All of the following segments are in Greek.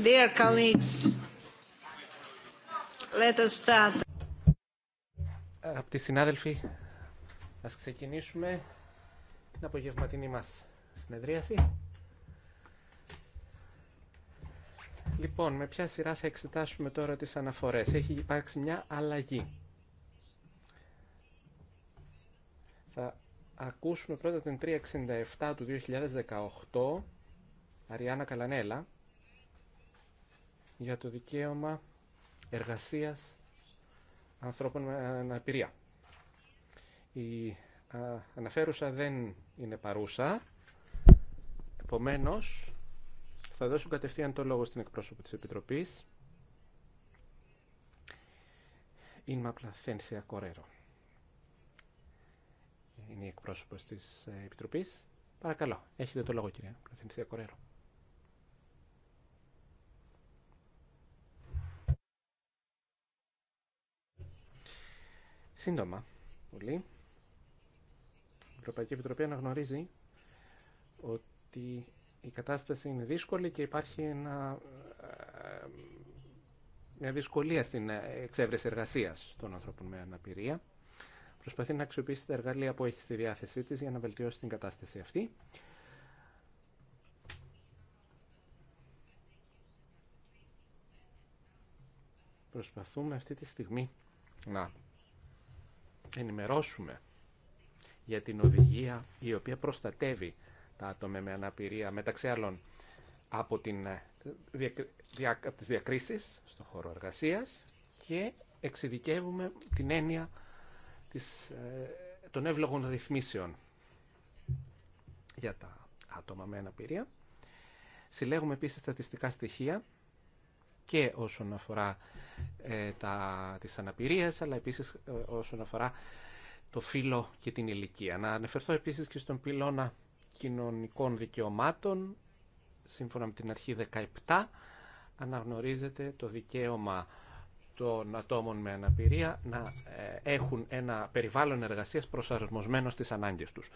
Dear colleagues, let us start. Αγαπητοί συνάδελφοι, ας ξεκινήσουμε την απογευματινή μας συνεδρίαση. Λοιπόν, με ποια σειρά θα εξετάσουμε τώρα τις αναφορές. Έχει υπάρξει μια αλλαγή ακούσουμε πρώτα την 367 του 2018, Αριάννα Καλανέλα, για το δικαίωμα εργασίας ανθρώπων με αναπηρία. Η αναφέρουσα δεν είναι παρούσα, επομένως θα δώσω κατευθείαν το λόγο στην εκπρόσωπο της Επιτροπής, με Πλαθένσια Κορέρο είναι η εκπρόσωπο τη ε, Επιτροπή. Παρακαλώ, έχετε το λόγο κυρία Πρωθυπουργέ Κορέρο. Σύντομα, πολύ. Η Ευρωπαϊκή Επιτροπή αναγνωρίζει ότι η κατάσταση είναι δύσκολη και υπάρχει ένα, ε, ε, μια δυσκολία στην εξέβρεση εργασίας των ανθρώπων με αναπηρία προσπαθεί να αξιοποιήσει τα εργαλεία που έχει στη διάθεσή της για να βελτιώσει την κατάσταση αυτή. Προσπαθούμε αυτή τη στιγμή να ενημερώσουμε για την οδηγία η οποία προστατεύει τα άτομα με αναπηρία μεταξύ άλλων από, την, ε, από τις διακρίσεις στον χώρο εργασίας και εξειδικεύουμε την έννοια ε, των εύλογων ρυθμίσεων για τα άτομα με αναπηρία. Συλλέγουμε επίσης στατιστικά στοιχεία και όσον αφορά ε, τα, τις αναπηρίες, αλλά επίσης ε, όσον αφορά το φύλλο και την ηλικία. Να αναφερθώ επίσης και στον πυλώνα κοινωνικών δικαιωμάτων. Σύμφωνα με την αρχή 17, αναγνωρίζεται το δικαίωμα των ατόμων με αναπηρία να ε, έχουν ένα περιβάλλον εργασίας προσαρμοσμένο στις ανάγκες τους.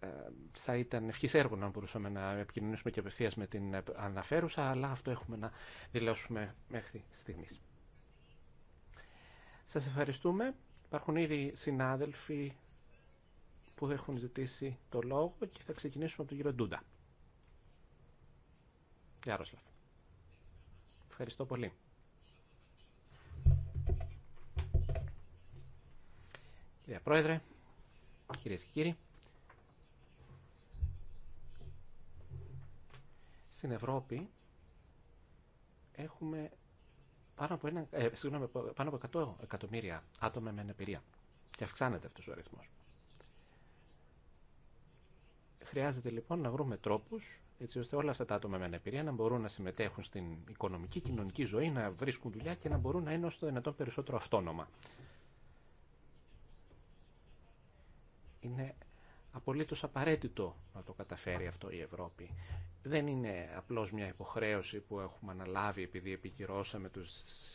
Ε, θα ήταν ευχή έργο να μπορούσαμε να επικοινωνήσουμε και απευθεία με την αναφέρουσα, αλλά αυτό έχουμε να δηλώσουμε μέχρι στιγμή. Σα ευχαριστούμε. Υπάρχουν ήδη συνάδελφοι που έχουν ζητήσει το λόγο και θα ξεκινήσουμε από τον κύριο Ντούντα. Γιάροσλαφ. Ευχαριστώ πολύ. Κυρία Πρόεδρε, κύριε και κύριοι, στην Ευρώπη έχουμε πάνω από, ένα, 100 ε, εκατομμύρια άτομα με αναπηρία και αυξάνεται αυτός ο αριθμός. Χρειάζεται λοιπόν να βρούμε τρόπου έτσι ώστε όλα αυτά τα άτομα με αναπηρία να μπορούν να συμμετέχουν στην οικονομική, κοινωνική ζωή, να βρίσκουν δουλειά και να μπορούν να είναι όσο το δυνατόν περισσότερο αυτόνομα. Είναι απολύτω απαραίτητο να το καταφέρει αυτό η Ευρώπη. Δεν είναι απλώ μια υποχρέωση που έχουμε αναλάβει επειδή επικυρώσαμε το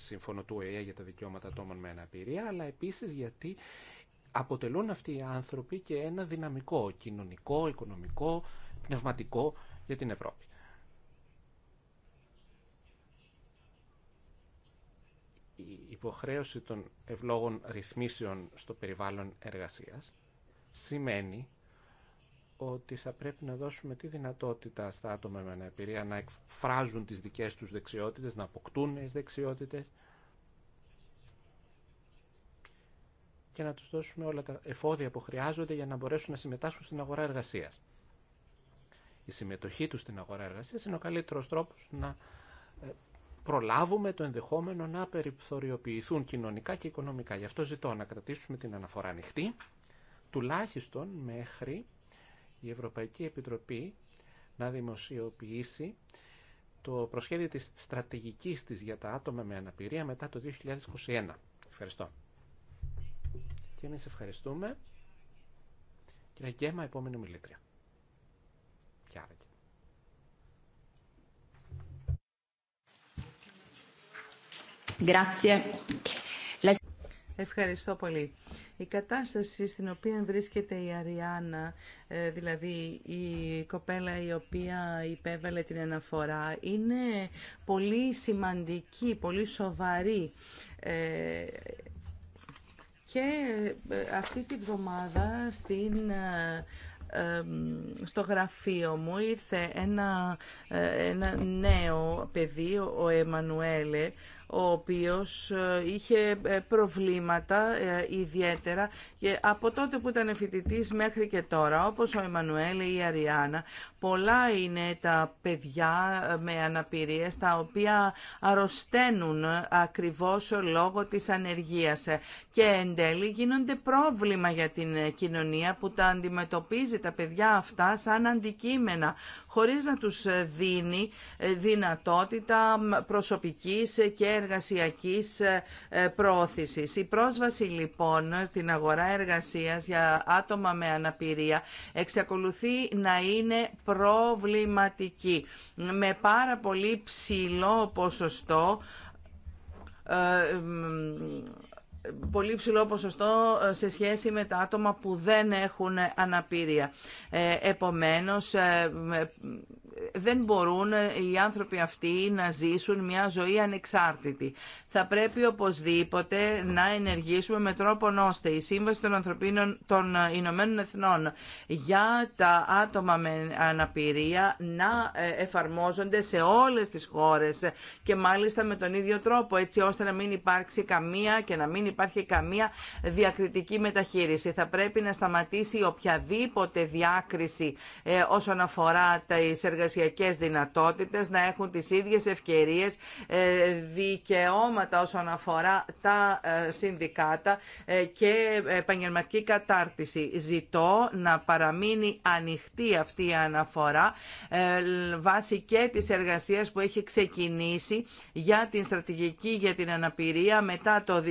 σύμφωνο του για τα δικαιώματα ατόμων με αναπηρία, αλλά επίση γιατί αποτελούν αυτοί οι άνθρωποι και ένα δυναμικό κοινωνικό, οικονομικό, πνευματικό για την Ευρώπη. Η υποχρέωση των ευλόγων ρυθμίσεων στο περιβάλλον εργασίας σημαίνει ότι θα πρέπει να δώσουμε τη δυνατότητα στα άτομα με αναπηρία να εκφράζουν τις δικές τους δεξιότητες, να αποκτούν νέες δεξιότητες, και να τους δώσουμε όλα τα εφόδια που χρειάζονται για να μπορέσουν να συμμετάσχουν στην αγορά εργασίας. Η συμμετοχή τους στην αγορά εργασίας είναι ο καλύτερος τρόπος να ε, προλάβουμε το ενδεχόμενο να περιπθωριοποιηθούν κοινωνικά και οικονομικά. Γι' αυτό ζητώ να κρατήσουμε την αναφορά ανοιχτή, τουλάχιστον μέχρι η Ευρωπαϊκή Επιτροπή να δημοσιοποιήσει το προσχέδιο της στρατηγικής της για τα άτομα με αναπηρία μετά το 2021. Ευχαριστώ. Και εμείς ευχαριστούμε. να Γκέμα, επόμενη μιλήτρια. Ευχαριστώ πολύ. Η κατάσταση στην οποία βρίσκεται η Αριάννα, ε, δηλαδή η κοπέλα η οποία υπέβαλε την αναφορά, είναι πολύ σημαντική, πολύ σοβαρή ε, και ε, αυτή τη βδομάδα στην ε, ε, στο γραφείο μου ήρθε ένα, ένα νέο παιδί, ο Εμμανουέλε, ο οποίος ε, είχε ε, προβλήματα ε, ιδιαίτερα και από τότε που ήταν φοιτητή μέχρι και τώρα, όπως ο Εμμανουέλ ή η Αριάννα, πολλά είναι τα παιδιά με αναπηρίες τα οποία αρρωσταίνουν ακριβώς λόγω της ανεργίας και εν τέλει γίνονται πρόβλημα για την κοινωνία που τα αντιμετωπίζει τα παιδιά αυτά σαν αντικείμενα χωρίς να τους ε, δίνει ε, δυνατότητα προσωπικής ε, και εργασιακής πρόθεσης. Η πρόσβαση λοιπόν στην αγορά εργασίας για άτομα με αναπηρία εξακολουθεί να είναι προβληματική με πάρα πολύ ψηλό ποσοστό πολύ ψηλό ποσοστό ε, σε σχέση με τα άτομα που δεν έχουν αναπηρία. Ε, επομένως, ε, δεν μπορούν οι άνθρωποι αυτοί να ζήσουν μια ζωή ανεξάρτητη. Θα πρέπει οπωσδήποτε να ενεργήσουμε με τρόπο ώστε η Σύμβαση των Ανθρωπίνων των Ηνωμένων Εθνών για τα άτομα με αναπηρία να ε, εφαρμόζονται σε όλες τις χώρες και μάλιστα με τον ίδιο τρόπο έτσι ώστε να μην υπάρξει καμία και να μην υπάρχει καμία διακριτική μεταχείριση. Θα πρέπει να σταματήσει οποιαδήποτε διάκριση ε, όσον αφορά τα εργασίες εργασιακές δυνατότητες, να έχουν τις ίδιες ευκαιρίες, ε, δικαιώματα όσον αφορά τα ε, συνδικάτα ε, και επαγγελματική κατάρτιση. Ζητώ να παραμείνει ανοιχτή αυτή η αναφορά βάσει και της εργασίας που έχει ξεκινήσει για την στρατηγική για την αναπηρία μετά το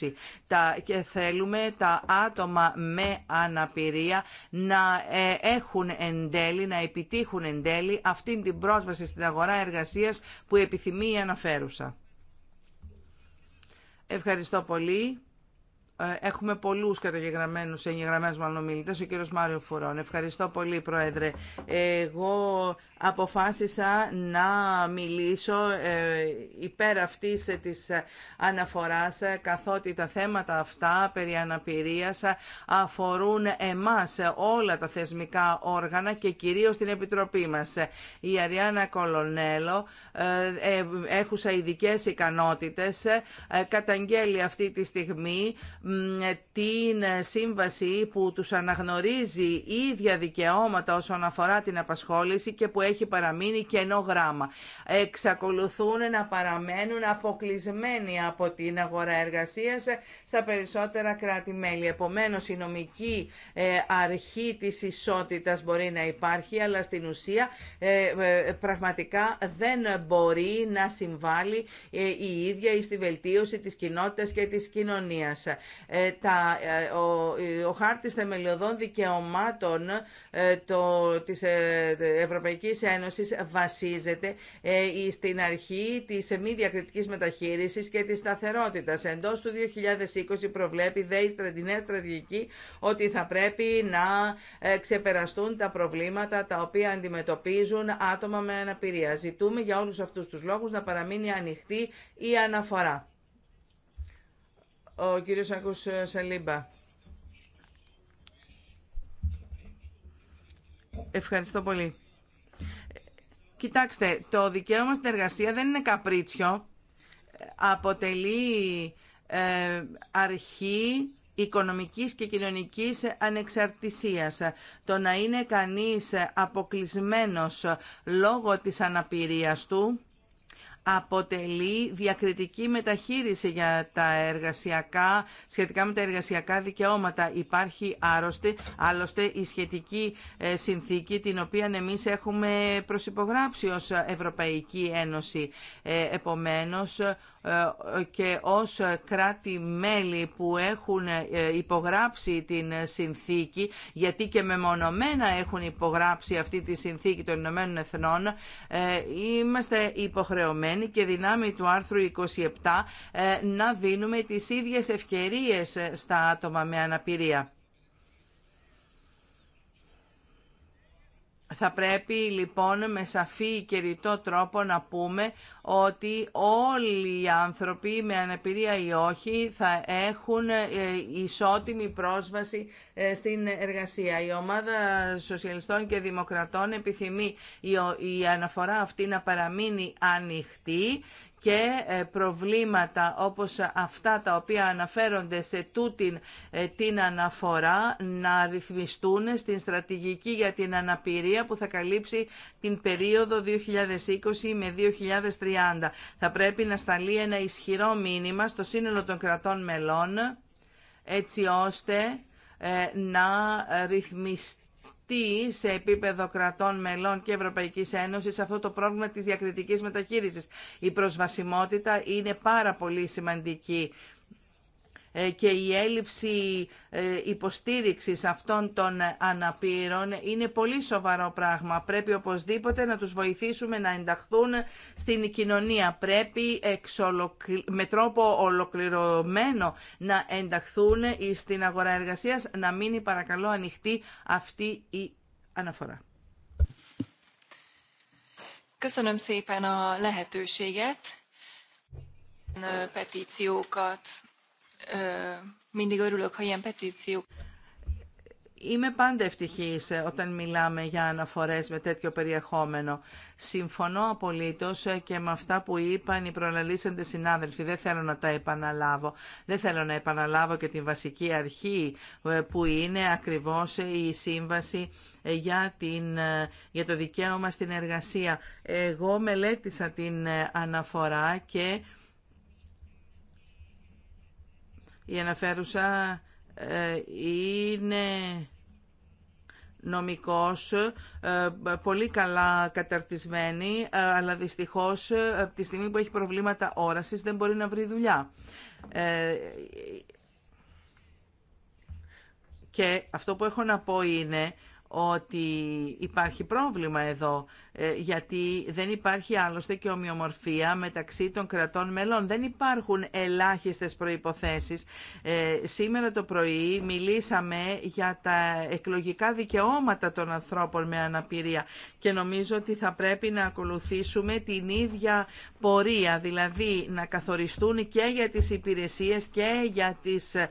2020. Τα, και θέλουμε τα άτομα με αναπηρία να έχουν εν να επιτύχουν εν τέλει αυτήν την πρόσβαση στην αγορά εργασίας που επιθυμεί η αναφέρουσα. Ευχαριστώ πολύ. Ε, έχουμε πολλούς καταγεγραμμένους, εγγεγραμμένους μάλλον ομιλητές, ο κύριος Μάριο Φουρών. Ευχαριστώ πολύ, Πρόεδρε. Εγώ αποφάσισα να μιλήσω ε, υπέρ αυτής ε, της ε, αναφοράς καθότι τα θέματα αυτά περί αναπηρίας αφορούν εμάς όλα τα θεσμικά όργανα και κυρίως την Επιτροπή μας. Η Αριάννα Κολονέλο, έχουσα ειδικέ ικανότητες, καταγγέλει αυτή τη στιγμή την σύμβαση που τους αναγνωρίζει ίδια δικαιώματα όσον αφορά την απασχόληση και που έχει παραμείνει κενό γράμμα. Εξακολουθούν να παραμένουν αποκλεισμένοι από την αγορά εργασία στα περισσότερα κράτη-μέλη. Επομένως, η νομική ε, αρχή της ισότητας μπορεί να υπάρχει, αλλά στην ουσία ε, ε, πραγματικά δεν μπορεί να συμβάλλει η ίδια στη βελτίωση της κοινότητας και της κοινωνίας. ο, ο χάρτης θεμελιωδών δικαιωμάτων το, της Ευρωπαϊκής Ευρωπαϊκής Ένωσης βασίζεται ε, στην αρχή της μη διακριτικής μεταχείρισης και της σταθερότητας. Εντός του 2020 προβλέπει η νέα στρατηγική ότι θα πρέπει να ε, ξεπεραστούν τα προβλήματα τα οποία αντιμετωπίζουν άτομα με αναπηρία. Ζητούμε για όλους αυτούς τους λόγους να παραμείνει ανοιχτή η αναφορά. Ο κύριος Ακούς ε, Σαλίμπα. Ευχαριστώ πολύ. Κοιτάξτε, το δικαίωμα στην εργασία δεν είναι καπρίτσιο. Αποτελεί ε, αρχή οικονομικής και κοινωνικής ανεξαρτησίας. Το να είναι κανείς αποκλεισμένος λόγω της αναπηρίας του αποτελεί διακριτική μεταχείριση για τα εργασιακά, σχετικά με τα εργασιακά δικαιώματα. Υπάρχει άρρωστη, άλλωστε η σχετική ε, συνθήκη την οποία εμείς έχουμε προσυπογράψει ως Ευρωπαϊκή Ένωση. Ε, επομένως, ε, και ως κράτη-μέλη που έχουν ε, υπογράψει την συνθήκη, γιατί και μεμονωμένα έχουν υπογράψει αυτή τη συνθήκη των Ηνωμένων Εθνών, ε, είμαστε υποχρεωμένοι και δυνάμει του άρθρου 27 να δίνουμε τις ίδιες ευκαιρίες στα άτομα με αναπηρία. Θα πρέπει λοιπόν με σαφή και ρητό τρόπο να πούμε ότι όλοι οι άνθρωποι με αναπηρία ή όχι θα έχουν ε, ισότιμη πρόσβαση ε, στην εργασία. Η ομάδα Σοσιαλιστών και Δημοκρατών επιθυμεί η αναφορά αυτή να παραμείνει ανοιχτή και ε, προβλήματα όπως αυτά τα οποία αναφέρονται σε τούτη ε, την αναφορά να ρυθμιστούν στην στρατηγική για την αναπηρία που θα καλύψει την περίοδο 2020 με 2030. Θα πρέπει να σταλεί ένα ισχυρό μήνυμα στο σύνολο των κρατών μελών έτσι ώστε ε, να ρυθμιστεί σε επίπεδο κρατών μελών και Ευρωπαϊκής Ένωση, αυτό το πρόβλημα της διακριτικής μεταχείρισης. Η προσβασιμότητα είναι πάρα πολύ σημαντική ε, και η έλλειψη ε, υποστήριξης αυτών των αναπήρων είναι πολύ σοβαρό πράγμα. Πρέπει οπωσδήποτε να τους βοηθήσουμε να ενταχθούν στην κοινωνία. Πρέπει με τρόπο ολοκληρωμένο να ενταχθούν στην αγορά εργασίας. Να μείνει παρακαλώ ανοιχτή αυτή η αναφορά. Köszönöm szépen a lehetőséget, Είμαι πάντα ευτυχής ε, όταν μιλάμε για αναφορές με τέτοιο περιεχόμενο. Συμφωνώ απολύτως ε, και με αυτά που είπαν οι προλαλήσαντες συνάδελφοι. Δεν θέλω να τα επαναλάβω. Δεν θέλω να επαναλάβω και την βασική αρχή ε, που είναι ακριβώς η σύμβαση για, την, για το δικαίωμα στην εργασία. Εγώ μελέτησα την αναφορά και η αναφέρουσα ε, είναι νομικός, ε, πολύ καλά καταρτισμένη, ε, αλλά δυστυχώς από τη στιγμή που έχει προβλήματα όρασης δεν μπορεί να βρει δουλειά. Και αυτό που έχω να πω είναι ότι υπάρχει πρόβλημα εδώ, ε, γιατί δεν υπάρχει άλλωστε και ομοιομορφία μεταξύ των κρατών μελών. Δεν υπάρχουν ελάχιστες προϋποθέσεις. Ε, σήμερα το πρωί μιλήσαμε για τα εκλογικά δικαιώματα των ανθρώπων με αναπηρία και νομίζω ότι θα πρέπει να ακολουθήσουμε την ίδια πορεία, δηλαδή να καθοριστούν και για τις υπηρεσίες και για, τις, ε,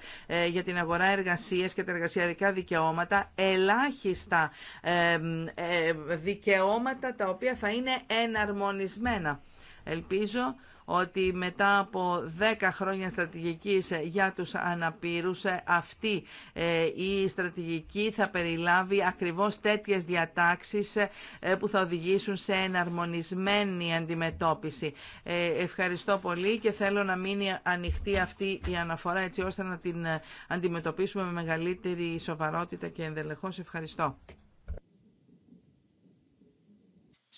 την αγορά εργασίας και τα εργασιακά δικαιώματα ελάχιστα στα ε, δικαιώματα τα οποία θα είναι εναρμονισμένα. Ελπίζω ότι μετά από 10 χρόνια στρατηγικής για τους αναπήρους ε, αυτή ε, η στρατηγική θα περιλάβει ακριβώς τέτοιες διατάξεις ε, που θα οδηγήσουν σε εναρμονισμένη αντιμετώπιση. Ευχαριστώ πολύ και θέλω να μείνει ανοιχτή αυτή η αναφορά έτσι ώστε να την αντιμετωπίσουμε με μεγαλύτερη σοβαρότητα και ενδελεχώς. Ευχαριστώ.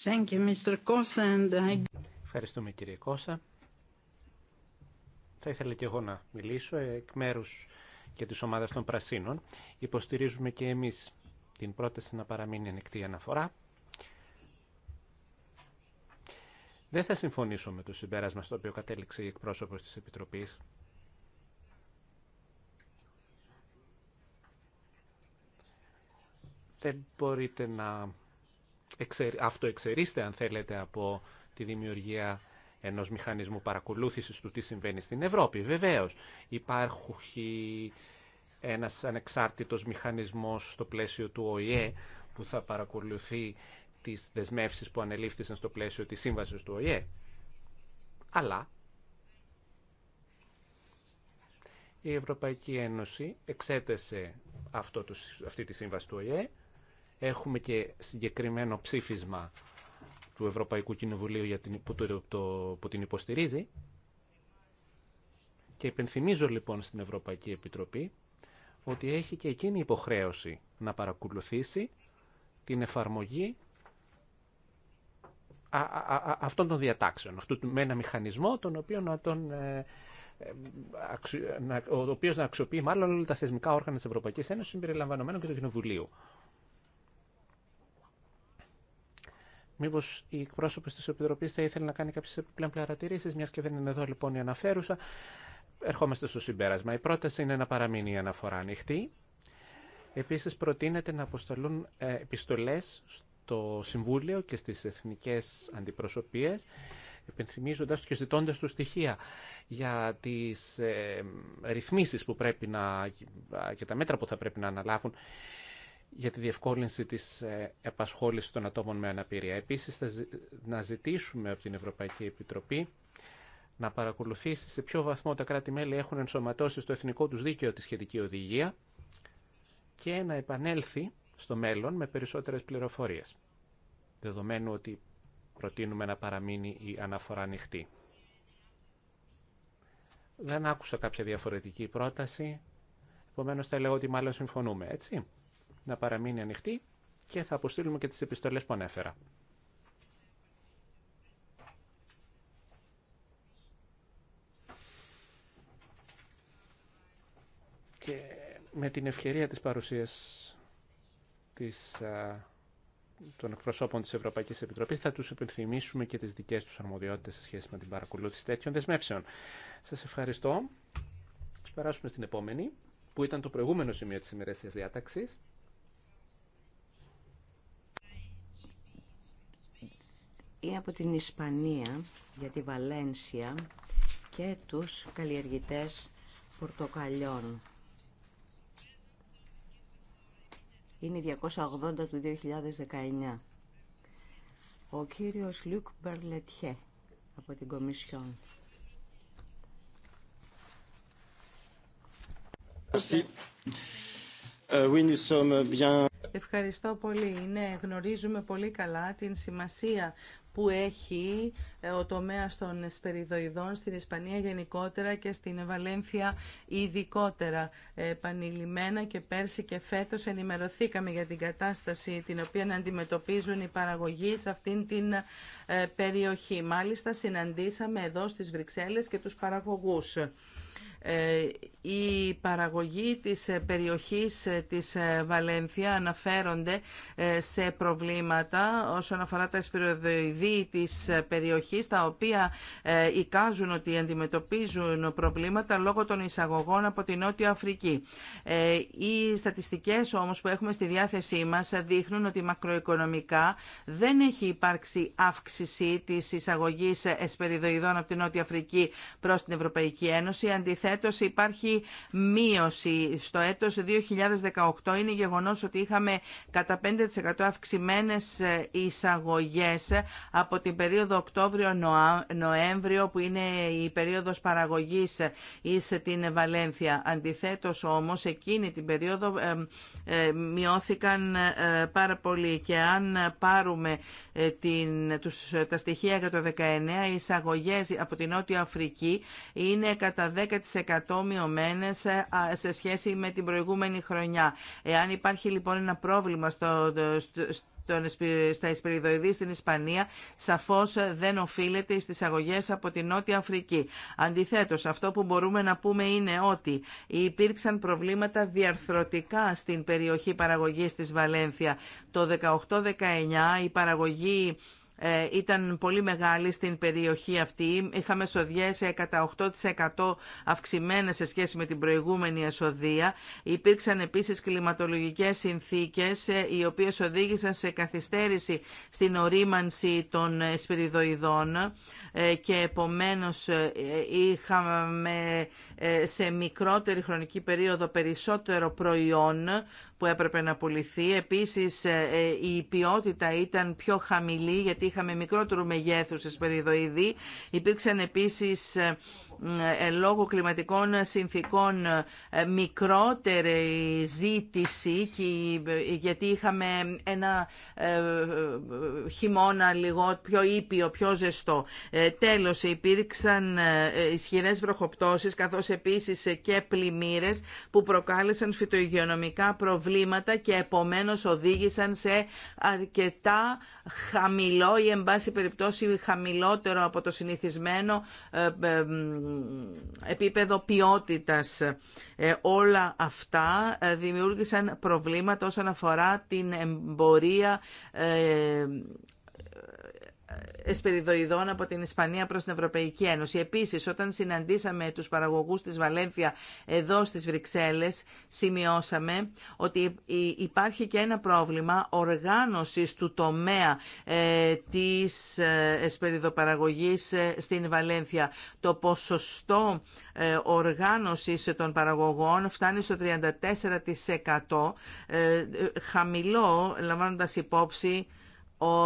Thank you, Ευχαριστούμε κύριε Κώστα. Θα ήθελα και εγώ να μιλήσω εκ μέρου και τη ομάδα των Πρασίνων. Υποστηρίζουμε και εμεί την πρόταση να παραμείνει ανοιχτή η αναφορά. Δεν θα συμφωνήσω με το συμπέρασμα στο οποίο κατέληξε η εκπρόσωπο τη Επιτροπή. Δεν μπορείτε να αυτοεξαιρίστε αν θέλετε από τη δημιουργία ενός μηχανισμού παρακολούθησης του τι συμβαίνει στην Ευρώπη. Βεβαίως υπάρχει ένας ανεξάρτητος μηχανισμός στο πλαίσιο του ΟΗΕ που θα παρακολουθεί τις δεσμεύσεις που ανελήφθησαν στο πλαίσιο της σύμβασης του ΟΗΕ. Αλλά η Ευρωπαϊκή Ένωση εξέτασε αυτό αυτή τη σύμβαση του ΟΗΕ. Έχουμε και συγκεκριμένο ψήφισμα του Ευρωπαϊκού Κοινοβουλίου για την, που, το, την υποστηρίζει. Και υπενθυμίζω λοιπόν στην Ευρωπαϊκή Επιτροπή ότι έχει και εκείνη υποχρέωση να παρακολουθήσει την εφαρμογή α, α, αυτών των διατάξεων, αυτού, με ένα μηχανισμό τον οποίο να τον... Ε, ε, ο οποίο να αξιοποιεί μάλλον όλα τα θεσμικά όργανα τη Ευρωπαϊκή Ένωση συμπεριλαμβανομένων και του Κοινοβουλίου. Μήπω οι εκπρόσωπε τη Επιτροπή θα ήθελαν να κάνει κάποιε επιπλέον παρατηρήσει, μια και δεν είναι εδώ λοιπόν η αναφέρουσα. Ερχόμαστε στο συμπέρασμα. Η πρόταση είναι να παραμείνει η αναφορά ανοιχτή. Επίση, προτείνεται να αποσταλούν ε, επιστολέ στο Συμβούλιο και στι εθνικέ αντιπροσωπείε, υπενθυμίζοντα και ζητώντα του στοιχεία για τι ε, ρυθμίσει που πρέπει να και τα μέτρα που θα πρέπει να αναλάβουν για τη διευκόλυνση της ε, επασχόληση των ατόμων με αναπηρία. Επίσης, θα να ζητήσουμε από την Ευρωπαϊκή Επιτροπή να παρακολουθήσει σε ποιο βαθμό τα κράτη-μέλη έχουν ενσωματώσει στο εθνικό τους δίκαιο τη σχετική οδηγία και να επανέλθει στο μέλλον με περισσότερες πληροφορίες, δεδομένου ότι προτείνουμε να παραμείνει η αναφορά ανοιχτή. Δεν άκουσα κάποια διαφορετική πρόταση, επομένως θα λέω ότι μάλλον συμφωνούμε, έτσι να παραμείνει ανοιχτή και θα αποστείλουμε και τις επιστολές που ανέφερα. Και με την ευκαιρία της παρουσίας της, των εκπροσώπων της Ευρωπαϊκής Επιτροπής θα τους επιθυμίσουμε και τις δικές τους αρμοδιότητες σε σχέση με την παρακολούθηση τέτοιων δεσμεύσεων. Σας ευχαριστώ. περάσουμε στην επόμενη, που ήταν το προηγούμενο σημείο της ημερές διάταξης. ή από την Ισπανία για τη Βαλένσια και τους καλλιεργητές πορτοκαλιών. Είναι 280 του 2019. Ο κύριος Λουκ Μπερλετιέ από την Κομισιόν. Euh, Ευχαριστώ πολύ. Ναι, γνωρίζουμε πολύ καλά την σημασία που έχει ε, ο τομέα των σπεριδοειδών στην Ισπανία γενικότερα και στην Βαλένθια ειδικότερα. Επανειλημμένα και πέρσι και φέτο ενημερωθήκαμε για την κατάσταση την οποία αντιμετωπίζουν οι παραγωγοί σε αυτήν την ε, περιοχή. Μάλιστα συναντήσαμε εδώ στις Βρυξέλλες και τους παραγωγούς. η ε, παραγωγοί της περιοχής της Βαλένθια αναφέρονται σε προβλήματα όσον αφορά τα εσπυροδοειδή της περιοχής τα οποία ε, εικάζουν ότι αντιμετωπίζουν προβλήματα λόγω των εισαγωγών από τη Νότια Αφρική. Ε, οι στατιστικέ όμω που έχουμε στη διάθεσή μα δείχνουν ότι μακροοικονομικά δεν έχει υπάρξει αύξηση τη εισαγωγή εσπεριδοειδών από τη Νότια Αφρική προ την Ευρωπαϊκή Ένωση. Αντιθέτως υπάρχει μείωση. Στο έτος 2018 είναι γεγονό ότι είχαμε κατά 5% αυξημένε εισαγωγέ από την περίοδο Οκτώβριο νοεμβριο που είναι η περίοδος παραγωγής εις την Βαλένθια. Αντιθέτως όμως εκείνη την περίοδο ε, ε, μειώθηκαν ε, πάρα πολύ και αν πάρουμε την, τους, τα στοιχεία για το 19 οι εισαγωγές από την Νότια Αφρική είναι κατά 10% μειωμένες σε σχέση με την προηγούμενη χρονιά. Εάν υπάρχει λοιπόν ένα πρόβλημα στο στα Ισπυριδοειδή στην Ισπανία σαφώ δεν οφείλεται στι αγωγέ από τη Νότια Αφρική. Αντιθέτως, αυτό που μπορούμε να πούμε είναι ότι υπήρξαν προβλήματα διαρθρωτικά στην περιοχή παραγωγής της Βαλένθια. Το 18-19 η παραγωγή ε, ήταν πολύ μεγάλη στην περιοχή αυτή. Είχαμε σοδιές κατά 8% αυξημένες σε σχέση με την προηγούμενη εσοδεία. Υπήρξαν επίσης κλιματολογικές συνθήκες ε, οι οποίες οδήγησαν σε καθυστέρηση στην ορίμανση των ε, σπυριδοειδών και επομένως είχαμε σε μικρότερη χρονική περίοδο περισσότερο προϊόν που έπρεπε να πουληθεί. Επίσης ε, ε, η ποιότητα ήταν πιο χαμηλή γιατί είχαμε μικρότερου μεγέθους περιδοειδοί. Υπήρξαν επίσης ε, ε, λόγω κλιματικών συνθήκων ε, μικρότερη ζήτηση ε, γιατί είχαμε ένα χειμώνα λίγο πιο ήπιο, πιο ζεστό. Τέλος, υπήρξαν ισχυρές βροχοπτώσεις καθώς επίσης και πλημμύρες που προκάλεσαν φυτοϊγειονομικά προβλήματα και επομένως οδήγησαν σε αρκετά χαμηλό ή εν πάση περιπτώσει χαμηλότερο από το συνηθισμένο ε, ε, επίπεδο ποιότητας. Ε, όλα αυτά δημιούργησαν προβλήματα όσον αφορά την εμπορία εσπεριδοειδών από την Ισπανία προς την Ευρωπαϊκή Ένωση. Επίσης, όταν συναντήσαμε τους παραγωγούς της Βαλένθια εδώ στις Βρυξέλλες, σημειώσαμε ότι υπάρχει και ένα πρόβλημα οργάνωσης του τομέα ε, της ε, εσπεριδοπαραγωγής ε, στην Βαλένθια. Το ποσοστό οργάνωσης των παραγωγών φτάνει στο 34%, χαμηλό λαμβάνοντας υπόψη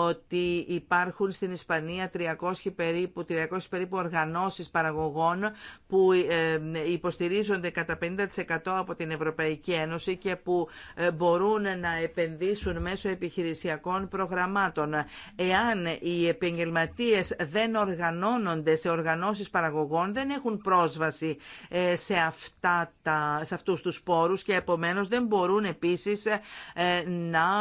ότι υπάρχουν στην Ισπανία 300 περίπου, 300 περίπου οργανώσεις παραγωγών που ε, υποστηρίζονται κατά 50% από την Ευρωπαϊκή Ένωση και που ε, μπορούν να επενδύσουν μέσω επιχειρησιακών προγραμμάτων. Εάν οι επαγγελματίες δεν οργανώνονται σε οργανώσεις παραγωγών, δεν έχουν πρόσβαση ε, σε, αυτά τα, σε αυτούς τους πόρους και επομένως δεν μπορούν επίσης να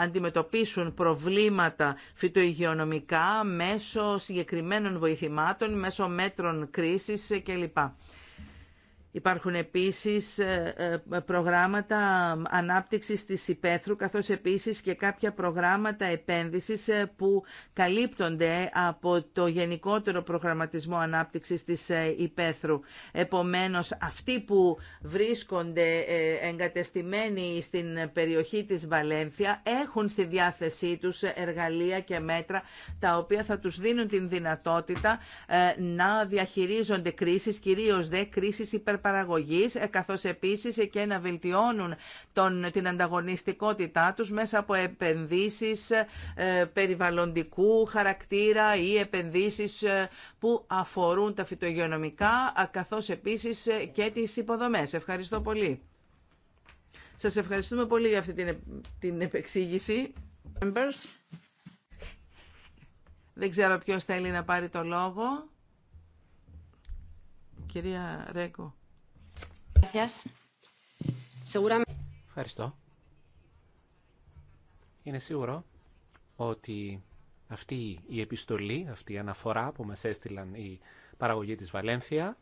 αντιμετωπίσουν λύσουν προβλήματα φυτοϊγειονομικά μέσω συγκεκριμένων βοηθημάτων, μέσω μέτρων κρίσης κλπ. Υπάρχουν επίσης ε, ε, προγράμματα ανάπτυξης της υπαίθρου, καθώς επίσης και κάποια προγράμματα επένδυσης ε, που καλύπτονται από το γενικότερο προγραμματισμό ανάπτυξης της υπαίθρου. Επομένως, αυτοί που βρίσκονται εγκατεστημένοι στην περιοχή της Βαλένθια έχουν στη διάθεσή τους εργαλεία και μέτρα τα οποία θα τους δίνουν την δυνατότητα να διαχειρίζονται κρίσεις, κυρίως δε κρίσεις παραγωγής, ε, καθώς επίσης και να βελτιώνουν τον, την ανταγωνιστικότητά τους μέσα από επενδύσεις ε, περιβαλλοντικού χαρακτήρα ή επενδύσεις ε, που αφορούν τα φυτογειονομικά, καθώς επίσης και τι υποδομές. Ευχαριστώ πολύ. Σας ευχαριστούμε πολύ για αυτή την, την επεξήγηση. Δεν ξέρω ποιος θέλει να πάρει το λόγο. Κυρία Ρέκο. Ευχαριστώ. Είναι σίγουρο ότι αυτή η επιστολή, αυτή η αναφορά που μας έστειλαν οι παραγωγοί της Βαλένθια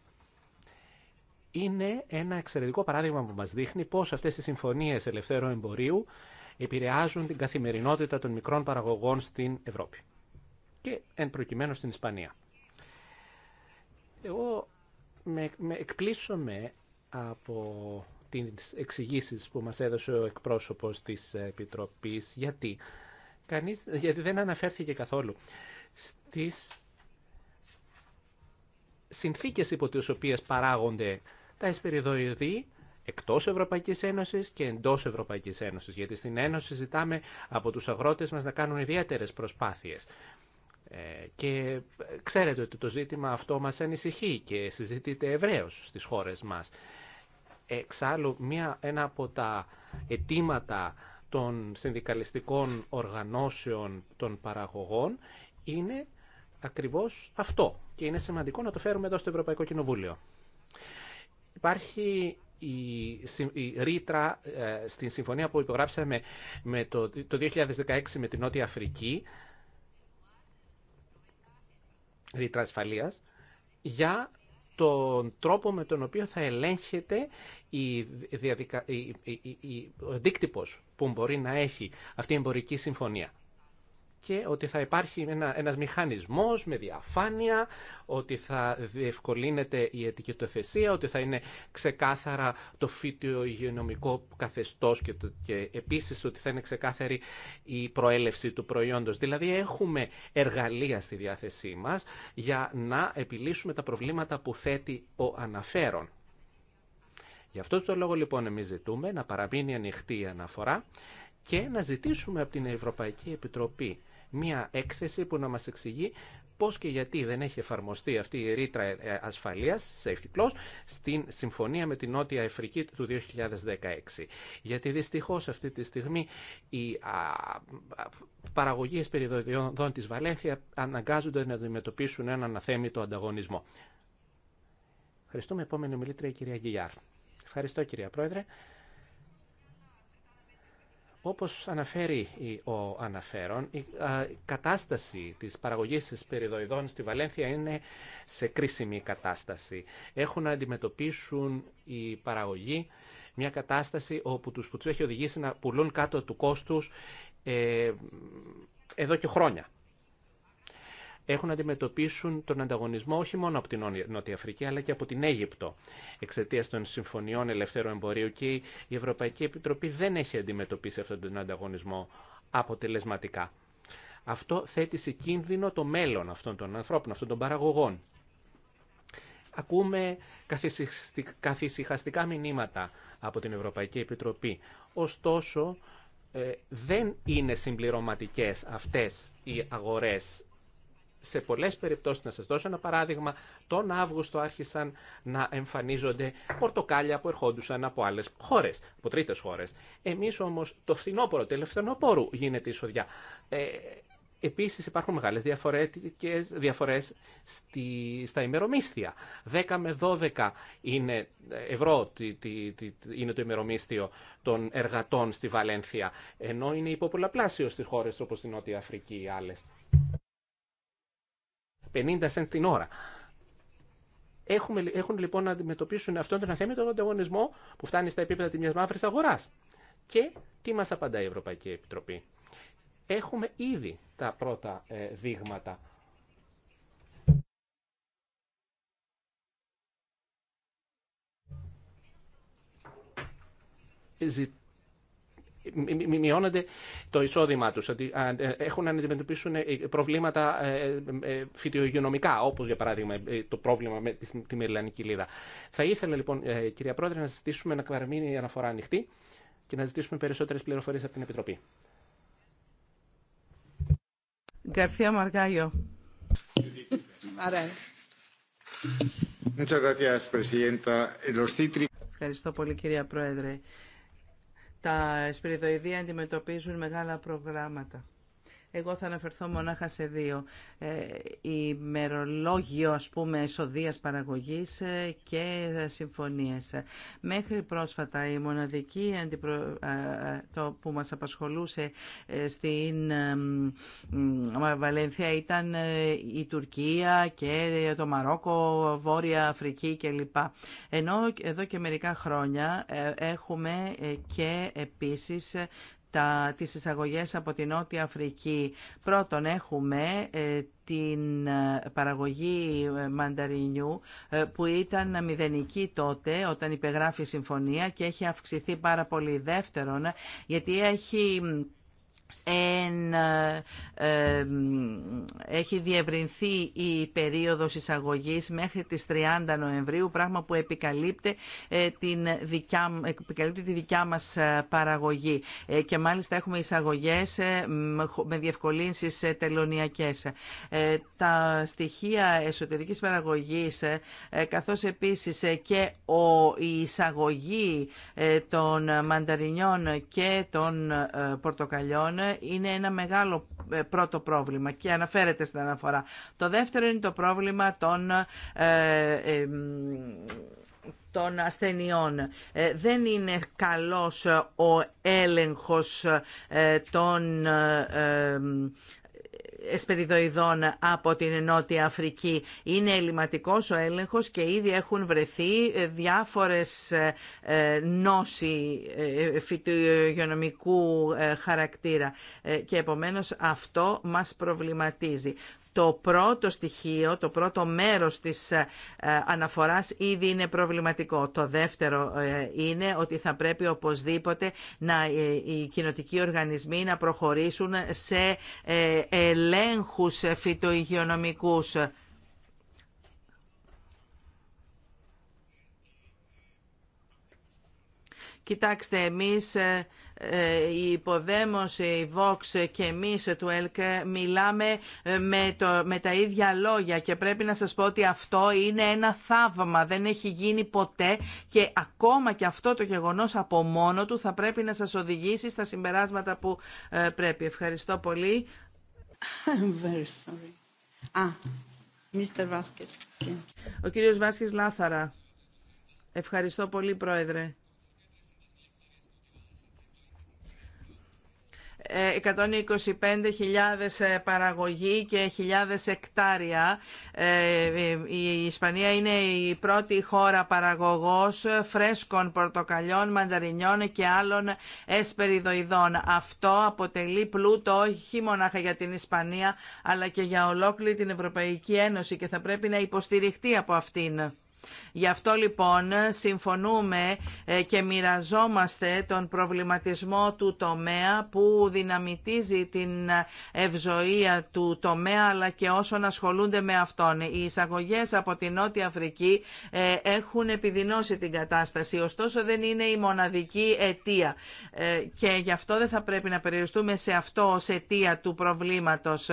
είναι ένα εξαιρετικό παράδειγμα που μας δείχνει πώς αυτές οι συμφωνίες ελευθέρου εμπορίου επηρεάζουν την καθημερινότητα των μικρών παραγωγών στην Ευρώπη και εν προκειμένου στην Ισπανία. Εγώ με, με από τις εξηγήσει που μας έδωσε ο εκπρόσωπος της Επιτροπής. Γιατί, Κανείς, γιατί δεν αναφέρθηκε καθόλου στις συνθήκες υπό τις οποίες παράγονται τα εσπεριδοειδή εκτός Ευρωπαϊκής Ένωσης και εντός Ευρωπαϊκής Ένωσης. Γιατί στην Ένωση ζητάμε από τους αγρότες μας να κάνουν ιδιαίτερες προσπάθειες ε, και ξέρετε ότι το ζήτημα αυτό μας ανησυχεί και συζητείται ευρέως στις χώρες μας. Εξάλλου, μια, ένα από τα αιτήματα των συνδικαλιστικών οργανώσεων των παραγωγών είναι ακριβώς αυτό. Και είναι σημαντικό να το φέρουμε εδώ στο Ευρωπαϊκό Κοινοβούλιο. Υπάρχει η, η ρήτρα ε, στην συμφωνία που υπογράψαμε με το, το 2016 με την Νότια Αφρική ρήτρα για τον τρόπο με τον οποίο θα ελέγχεται η διαδικα... η... ο αντίκτυπος που μπορεί να έχει αυτή η εμπορική συμφωνία και ότι θα υπάρχει ένα, ένας μηχανισμός με διαφάνεια, ότι θα διευκολύνεται η ετικετοθεσία, ότι θα είναι ξεκάθαρα το φύτιο υγειονομικό καθεστώς και, το, και επίσης ότι θα είναι ξεκάθαρη η προέλευση του προϊόντος. Δηλαδή έχουμε εργαλεία στη διάθεσή μας για να επιλύσουμε τα προβλήματα που θέτει ο αναφέρον. Γι' αυτό το λόγο λοιπόν εμείς ζητούμε να παραμείνει ανοιχτή η αναφορά και να ζητήσουμε από την Ευρωπαϊκή Επιτροπή μια έκθεση που να μας εξηγεί πώς και γιατί δεν έχει εφαρμοστεί αυτή η ρήτρα ε, ε, ασφαλείας, safety clause, στην συμφωνία με την Νότια Αφρική του 2016. Γιατί δυστυχώς αυτή τη στιγμή οι παραγωγές περιοδών της Βαλένθια αναγκάζονται να αντιμετωπίσουν έναν αθέμητο ανταγωνισμό. Ευχαριστούμε. Επόμενη μιλήτρια η κυρία Γκυλιάρ. Ευχαριστώ κυρία Πρόεδρε. Όπως αναφέρει ο αναφέρον, η κατάσταση της παραγωγής περιδοειδών στη Βαλένθια είναι σε κρίσιμη κατάσταση. Έχουν να αντιμετωπίσουν η παραγωγή μια κατάσταση όπου τους, που τους έχει οδηγήσει να πουλούν κάτω του κόστους ε, εδώ και χρόνια έχουν να αντιμετωπίσουν τον ανταγωνισμό όχι μόνο από την Νότια Αφρική αλλά και από την Αίγυπτο εξαιτία των συμφωνιών ελευθέρου εμπορίου και η Ευρωπαϊκή Επιτροπή δεν έχει αντιμετωπίσει αυτόν τον ανταγωνισμό αποτελεσματικά. Αυτό θέτει σε κίνδυνο το μέλλον αυτών των ανθρώπων, αυτών των παραγωγών. Ακούμε καθησυχαστικά μηνύματα από την Ευρωπαϊκή Επιτροπή. Ωστόσο, ε, δεν είναι συμπληρωματικές αυτές οι αγορές σε πολλές περιπτώσεις, να σας δώσω ένα παράδειγμα, τον Αύγουστο άρχισαν να εμφανίζονται πορτοκάλια που ερχόντουσαν από άλλες χώρες, από τρίτες χώρες. Εμείς όμως το φθινόπωρο, τελευταίο γίνεται η σοδιά. Ε, Επίσης υπάρχουν μεγάλες διαφορετικές διαφορές στη, στα ημερομίσθια. 10 με 12 είναι ε, ευρώ τι, τι, είναι το ημερομίσθιο των εργατών στη Βαλένθια, ενώ είναι υποπολαπλάσιο στις χώρες όπως στη Νότια Αφρική ή άλλες. 50 σεντ την ώρα. έχουν λοιπόν να αντιμετωπίσουν αυτόν τον αθέμητο ανταγωνισμό που φτάνει στα επίπεδα τη μια μαύρη αγορά. Και τι μα απαντά η Ευρωπαϊκή Επιτροπή. Έχουμε ήδη τα πρώτα ε, δείγματα μειώνονται το εισόδημά τους, ότι ε, ε, έχουν να αντιμετωπίσουν ε, προβλήματα φυτοϊγειονομικά, όπως για παράδειγμα το πρόβλημα με τη μεριλανική λίδα. Θα ήθελα λοιπόν, κυρία Πρόεδρε, να ζητήσουμε να παραμείνει η αναφορά ανοιχτή και να ζητήσουμε περισσότερες πληροφορίες από την Επιτροπή. Γκαρθία Μαργάγιο. Ευχαριστώ πολύ κυρία Πρόεδρε. Τα σπυριδοειδεία αντιμετωπίζουν μεγάλα προγράμματα. Εγώ θα αναφερθώ μονάχα σε δύο. Ε, η μερολόγιο, ας πούμε, εσοδείας παραγωγής ε, και συμφωνίες. Μέχρι πρόσφατα η μοναδική ε, το που μας απασχολούσε στην Βαλένθια ήταν η Τουρκία και το Μαρόκο, Βόρεια Αφρική κλπ. Ενώ εδώ και μερικά χρόνια έχουμε και επίσης τα, τις εισαγωγές από την Νότια Αφρική. Πρώτον έχουμε ε, την ε, παραγωγή ε, μανταρινιού που ήταν μηδενική τότε όταν υπεγράφει η συμφωνία και έχει αυξηθεί πάρα πολύ. Δεύτερον, γιατί έχει εν, ε, ε, έχει διευρυνθεί η περίοδος εισαγωγής μέχρι τις 30 Νοεμβρίου, πράγμα που επικαλύπτει, ε, την δικιά, τη δικιά μας παραγωγή. και μάλιστα έχουμε εισαγωγές με διευκολύνσεις τελωνιακές. Τα στοιχεία εσωτερικής παραγωγής, καθώς επίσης και ο, η εισαγωγή των μανταρινιών και των πορτοκαλιών είναι ένα μεγάλο ε, πρώτο πρόβλημα και αναφέρεται στην αναφορά. Το δεύτερο είναι το πρόβλημα των ε, των ασθενειών. Ε, δεν είναι καλός ο έλεγχος των εσπεριδοειδών από την Νότια Αφρική. Είναι ελληματικό ο έλεγχο και ήδη έχουν βρεθεί ε, διάφορες ε, ε, νόσοι φυτογενομικού χαρακτήρα και επομένω αυτό μας προβληματίζει το πρώτο στοιχείο, το πρώτο μέρος της ε, αναφοράς ήδη είναι προβληματικό. Το δεύτερο ε, είναι ότι θα πρέπει οπωσδήποτε να, ε, οι κοινοτικοί οργανισμοί να προχωρήσουν σε ελέγχους φυτοϊγειονομικούς. Κοιτάξτε, εμείς ε, η Υποδέμωση, η Vox και εμείς του ΕΛΚ μιλάμε ε, με, το, με τα ίδια λόγια και πρέπει να σας πω ότι αυτό είναι ένα θαύμα, δεν έχει γίνει ποτέ και ακόμα και αυτό το γεγονός από μόνο του θα πρέπει να σας οδηγήσει στα συμπεράσματα που ε, πρέπει. Ευχαριστώ πολύ. Mr. Ah, Ο κύριος Βάσκης Λάθαρα. Ευχαριστώ πολύ, Πρόεδρε. 125.000 ε, παραγωγή και χιλιάδες εκτάρια. Ε, ε, η Ισπανία είναι η πρώτη χώρα παραγωγός φρέσκων πορτοκαλιών, μανταρινιών και άλλων εσπεριδοειδών. Αυτό αποτελεί πλούτο όχι μονάχα για την Ισπανία αλλά και για ολόκληρη την Ευρωπαϊκή Ένωση και θα πρέπει να υποστηριχτεί από αυτήν. Γι' αυτό λοιπόν συμφωνούμε ε, και μοιραζόμαστε τον προβληματισμό του τομέα που δυναμητίζει την ευζοία του τομέα αλλά και όσων ασχολούνται με αυτόν. Οι εισαγωγές από την Νότια Αφρική ε, έχουν επιδεινώσει την κατάσταση, ωστόσο δεν είναι η μοναδική αιτία ε, και γι' αυτό δεν θα πρέπει να περιοριστούμε σε αυτό ως αιτία του προβλήματος.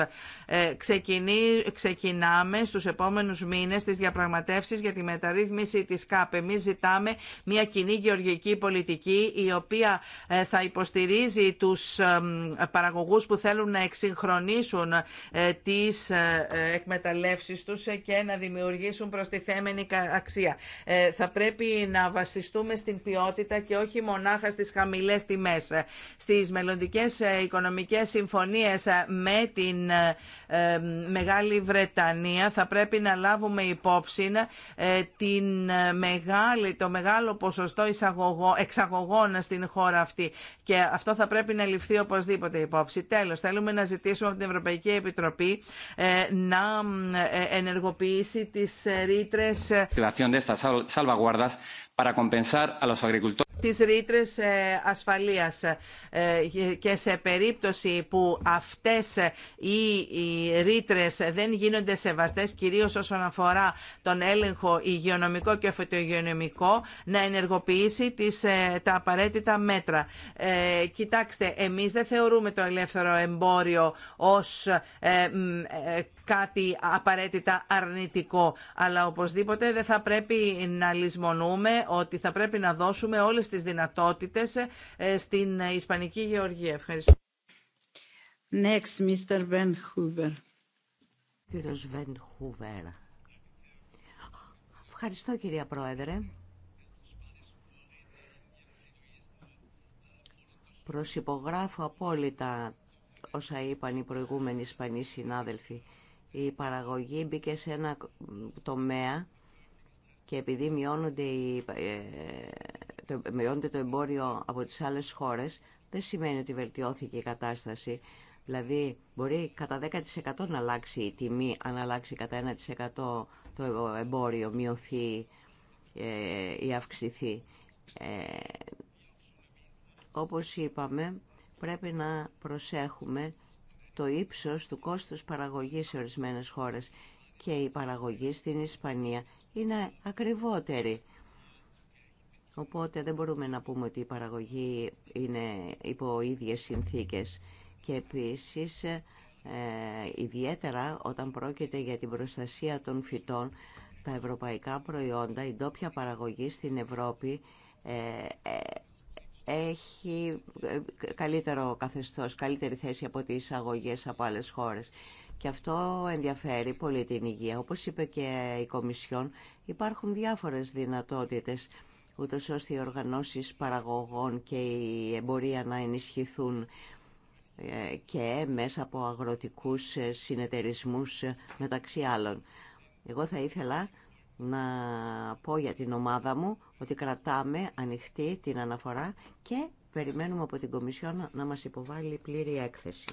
Ξεκινάμε στους επόμενους μήνες τις διαπραγματεύσεις για τη μεταρρύθμιση της ΚΑΠ. Εμείς ζητάμε μια κοινή γεωργική πολιτική η οποία ε, θα υποστηρίζει τους παραγωγούς που θέλουν να εξυγχρονίσουν ε, τις ε, εκμεταλλεύσεις τους και να δημιουργήσουν προστιθέμενη αξία. Θα πρέπει να βασιστούμε στην ποιότητα και όχι μονάχα στις χαμηλές τιμές. Στις μελλοντικέ οικονομικές συμφωνίες με την Μεγάλη Βρετανία θα πρέπει να λάβουμε υπόψη την ε, μεγάλη, το μεγάλο ποσοστό εξαγωγών στην χώρα αυτή. Και αυτό θα πρέπει να ληφθεί οπωσδήποτε υπόψη. Τέλος, θέλουμε να ζητήσουμε από την Ευρωπαϊκή Επιτροπή ε, να ε, ενεργοποιήσει τις ρήτρες para compensar a τις ρήτρες ε, ασφαλείας ε, και σε περίπτωση που αυτές οι ρήτρες δεν γίνονται σεβαστές κυρίως όσον αφορά τον έλεγχο υγειονομικό και φωτογειονομικό να ενεργοποιήσει τις, ε, τα απαραίτητα μέτρα. κοιτάξτε, εμείς δεν θεωρούμε το ελεύθερο εμπόριο ως κάτι απαραίτητα αρνητικό αλλά οπωσδήποτε δεν θα πρέπει να λησμονούμε ότι θα πρέπει να δώσουμε όλες τις δυνατότητες ε, στην Ισπανική Γεωργία. Ευχαριστώ. Next, Mr. Ben Κύριος Ευχαριστώ κυρία Πρόεδρε. Προσυπογράφω απόλυτα όσα είπαν οι προηγούμενοι Ισπανοί συνάδελφοι. Η παραγωγή μπήκε σε ένα τομέα και επειδή μειώνονται, ε, το, μειώνεται το εμπόριο από τις άλλες χώρες, δεν σημαίνει ότι βελτιώθηκε η κατάσταση. Δηλαδή μπορεί κατά 10% να αλλάξει η τιμή, αν αλλάξει κατά 1% το εμπόριο, μειωθεί ε, ή αυξηθεί. Ε, όπως είπαμε, πρέπει να προσέχουμε το ύψος του κόστους παραγωγής σε ορισμένες χώρες και η παραγωγή στην Ισπανία είναι ακριβότερη. Οπότε δεν μπορούμε να πούμε ότι η παραγωγή είναι υπό ίδιες συνθήκες. Και επίσης, ε, ιδιαίτερα όταν πρόκειται για την προστασία των φυτών, τα ευρωπαϊκά προϊόντα, η ντόπια παραγωγή στην Ευρώπη ε, ε έχει ε, καλύτερο καθεστώς, καλύτερη θέση από τις εισαγωγές από άλλες χώρες. Και αυτό ενδιαφέρει πολύ την υγεία. Όπως είπε και η Κομισιόν, υπάρχουν διάφορες δυνατότητες ούτως ώστε οι οργανώσεις παραγωγών και η εμπορία να ενισχυθούν ε, και μέσα από αγροτικούς ε, συνεταιρισμούς ε, μεταξύ άλλων. Εγώ θα ήθελα να πω για την ομάδα μου ότι κρατάμε ανοιχτή την αναφορά και περιμένουμε από την Κομισιόν να μας υποβάλει πλήρη έκθεση.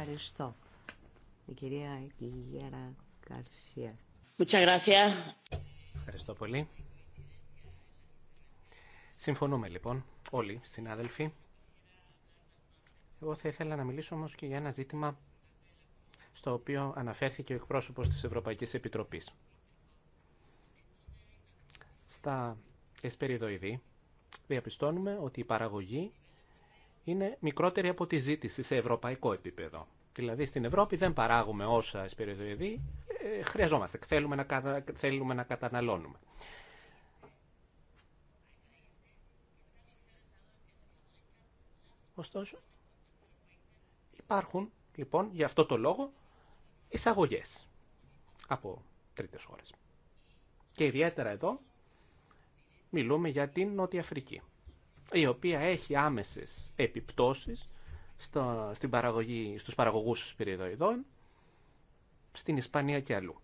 Ευχαριστώ. Η κυρία Γιέρα Καρσία. Ευχαριστώ πολύ. Συμφωνούμε λοιπόν όλοι συνάδελφοι. Εγώ θα ήθελα να μιλήσω όμως και για ένα ζήτημα στο οποίο αναφέρθηκε ο εκπρόσωπος της Ευρωπαϊκής Επιτροπής. Στα εσπεριδοειδή διαπιστώνουμε ότι η παραγωγή είναι μικρότερη από τη ζήτηση σε ευρωπαϊκό επίπεδο. Δηλαδή στην Ευρώπη δεν παράγουμε όσα εσπεριδοειδή ε, χρειαζόμαστε, θέλουμε να, θέλουμε να καταναλώνουμε. Ωστόσο, υπάρχουν λοιπόν για αυτό το λόγο εισαγωγές από τρίτες χώρες. Και ιδιαίτερα εδώ μιλούμε για την Νότια Αφρική η οποία έχει άμεσες επιπτώσεις στο, στην παραγωγή, στους παραγωγούς σπυριδοειδών στην Ισπανία και αλλού.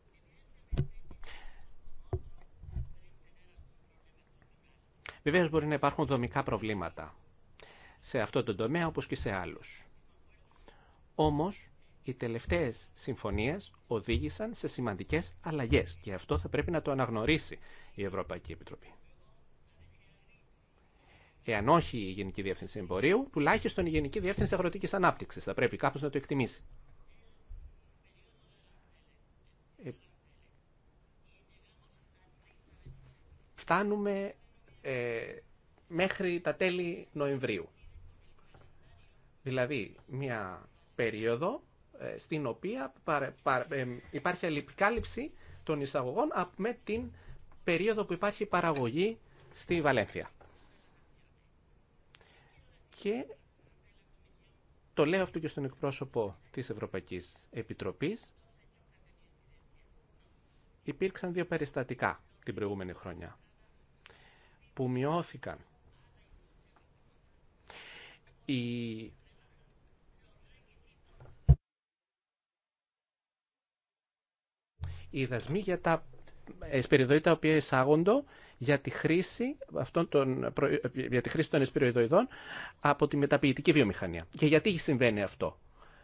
Βεβαίως μπορεί να υπάρχουν δομικά προβλήματα σε αυτό το τομέα όπως και σε άλλους. Όμως, οι τελευταίες συμφωνίες οδήγησαν σε σημαντικές αλλαγές και αυτό θα πρέπει να το αναγνωρίσει η Ευρωπαϊκή Επιτροπή εάν όχι η Γενική Διεύθυνση Εμπορίου, τουλάχιστον η Γενική Διεύθυνση Αγροτική Ανάπτυξη. Θα πρέπει κάπω να το εκτιμήσει. Ε, φτάνουμε ε, μέχρι τα τέλη Νοεμβρίου. Δηλαδή, μια περίοδο ε, στην οποία υπάρχει αλληλεπικάλυψη των εισαγωγών με την περίοδο που υπάρχει παραγωγή στη Βαλένθια. Και το λέω αυτό και στον εκπρόσωπο της Ευρωπαϊκής Επιτροπής. Υπήρξαν δύο περιστατικά την προηγούμενη χρονιά που μειώθηκαν οι οι δασμοί για τα εσπεριδοειδή τα οποία εισάγονται για τη χρήση, αυτών των, για τη χρήση των εσπυροειδοειδών από τη μεταποιητική βιομηχανία. Και γιατί συμβαίνει αυτό.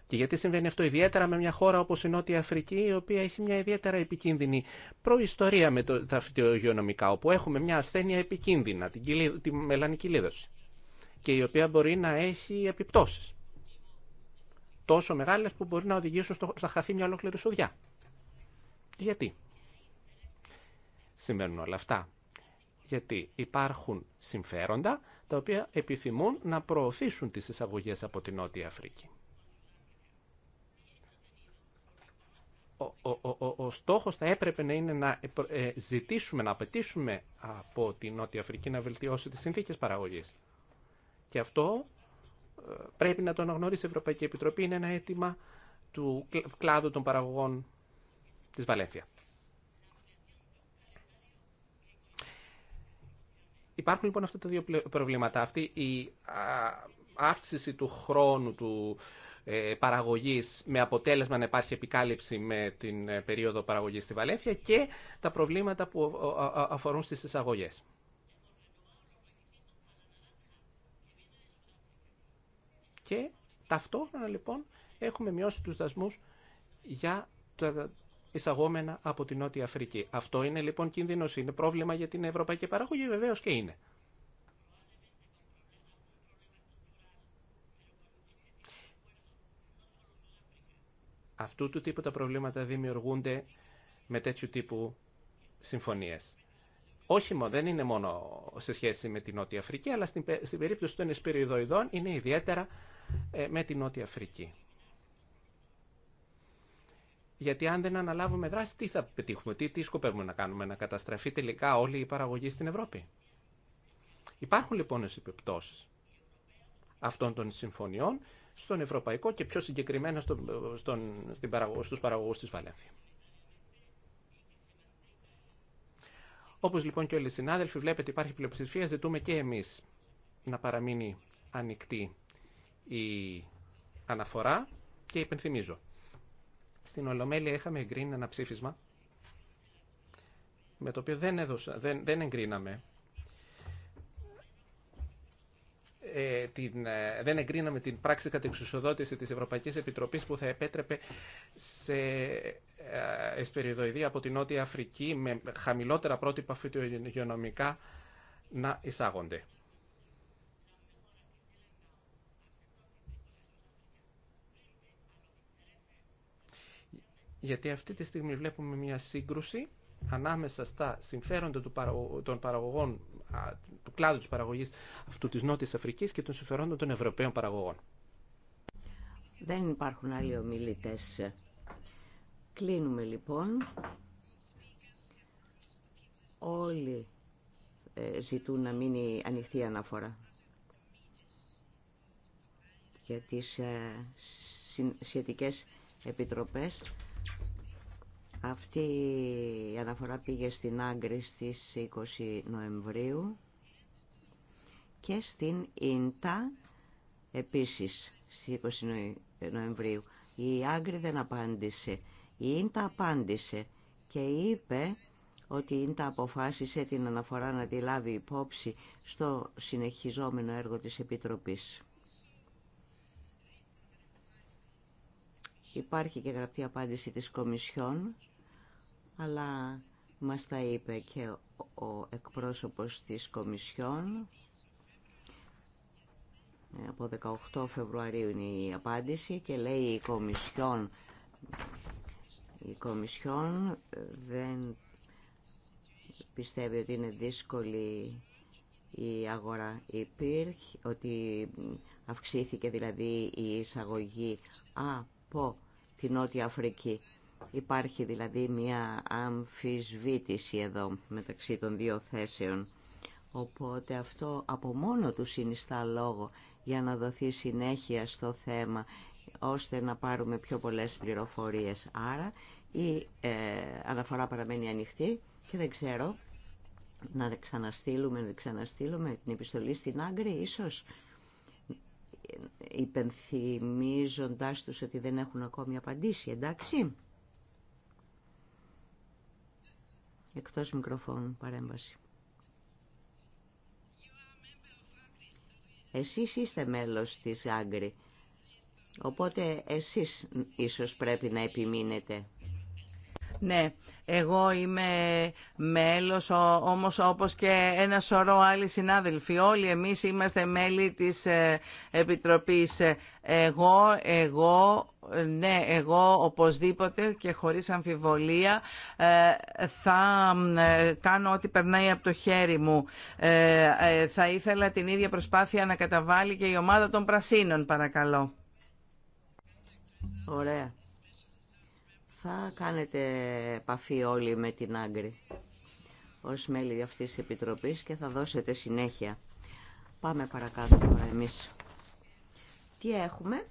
Και γιατί συμβαίνει αυτό ιδιαίτερα με μια χώρα όπως η Νότια Αφρική, η οποία έχει μια ιδιαίτερα επικίνδυνη προϊστορία με το, τα φυτογειονομικά, όπου έχουμε μια ασθένεια επικίνδυνα, την, τη μελανική λίδωση, και η οποία μπορεί να έχει επιπτώσεις. Τόσο μεγάλες που μπορεί να οδηγήσουν στο να χαθεί μια ολόκληρη σουδιά. Γιατί. Συμβαίνουν όλα αυτά γιατί υπάρχουν συμφέροντα τα οποία επιθυμούν να προωθήσουν τις εισαγωγές από την Νότια Αφρική. Ο, ο, στόχος θα έπρεπε να είναι να ε, ε, ζητήσουμε, να απαιτήσουμε από την Νότια Αφρική να βελτιώσει τις συνθήκες παραγωγής. Και αυτό ε, πρέπει να το αναγνωρίσει η Ευρωπαϊκή Επιτροπή, είναι ένα αίτημα του κλάδου των παραγωγών της Βαλένθια. Υπάρχουν λοιπόν αυτά τα δύο προβλήματα. Αυτή η αύξηση του χρόνου του ε, παραγωγής με αποτέλεσμα να υπάρχει επικάλυψη με την ε, περίοδο παραγωγής στη Βαλέφια και τα προβλήματα που αφορούν στις εισαγωγές. Και ταυτόχρονα λοιπόν έχουμε μειώσει τους δασμούς για εισαγόμενα από την Νότια Αφρική. Αυτό είναι λοιπόν κίνδυνο, είναι πρόβλημα για την ευρωπαϊκή παραγωγή, βεβαίω και είναι. Αυτού του τύπου τα προβλήματα δημιουργούνται με τέτοιου τύπου συμφωνίες. Όχι μόνο, δεν είναι μόνο σε σχέση με την Νότια Αφρική, αλλά στην, περίπτωση των εσπυριδοειδών είναι ιδιαίτερα ε, με την Νότια Αφρική γιατί αν δεν αναλάβουμε δράση, τι θα πετύχουμε, τι, τι σκοπεύουμε να κάνουμε, να καταστραφεί τελικά όλη η παραγωγή στην Ευρώπη. Υπάρχουν λοιπόν οι επιπτώσει αυτών των συμφωνιών στον ευρωπαϊκό και πιο συγκεκριμένα στο, στον, στην παραγω, στους παραγωγούς της Βαλένθια. Όπως λοιπόν και όλοι οι συνάδελφοι, βλέπετε υπάρχει πλειοψηφία, ζητούμε και εμείς να παραμείνει ανοιχτή η αναφορά και υπενθυμίζω στην Ολομέλεια είχαμε εγκρίνει ένα ψήφισμα με το οποίο δεν, έδωσα, δεν, δεν εγκρίναμε ε, την, ε, δεν εγκρίναμε την πράξη κατεξουσιοδότηση της Ευρωπαϊκής Επιτροπής που θα επέτρεπε σε ε, εσπεριδοειδή από την Νότια Αφρική με χαμηλότερα πρότυπα φυτογενομικά να εισάγονται. Γιατί αυτή τη στιγμή βλέπουμε μια σύγκρουση ανάμεσα στα συμφέροντα των παραγωγών, του κλάδου της παραγωγής αυτού της Νότιας Αφρικής και των συμφερόντων των Ευρωπαίων παραγωγών. Δεν υπάρχουν άλλοι ομιλητές. Κλείνουμε λοιπόν. Όλοι ε, ζητούν να μείνει ανοιχτή αναφορά για τις ε, σχετικές επιτροπές αυτή η αναφορά πήγε στην Άγκρη στις 20 Νοεμβρίου και στην Ίντα επίσης στις 20 Νοεμβρίου. Η Άγκρη δεν απάντησε. Η Ίντα απάντησε και είπε ότι η Ίντα αποφάσισε την αναφορά να τη λάβει υπόψη στο συνεχιζόμενο έργο της Επιτροπής. Υπάρχει και γραπτή απάντηση της Κομισιόν, αλλά μας τα είπε και ο εκπρόσωπος της Κομισιόν. Ε, από 18 Φεβρουαρίου είναι η απάντηση και λέει η Κομισιόν, η Κομισιόν ε, δεν πιστεύει ότι είναι δύσκολη η αγορά υπήρχε, ότι αυξήθηκε δηλαδή η εισαγωγή από από τη Νότια Αφρική. Υπάρχει δηλαδή μια αμφισβήτηση εδώ μεταξύ των δύο θέσεων. Οπότε αυτό από μόνο του συνιστά λόγο για να δοθεί συνέχεια στο θέμα ώστε να πάρουμε πιο πολλές πληροφορίες. Άρα η ε, αναφορά παραμένει ανοιχτή και δεν ξέρω να ξαναστείλουμε, να ξαναστείλουμε την επιστολή στην Άγκρη ίσως υπενθυμίζοντάς τους ότι δεν έχουν ακόμη απαντήσει, εντάξει. Εκτός μικροφώνου παρέμβαση. Εσείς είστε μέλος της Άγκρη, οπότε εσείς ίσως πρέπει να επιμείνετε. Ναι, εγώ είμαι μέλος, όμως όπως και ένα σωρό άλλοι συνάδελφοι. Όλοι εμείς είμαστε μέλη της ε, Επιτροπής. Εγώ, εγώ, ναι, εγώ οπωσδήποτε και χωρίς αμφιβολία ε, θα ε, κάνω ό,τι περνάει από το χέρι μου. Θα ήθελα την ίδια προσπάθεια να καταβάλει και η ομάδα των Πρασίνων, παρακαλώ. Ωραία θα κάνετε επαφή όλοι με την Άγκρη ως μέλη αυτής της Επιτροπής και θα δώσετε συνέχεια. Πάμε παρακάτω τώρα εμείς. Τι έχουμε.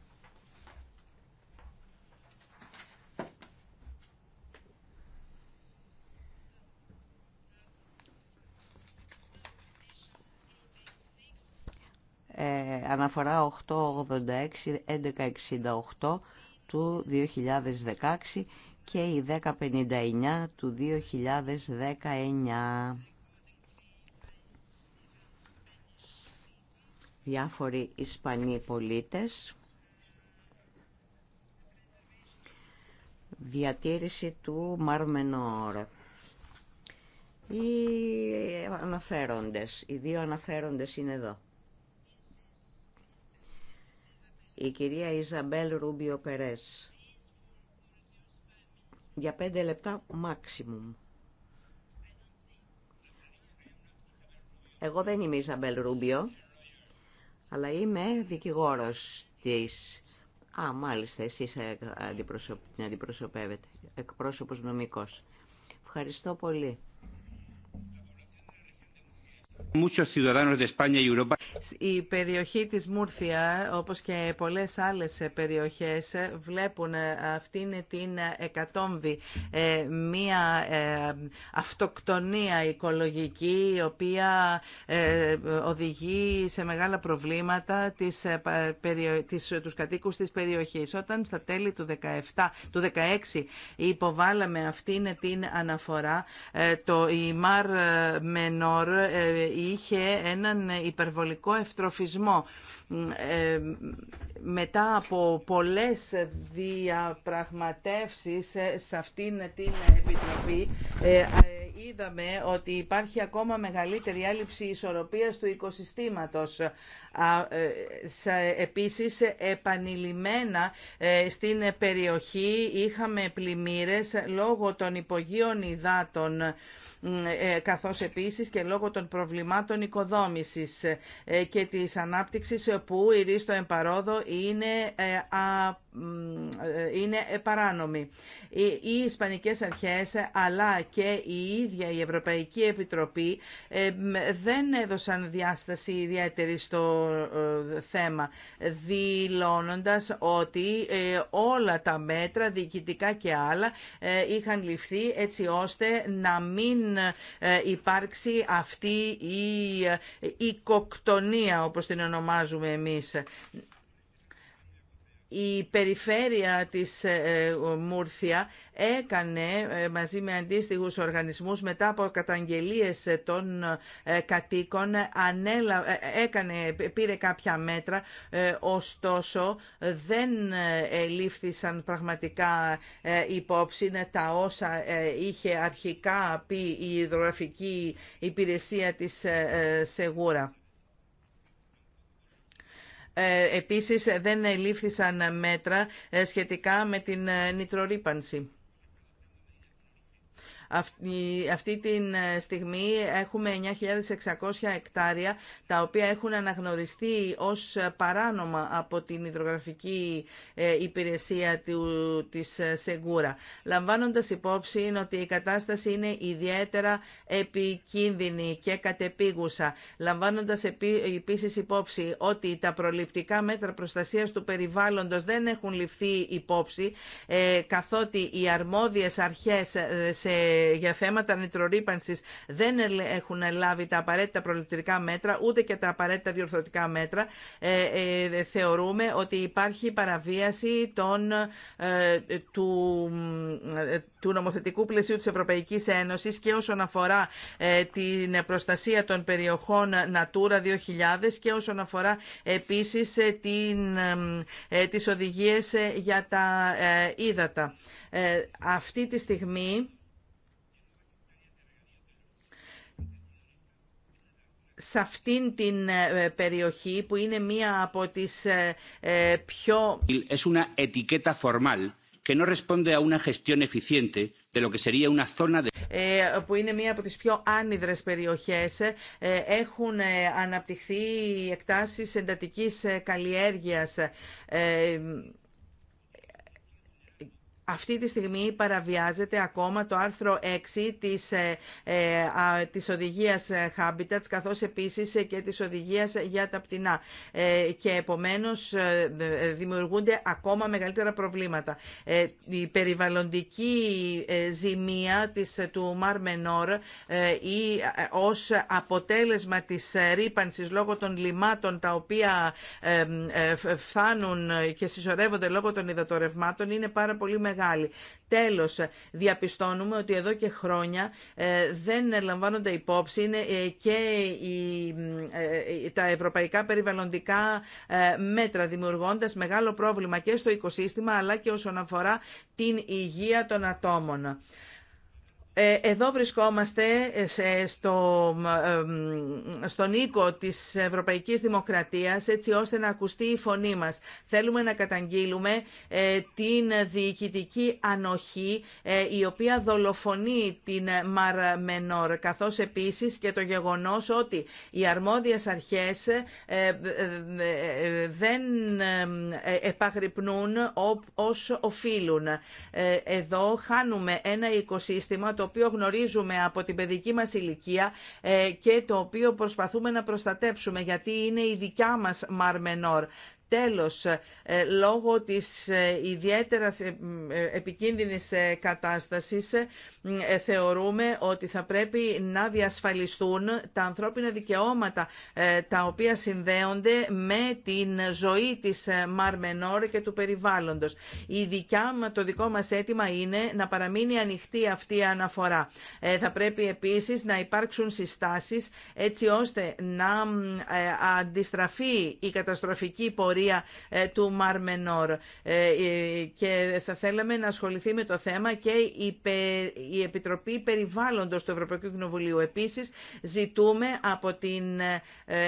Ε, αναφορά 886-1168 του 2016 και η 1059 του 2019. Διάφοροι Ισπανοί πολίτες διατήρηση του Μαρμενόρ. Οι αναφέροντες, οι δύο αναφέροντες είναι εδώ. η κυρία Ιζαμπέλ Ρούμπιο Περές. Για πέντε λεπτά maximum. Εγώ δεν είμαι Ιζαμπέλ Ρούμπιο, αλλά είμαι δικηγόρος της... Α, μάλιστα, εσείς ε, αντιπροσωπ... αντιπροσωπεύετε, εκπρόσωπος νομικός. Ευχαριστώ πολύ. Η περιοχή της Μούρθια, όπως και πολλές άλλες περιοχές, βλέπουν αυτήν την εκατόμβη, ε, μία ε, αυτοκτονία οικολογική, η οποία ε, οδηγεί σε μεγάλα προβλήματα τις, τις, τους κατοίκους της περιοχής. Όταν στα τέλη του, 17, του 16 υποβάλαμε αυτήν την αναφορά, το Ιμάρ Μενόρ είχε έναν υπερβολικό ευτροφισμό. Ε, μετά από πολλές διαπραγματεύσεις ε, σε αυτήν την Επιτροπή ε, είδαμε ότι υπάρχει ακόμα μεγαλύτερη έλλειψη ισορροπίας του οικοσυστήματος. Επίσης, επανειλημμένα στην περιοχή είχαμε πλημμύρες λόγω των υπογείων υδάτων ε, καθώς επίσης και λόγω των προβλημάτων οικοδόμησης ε, και της ανάπτυξης που η ρίστο εμπαρόδο είναι, ε, είναι παράνομη. Οι Ισπανικές αρχές αλλά και η ίδια η Ευρωπαϊκή Επιτροπή δεν έδωσαν διάσταση ιδιαίτερη στο θέμα δηλώνοντας ότι όλα τα μέτρα διοικητικά και άλλα είχαν ληφθεί έτσι ώστε να μην ε, υπάρξει αυτή η οικοκτονία ε, όπως την ονομάζουμε εμείς η περιφέρεια της ε, ε, Μούρθια έκανε ε, μαζί με αντίστοιχους οργανισμούς μετά από καταγγελίες των κατοίκων ανέλα, έκανε, πήρε κάποια μέτρα ωστόσο δεν ελήφθησαν πραγματικά υπόψη τα όσα είχε αρχικά πει η υδρογραφική υπηρεσία της Σεγούρα. Ε, επίσης δεν ελήφθησαν μέτρα ε, σχετικά με την ε, νητρορύπανση. Αυτή τη ε, στιγμή έχουμε 9.600 εκτάρια τα οποία έχουν αναγνωριστεί ως παράνομα από την υδρογραφική ε, Υπηρεσία της ε, Σεγκούρα. Λαμβάνοντας υπόψη ότι η κατάσταση είναι ιδιαίτερα επικίνδυνη και κατεπίγουσα. Λαμβάνοντας επίσης υπόψη ότι τα προληπτικά μέτρα προστασίας του περιβάλλοντος δεν έχουν ληφθεί υπόψη καθότι οι αρμόδιες αρχές σε για θέματα νητρορύπανση δεν έχουν λάβει τα απαραίτητα προληπτικά μέτρα, ούτε και τα απαραίτητα διορθωτικά μέτρα, ε, ε, θεωρούμε ότι υπάρχει παραβίαση των, ε, του, του νομοθετικού πλαισίου της Ευρωπαϊκής Ένωσης και όσον αφορά την προστασία των περιοχών Natura 2000 και όσον αφορά επίσης την, τις οδηγίες για τα ύδατα. Αυτή τη στιγμή σε αυτήν την ε, περιοχή που είναι μία από τις ε, ε, πιο... Es una etiqueta formal que no responde a una gestión eficiente de lo que sería una zona de... που είναι μία από τις πιο άνυδρες περιοχές, έχουν αναπτυχθεί εκτάσεις εντατικής καλλιέργειας αυτή τη στιγμή παραβιάζεται ακόμα το άρθρο 6 της, ε, ε της οδηγίας ε, Habitats, καθώς επίσης ε, και της οδηγίας για τα πτηνά. και επομένως δημιουργούνται ακόμα μεγαλύτερα προβλήματα. η περιβαλλοντική ζημία της, του Μαρ Μενόρ ή ως αποτέλεσμα της ρήπανσης λόγω των λιμάτων τα οποία φθάνουν και συσσωρεύονται λόγω των υδατορευμάτων είναι πάρα πολύ μεγάλη μεγάλη. Τέλος, διαπιστώνουμε ότι εδώ και χρόνια ε, δεν λαμβάνονται υπόψη είναι ε, και ε, τα ευρωπαϊκά περιβαλλοντικά μέτρα, δημιουργώντας μεγάλο πρόβλημα και στο οικοσύστημα, αλλά και όσον αφορά την υγεία των ατόμων. Ε, εδώ βρισκόμαστε ε, στο, ε, στον οίκο της Ευρωπαϊκής Δημοκρατίας έτσι ώστε να ακουστεί η φωνή μας. Θέλουμε να καταγγείλουμε την διοικητική ανοχή η οποία δολοφονεί την Μαρ Μενόρ καθώς επίσης και το γεγονός ότι οι αρμόδιες αρχές δεν επαγρυπνούν ως οφείλουν. Εδώ χάνουμε ένα οικοσύστημα το οποίο γνωρίζουμε από την παιδική μας ηλικία ε, και το οποίο προσπαθούμε να προστατέψουμε γιατί είναι η δικιά μας Μαρμενόρ. Τέλος, ε, ε, λόγω της ε, ιδιαίτερα επικίνδυνης κατάστασης θεωρούμε ότι θα πρέπει να διασφαλιστούν τα ανθρώπινα δικαιώματα τα οποία συνδέονται με την ζωή της Μαρμενόρ και του περιβάλλοντος. Η δικιά, το δικό μας αίτημα είναι να παραμείνει ανοιχτή αυτή η αναφορά. Θα πρέπει επίσης να υπάρξουν συστάσεις έτσι ώστε να αντιστραφεί η καταστροφική πορεία ιστορία ε, του Μαρμενόρ ε, και θα θέλαμε να ασχοληθεί με το θέμα και η Επιτροπή Περιβάλλοντος του Ευρωπαϊκού Κοινοβουλίου. Επίση, ζητούμε από την ε,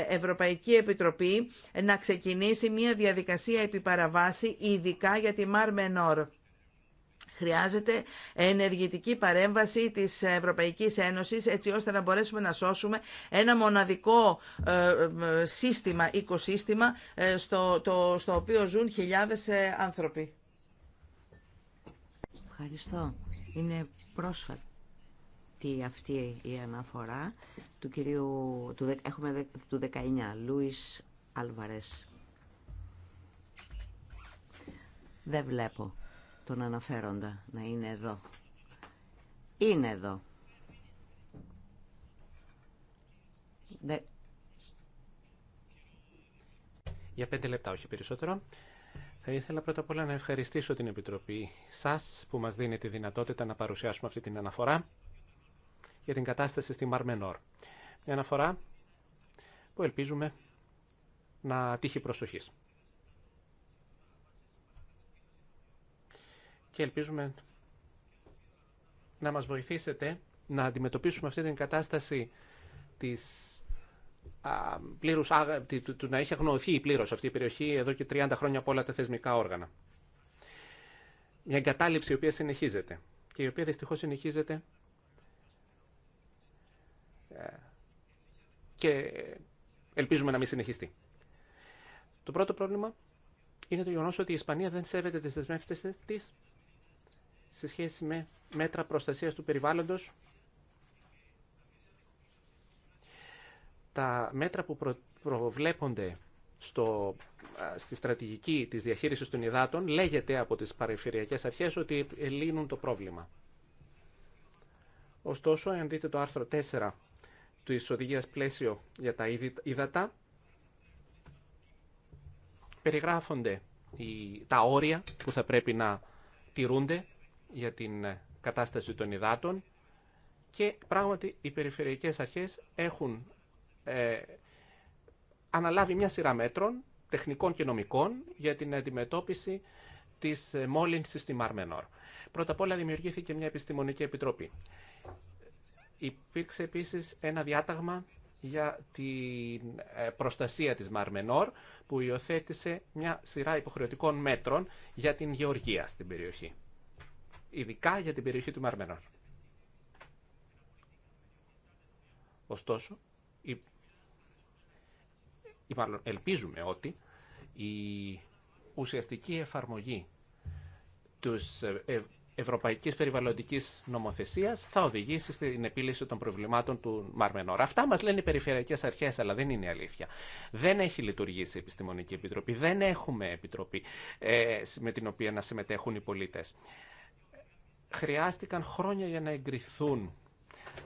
Ευρωπαϊκή Επιτροπή να ξεκινήσει μια διαδικασία επιπαραβάση ειδικά για τη Μαρμενόρ. Χρειάζεται ενεργητική παρέμβαση της Ευρωπαϊκής Ένωσης έτσι ώστε να μπορέσουμε να σώσουμε ένα μοναδικό ε, ε, σύστημα, οικοσύστημα ε, στο, το, στο οποίο ζουν χιλιάδες άνθρωποι. Ευχαριστώ. Είναι πρόσφατη αυτή η αναφορά του κυρίου του, έχουμε, του 19 Λούις Αλβαρές. Δεν βλέπω τον αναφέροντα να είναι εδώ. Είναι εδώ. Για πέντε λεπτά, όχι περισσότερο. Θα ήθελα πρώτα απ' όλα να ευχαριστήσω την Επιτροπή σας που μας δίνει τη δυνατότητα να παρουσιάσουμε αυτή την αναφορά για την κατάσταση στη Μαρμενόρ. Μια αναφορά που ελπίζουμε να τύχει προσοχής. και ελπίζουμε να μας βοηθήσετε να αντιμετωπίσουμε αυτή την κατάσταση της πλήρους, του, να έχει αγνοωθεί πλήρως αυτή η περιοχή εδώ και 30 χρόνια από όλα τα θεσμικά όργανα. Μια εγκατάλειψη η οποία συνεχίζεται και η οποία δυστυχώς συνεχίζεται ε, και ελπίζουμε να μην συνεχιστεί. Το πρώτο πρόβλημα είναι το γεγονό ότι η Ισπανία δεν σέβεται τι δεσμεύσει τη σε σχέση με μέτρα προστασίας του περιβάλλοντος. Τα μέτρα που προβλέπονται στο, στη στρατηγική της διαχείρισης των υδάτων λέγεται από τις παρεμφυριακές αρχές ότι λύνουν το πρόβλημα. Ωστόσο, αν δείτε το άρθρο 4 του οδηγίας πλαίσιο για τα υδατά, περιγράφονται τα όρια που θα πρέπει να τηρούνται για την ε, κατάσταση των υδάτων και πράγματι οι περιφερειακές αρχές έχουν ε, αναλάβει μια σειρά μέτρων τεχνικών και νομικών για την αντιμετώπιση της ε, μόλυνσης στη Μαρμενόρ. Πρώτα απ' όλα δημιουργήθηκε μια επιστημονική επιτροπή. Υπήρξε επίσης ένα διάταγμα για την προστασία της Μαρμενόρ που υιοθέτησε μια σειρά υποχρεωτικών μέτρων για την γεωργία στην περιοχή ειδικά για την περιοχή του Μαρμενόρ. Ωστόσο, ελπίζουμε ότι η ουσιαστική εφαρμογή της ε, ε, Ευρωπαϊκής Περιβαλλοντικής Νομοθεσίας θα οδηγήσει στην επίλυση των προβλημάτων του Μαρμενόρ. Αυτά μας λένε οι περιφερειακές αρχές, αλλά δεν είναι αλήθεια. Δεν έχει λειτουργήσει η Επιστημονική Επιτροπή, δεν έχουμε επιτροπή ε, με την οποία να συμμετέχουν οι πολίτες χρειάστηκαν χρόνια για να εγκριθούν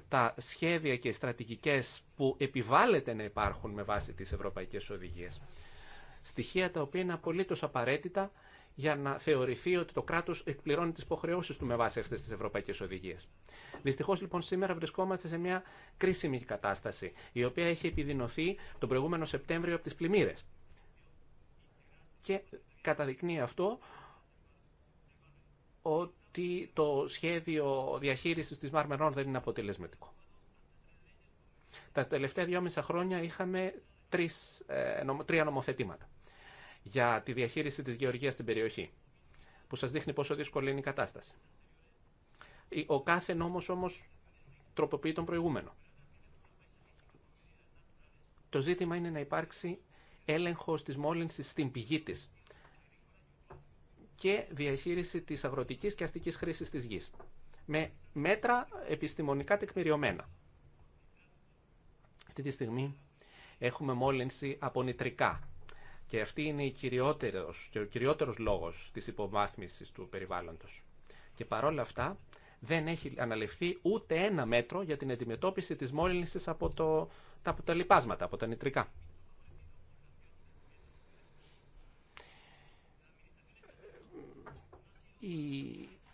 τα σχέδια και οι στρατηγικές που επιβάλλεται να υπάρχουν με βάση τις ευρωπαϊκές οδηγίες. Στοιχεία τα οποία είναι απολύτως απαραίτητα για να θεωρηθεί ότι το κράτο εκπληρώνει τι υποχρεώσει του με βάση αυτέ τι ευρωπαϊκές οδηγίε. Δυστυχώ λοιπόν σήμερα βρισκόμαστε σε μια κρίσιμη κατάσταση, η οποία έχει επιδεινωθεί τον προηγούμενο Σεπτέμβριο από τι πλημμύρε. Και καταδεικνύει αυτό ότι ότι το σχέδιο διαχείρισης της Μαρμερών δεν είναι αποτελεσματικό. Τα τελευταία δυόμισα χρόνια είχαμε ε, τρία νομοθετήματα για τη διαχείριση της γεωργίας στην περιοχή, που σας δείχνει πόσο δύσκολη είναι η κατάσταση. Ο κάθε νόμος όμως τροποποιεί τον προηγούμενο. Το ζήτημα είναι να υπάρξει έλεγχος τη μόλυνση στην πηγή της και διαχείριση της αγροτικής και αστικής χρήσης της γης. Με μέτρα επιστημονικά τεκμηριωμένα. Αυτή τη στιγμή έχουμε μόλυνση από νητρικά. Και αυτή είναι η κυριότερος, ο κυριότερος λόγος της υποβάθμισης του περιβάλλοντος. Και παρόλα αυτά δεν έχει αναλευθεί ούτε ένα μέτρο για την αντιμετώπιση της μόλυνσης από, το, τα λοιπάσματα, από τα νητρικά.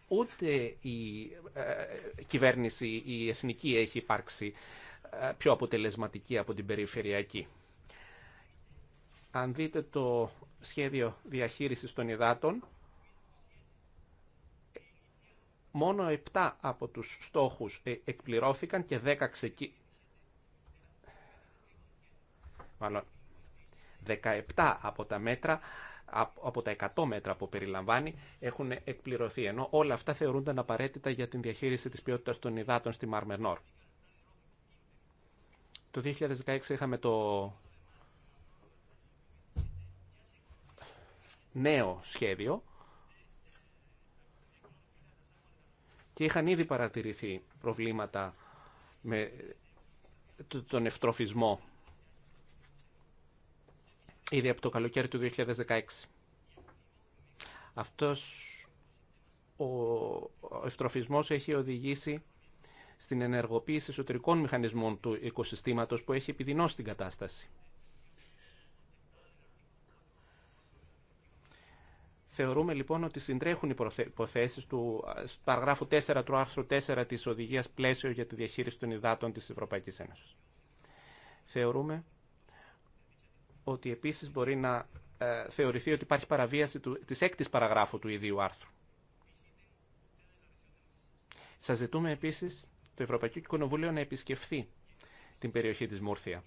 ούτε η ε, ε, κυβέρνηση η εθνική έχει υπάρξει ε, πιο αποτελεσματική από την περιφερειακή. Αν δείτε το σχέδιο διαχείρισης των υδάτων, μόνο 7 από τους στόχους εκπληρώθηκαν και 10 ξεκι... Μάλλον, 17 από τα μέτρα από τα 100 μέτρα που περιλαμβάνει έχουν εκπληρωθεί, ενώ όλα αυτά θεωρούνταν απαραίτητα για την διαχείριση της ποιότητας των υδάτων στη Μαρμενόρ. Το 2016 είχαμε το νέο σχέδιο και είχαν ήδη παρατηρηθεί προβλήματα με τον ευτροφισμό ήδη από το καλοκαίρι του 2016. Αυτός ο ευτροφισμός έχει οδηγήσει στην ενεργοποίηση εσωτερικών μηχανισμών του οικοσυστήματος που έχει επιδεινώσει την κατάσταση. Θεωρούμε λοιπόν ότι συντρέχουν οι υποθέσεις του παραγράφου 4 του άρθρου 4 της Οδηγίας Πλαίσιο για τη Διαχείριση των Υδάτων της Ευρωπαϊκής Ένωσης. Θεωρούμε ότι επίσης μπορεί να ε, θεωρηθεί ότι υπάρχει παραβίαση του, της έκτης παραγράφου του ιδίου άρθρου. Σας ζητούμε επίσης το Ευρωπαϊκό Κοινοβούλιο να επισκεφθεί την περιοχή της Μούρθια.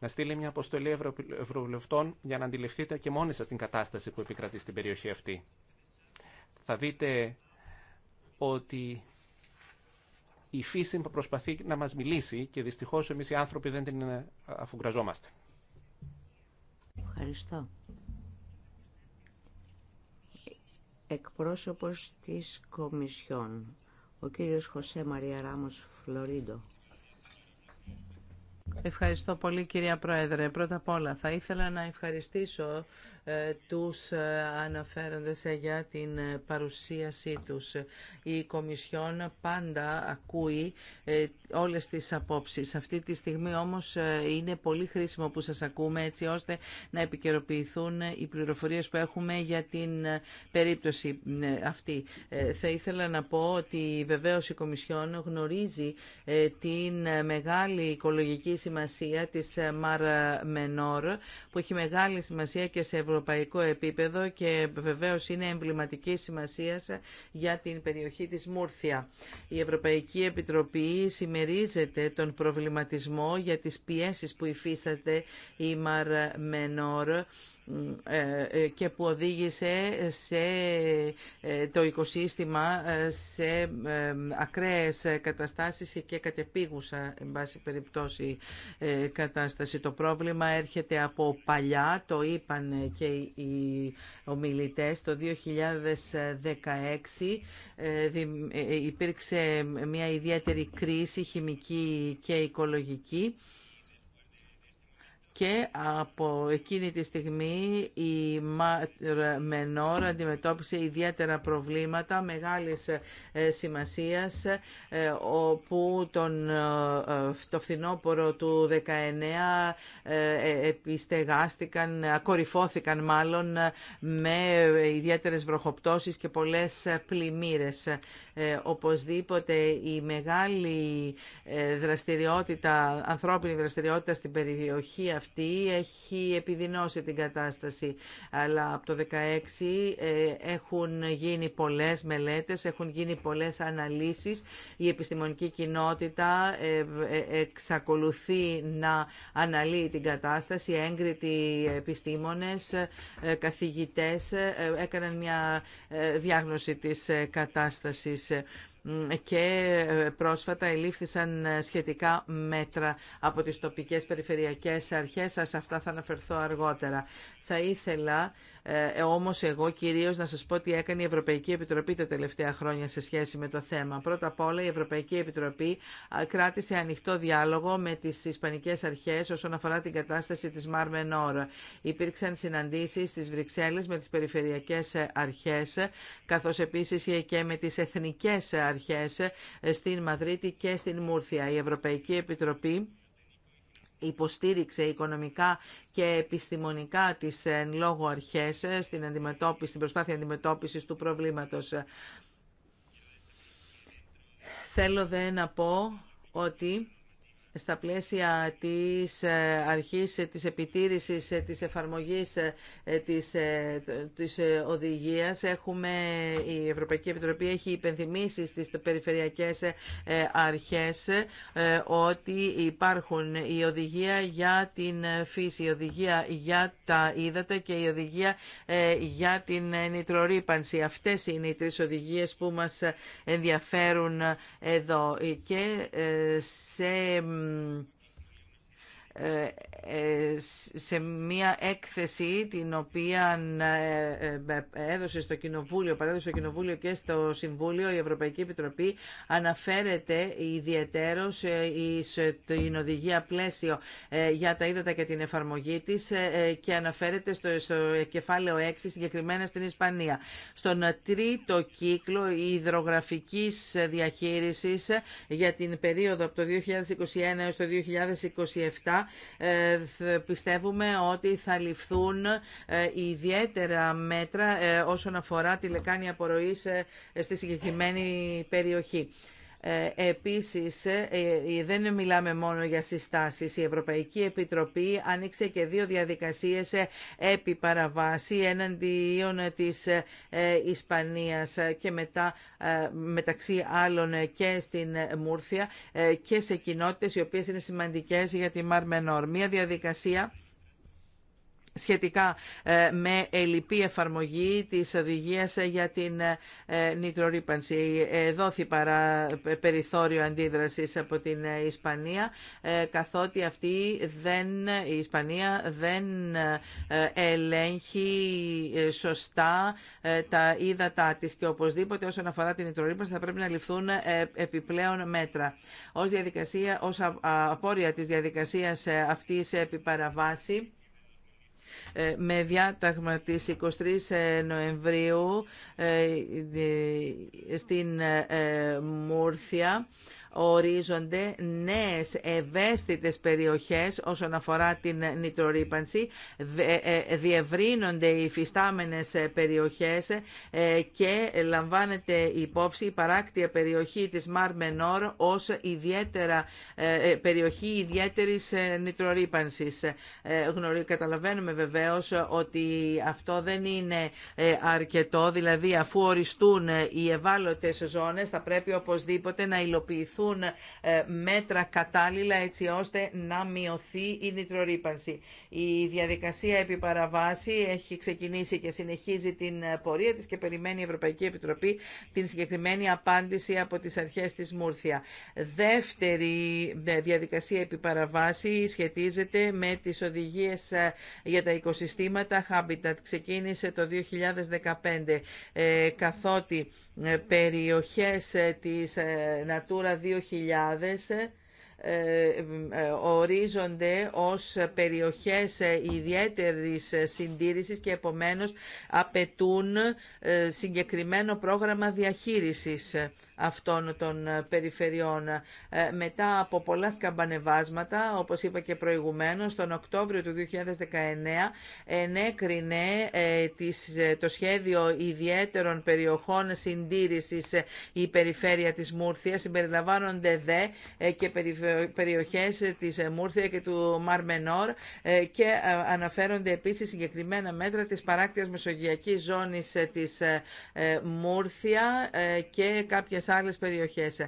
Να στείλει μια αποστολή ευρωβουλευτών για να αντιληφθείτε και μόνοι σας την κατάσταση που επικρατεί στην περιοχή αυτή. Θα δείτε ότι η φύση προσπαθεί να μας μιλήσει και δυστυχώς εμείς οι άνθρωποι δεν την αφουγκραζόμαστε. Ευχαριστώ. Εκπρόσωπος της Κομισιόν, ο κύριος Χωσέ Μαρία Ράμος Φλωρίντο. Ευχαριστώ πολύ κυρία Πρόεδρε. Πρώτα απ' όλα θα ήθελα να ευχαριστήσω ε, τους ε, αναφέροντες ε, για την παρουσίασή τους. Η Κομισιόν πάντα ακούει όλες τις απόψεις. Αυτή τη στιγμή όμως είναι πολύ χρήσιμο που σας ακούμε έτσι ώστε να επικαιροποιηθούν οι πληροφορίες που έχουμε για την περίπτωση αυτή. Θα ήθελα να πω ότι βεβαίως η Κομισιόν γνωρίζει την μεγάλη οικολογική σημασία της Μαρ Μενόρ που έχει μεγάλη σημασία και σε ευρωπαϊκή ευρωπαϊκό επίπεδο και βεβαίως είναι εμβληματική σημασία για την περιοχή της Μούρθια. Η Ευρωπαϊκή Επιτροπή συμμερίζεται τον προβληματισμό για τις πιέσεις που υφίστανται η Μαρ Μενόρ ε, ε, και που οδήγησε σε ε, το οικοσύστημα σε ακραίες καταστάσεις και κατεπίγουσα εν πάση περιπτώσει κατάσταση. Το πρόβλημα έρχεται από παλιά, το είπαν και οι ομιλητές, το 2016 υπήρξε μια ιδιαίτερη κρίση χημική και οικολογική και από εκείνη τη στιγμή η Μενόρ αντιμετώπισε ιδιαίτερα προβλήματα μεγάλης ε, σημασίας ε, όπου τον, ε, το φθινόπωρο του 19 επιστεγάστηκαν, ακορυφώθηκαν μάλλον με ιδιαίτερες βροχοπτώσεις και πολλές πλημμύρες. Ε, οπωσδήποτε η μεγάλη ε, δραστηριότητα, ανθρώπινη δραστηριότητα στην περιοχή αυτή έχει επιδεινώσει την κατάσταση. Αλλά από το 2016 ε, έχουν γίνει πολλές μελέτες, έχουν γίνει πολλές αναλύσεις. Η επιστημονική κοινότητα εξακολουθεί να αναλύει την κατάσταση. Έγκριτοι επιστήμονες, καθηγητές έκαναν μια διάγνωση της κατάστασης. Ε, και ε, πρόσφατα ελήφθησαν ε, σχετικά μέτρα από τις τοπικές περιφερειακές αρχές. Σε αυτά θα αναφερθώ αργότερα. Θα ήθελα ε, ε, όμως εγώ κυρίως να σας πω τι έκανε η Ευρωπαϊκή Επιτροπή τα τελευταία χρόνια σε σχέση με το θέμα. Πρώτα απ' όλα η Ευρωπαϊκή Επιτροπή κράτησε ανοιχτό διάλογο με τις Ισπανικές Αρχές όσον αφορά την κατάσταση της Μαρ Υπήρξαν συναντήσεις στις Βρυξέλλες με τις περιφερειακές αρχές καθώς επίσης και με τις εθνικές αρχές ε, στην Μαδρίτη και στην Μούρθια. Η Ευρωπαϊκή Επιτροπή υποστήριξε οικονομικά και επιστημονικά τις ε, εν λόγω αρχές ε, στην, αντιμετώπιση, στην προσπάθεια αντιμετώπισης του προβλήματος. Θέλω δε να πω ότι στα πλαίσια της ε, αρχής ε, της επιτήρησης ε, της εφαρμογής της, της οδηγίας έχουμε, η Ευρωπαϊκή Επιτροπή έχει υπενθυμίσει στις περιφερειακές αρχές ότι υπάρχουν η οδηγία για την φύση, η οδηγία για τα ύδατα και η οδηγία για την νητρορύπανση. Αυτές είναι οι τρεις οδηγίες που μας ενδιαφέρουν εδώ και σε Mm. Ε, ε, σε μία έκθεση την οποία ε, έδωσε στο Κοινοβούλιο, παρέδωσε στο Κοινοβούλιο και στο Συμβούλιο η Ευρωπαϊκή Επιτροπή αναφέρεται ιδιαιτέρως στην οδηγία πλαίσιο για τα ύδατα και την εφαρμογή της και αναφέρεται στο, κεφάλαιο 6 συγκεκριμένα στην Ισπανία. Στον τρίτο κύκλο υδρογραφικής διαχείρισης για την περίοδο από το 2021 έως το 2027 ε, πιστεύουμε ότι θα ληφθούν ε, ιδιαίτερα μέτρα ε, όσον αφορά τη λεκάνη απορροής στη συγκεκριμένη περιοχή. Ε, επίσης, ε, ε, δεν μιλάμε μόνο για συστάσεις. Η Ευρωπαϊκή Επιτροπή άνοιξε και δύο διαδικασίες επί παραβάση εναντίον της Ισπανίας και μετά μεταξύ άλλων και στην Μούρθια και σε κοινότητες οι οποίες είναι σημαντικές για τη Μαρμενόρ. Μία διαδικασία σχετικά ε, με ελλειπή εφαρμογή της οδηγίας για την ε, νητρορύπανση. Δόθη παρά ε, περιθώριο αντίδρασης από την Ισπανία, καθότι αυτή δεν, η Ισπανία δεν ελέγχει σωστά τα ύδατά της και οπωσδήποτε όσον αφορά την νητρορύπανση θα πρέπει να ληφθούν επιπλέον μέτρα. Ως, διαδικασία, ως απόρρια της διαδικασίας αυτής επιπαραβάσει. Ε, με διάταγμα της 23 ε, Νοεμβρίου ε, στην Μούρθια ορίζονται νέες ευαίσθητες περιοχές όσον αφορά την νητρορύπανση, ε, ε, διευρύνονται οι φυστάμενες περιοχές ε, και λαμβάνεται υπόψη η παράκτια περιοχή της Μαρ Μενόρ ως ιδιαίτερα, περιοχή ιδιαίτερης νητρορύπανσης. Καταλαβαίνουμε βεβαίως ότι αυτό δεν είναι αρκετό, δηλαδή αφού οριστούν οι ευάλωτες ζώνες θα πρέπει οπωσδήποτε να υλοποιηθούν ε, μέτρα κατάλληλα έτσι ώστε να μειωθεί η νητρορύπανση. Η διαδικασία επιπαραβάση έχει ξεκινήσει και συνεχίζει την ε, πορεία της και περιμένει η Ευρωπαϊκή Επιτροπή την συγκεκριμένη απάντηση από τις αρχές της Μούρθια. Δεύτερη ε, διαδικασία επιπαραβάση σχετίζεται με τις οδηγίες για τα οικοσυστήματα Habitat. Ξεκίνησε το 2015 καθότι ε, περιοχές ε, της ε, Natura 2000 ορίζονται ως περιοχές ιδιαίτερης συντήρησης και επομένως απαιτούν συγκεκριμένο πρόγραμμα διαχείρισης αυτών των ε, περιφερειών. Ε, μετά από πολλά σκαμπανεβάσματα, όπως είπα και προηγουμένως, τον Οκτώβριο του 2019 ενέκρινε ε, το σχέδιο ιδιαίτερων περιοχών συντήρησης η περιφέρεια της Μούρθια, συμπεριλαμβάνονται δε και περιοχές της Μούρθια και του Μαρμενόρ και αναφέρονται επίσης συγκεκριμένα μέτρα της παράκτειας μεσογειακής ζώνης της Μούρθια και κάποιες άλλες περιοχές.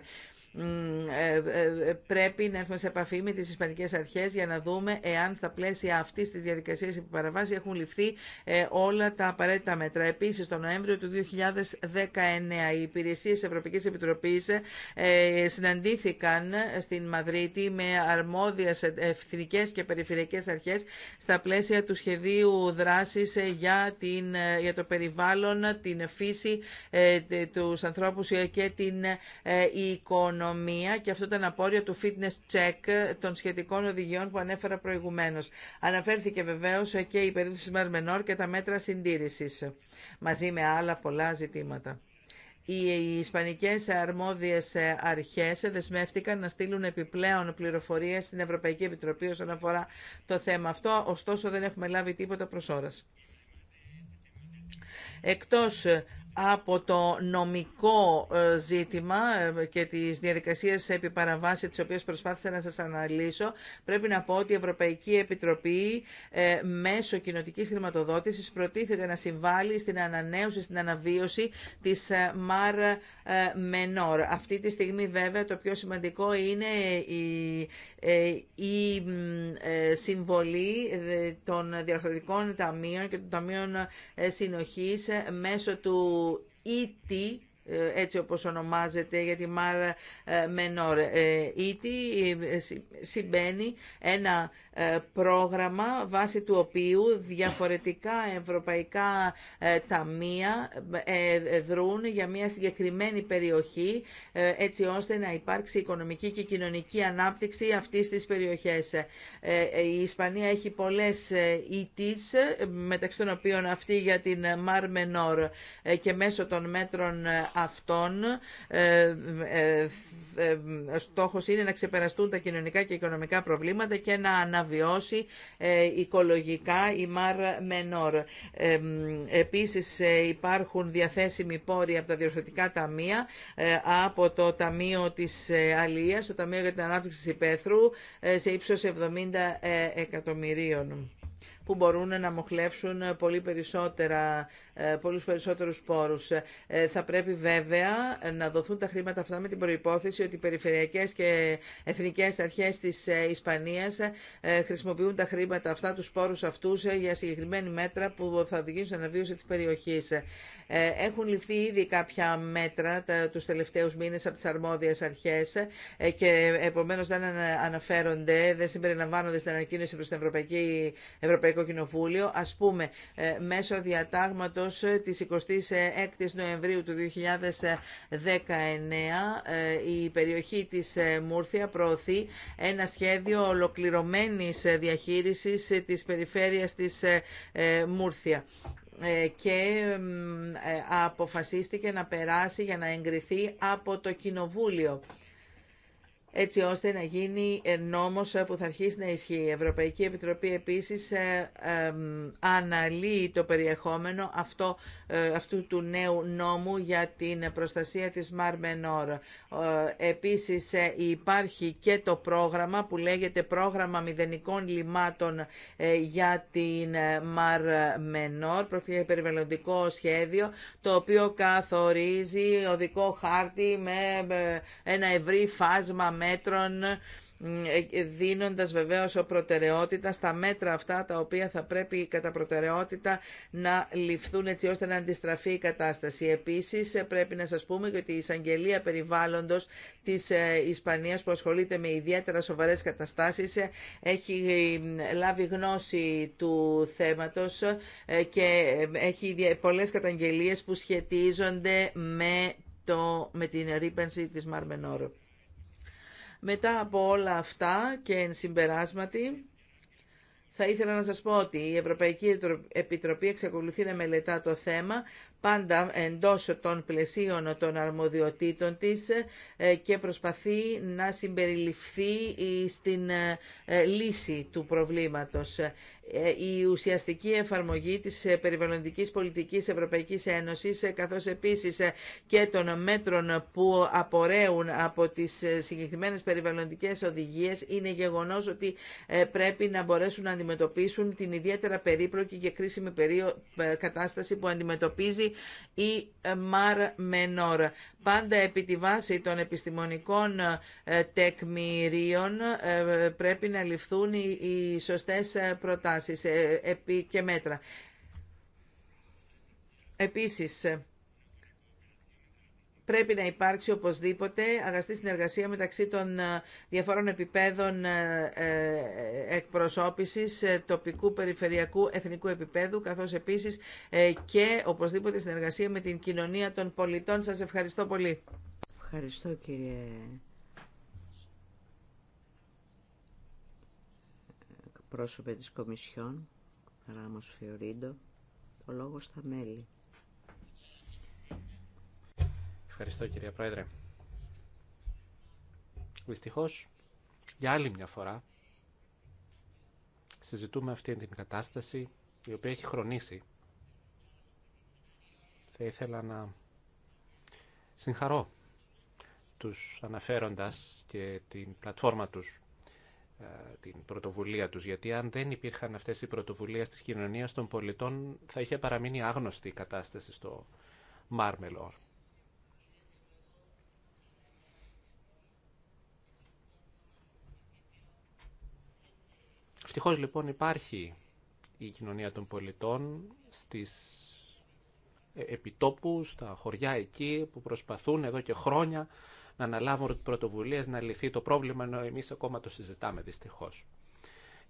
Ε, ε, ε, πρέπει να έρθουμε σε επαφή με τις Ισπανικές Αρχές για να δούμε εάν στα πλαίσια αυτής της διαδικασίας που παραβάζει έχουν ληφθεί όλα τα απαραίτητα μέτρα. Επίσης, το Νοέμβριο του 2019 οι υπηρεσίες της Ευρωπαϊκής Επιτροπής συναντήθηκαν στην Μαδρίτη με αρμόδιες εθνικές και περιφερειακές αρχές στα πλαίσια του σχεδίου δράσης για, την, για το περιβάλλον, την φύση, τους ανθρώπους και την εικόνα και αυτό ήταν απόρριο του fitness check των σχετικών οδηγιών που ανέφερα προηγουμένως. Αναφέρθηκε βεβαίως και η περίπτωση Μαρμενόρ και τα μέτρα συντήρησης, μαζί με άλλα πολλά ζητήματα. Οι Ισπανικές αρμόδιες αρχές δεσμεύτηκαν να στείλουν επιπλέον πληροφορίες στην Ευρωπαϊκή Επιτροπή όσον αφορά το θέμα αυτό, ωστόσο δεν έχουμε λάβει τίποτα προς ώρας. Εκτός από το νομικό ε, ζήτημα ε, και τις διαδικασίες επί παραβάση τις οποίες προσπάθησα να σας αναλύσω, πρέπει να πω ότι η Ευρωπαϊκή Επιτροπή ε, μέσω κοινοτικής χρηματοδότησης προτίθεται να συμβάλλει στην ανανέωση, στην αναβίωση της ΜΑΡ Μενόρ. Αυτή τη στιγμή βέβαια το πιο σημαντικό είναι η, συμβολή των διαχρονικών ταμείων και των ταμείων συνοχής μέσω του ή τι ε, έτσι όπως ονομάζεται για τη Μάρα ε, Μενόρ. Ε, ήτι συμβαίνει ένα πρόγραμμα βάσει του οποίου διαφορετικά ευρωπαϊκά ταμεία δρούν για μια συγκεκριμένη περιοχή έτσι ώστε να υπάρξει οικονομική και κοινωνική ανάπτυξη αυτής της περιοχές. Η Ισπανία έχει πολλές ΗΤΙΣ, μεταξύ των οποίων αυτή για την Μαρ Μενόρ και μέσω των μέτρων αυτών ε, ε, ε, στόχος είναι να ξεπεραστούν τα κοινωνικά και οικονομικά προβλήματα και να αναβιώσει οικολογικά η Μαρ Μενόρ. Επίσης υπάρχουν διαθέσιμοι πόροι από τα διορθωτικά ταμεία, από το Ταμείο της Αλίας, το Ταμείο για την Ανάπτυξη της Υπέθρου, σε ύψος 70 εκατομμυρίων που μπορούν να μοχλεύσουν πολύ περισσότερα, ε, πολλούς περισσότερους πόρους. Ε, θα πρέπει βέβαια να δοθούν τα χρήματα αυτά με την προϋπόθεση ότι οι περιφερειακές και εθνικές αρχές της ε, Ισπανίας χρησιμοποιούν τα χρήματα αυτά, τους πόρους αυτούς για συγκεκριμένη μέτρα που θα οδηγήσουν στην αναβίωση της περιοχής. Ε, έχουν ληφθεί ήδη κάποια μέτρα τους τελευταίους μήνες από τις αρμόδιες αρχές ε, και επομένως δεν αναφέρονται, δεν συμπεριλαμβάνονται στην ανακοίνωση προς το Ευρωπαϊκή, Ευρωπαϊκό Κοινοβούλιο. Ας πούμε, ε, μέσω διατάγματος της 26ης Νοεμβρίου του 2019 η περιοχή της Μούρθια προωθεί ένα σχέδιο ολοκληρωμένης διαχείρισης της περιφέρειας της Μούρθια. Ε, και ε, αποφασίστηκε να περάσει για να εγκριθεί από το Κοινοβούλιο έτσι ώστε να γίνει νόμος που θα αρχίσει να ισχύει. Η Ευρωπαϊκή Επιτροπή επίσης ε, αναλύει το περιεχόμενο αυτό, ε, αυτού του νέου νόμου για την προστασία της Μαρ Μενόρ. Ε, επίσης υπάρχει και το πρόγραμμα που λέγεται Πρόγραμμα Μηδενικών Λιμάτων για την Μαρ Μενόρ, για περιβαλλοντικό σχέδιο, το οποίο καθορίζει οδικό χάρτη με ένα ευρύ φάσμα μέτρων δίνοντας βεβαίως προτεραιότητα στα μέτρα αυτά τα οποία θα πρέπει κατά προτεραιότητα να ληφθούν έτσι ώστε να αντιστραφεί η κατάσταση. Επίσης πρέπει να σας πούμε ότι η εισαγγελία περιβάλλοντος της ε, Ισπανίας που ασχολείται με ιδιαίτερα σοβαρές καταστάσεις έχει ε, λάβει γνώση του θέματος ε, και έχει πολλές καταγγελίες που σχετίζονται με, το, με την ρήπανση της Μαρμενόρου. Μετά από όλα αυτά και εν συμπεράσματι, θα ήθελα να σας πω ότι η Ευρωπαϊκή Επιτροπή εξακολουθεί να μελετά το θέμα πάντα εντός των πλαισίων των αρμοδιοτήτων της ε, και προσπαθεί να συμπεριληφθεί στην ε, ε, λύση του προβλήματος. Η ουσιαστική εφαρμογή της περιβαλλοντικής πολιτικής Ευρωπαϊκής Ένωσης καθώς επίσης και των μέτρων που απορρέουν από τις συγκεκριμένες περιβαλλοντικές οδηγίες είναι γεγονός ότι πρέπει να μπορέσουν να αντιμετωπίσουν την ιδιαίτερα περίπλοκη και κρίσιμη κατάσταση που αντιμετωπίζει ή Μαρ Μενόρ. Πάντα επί τη βάση των επιστημονικών ε, τεκμηρίων ε, πρέπει να ληφθούν οι σωστές ε, προτάσεις και μέτρα. Επίσης, Πρέπει να υπάρξει οπωσδήποτε αγαστή συνεργασία μεταξύ των ε, διαφόρων επιπέδων ε, ε, εκπροσώπησης τοπικού, περιφερειακού, εθνικού επίπεδου, καθώς επίσης και οπωσδήποτε συνεργασία με την κοινωνία των πολιτών. Σας ευχαριστώ πολύ. Ευχαριστώ κύριε πρόσωπε της Κομισιόν, Ράμος Φιωρίντο, ο λόγος στα μέλη. Ευχαριστώ κυρία Πρόεδρε. Δυστυχώς, για άλλη μια φορά, συζητούμε αυτή την κατάσταση η οποία έχει χρονίσει. Θα ήθελα να συγχαρώ τους αναφέροντας και την πλατφόρμα τους, ε, την πρωτοβουλία τους, γιατί αν δεν υπήρχαν αυτές οι πρωτοβουλίες της κοινωνίας των πολιτών, θα είχε παραμείνει άγνωστη η κατάσταση στο Μάρμελορ. Ευτυχώς λοιπόν υπάρχει η κοινωνία των πολιτών στις ε, επιτόπου, στα χωριά εκεί που προσπαθούν εδώ και χρόνια να αναλάβουν πρωτοβουλίε να λυθεί το πρόβλημα ενώ εμείς ακόμα το συζητάμε δυστυχώ.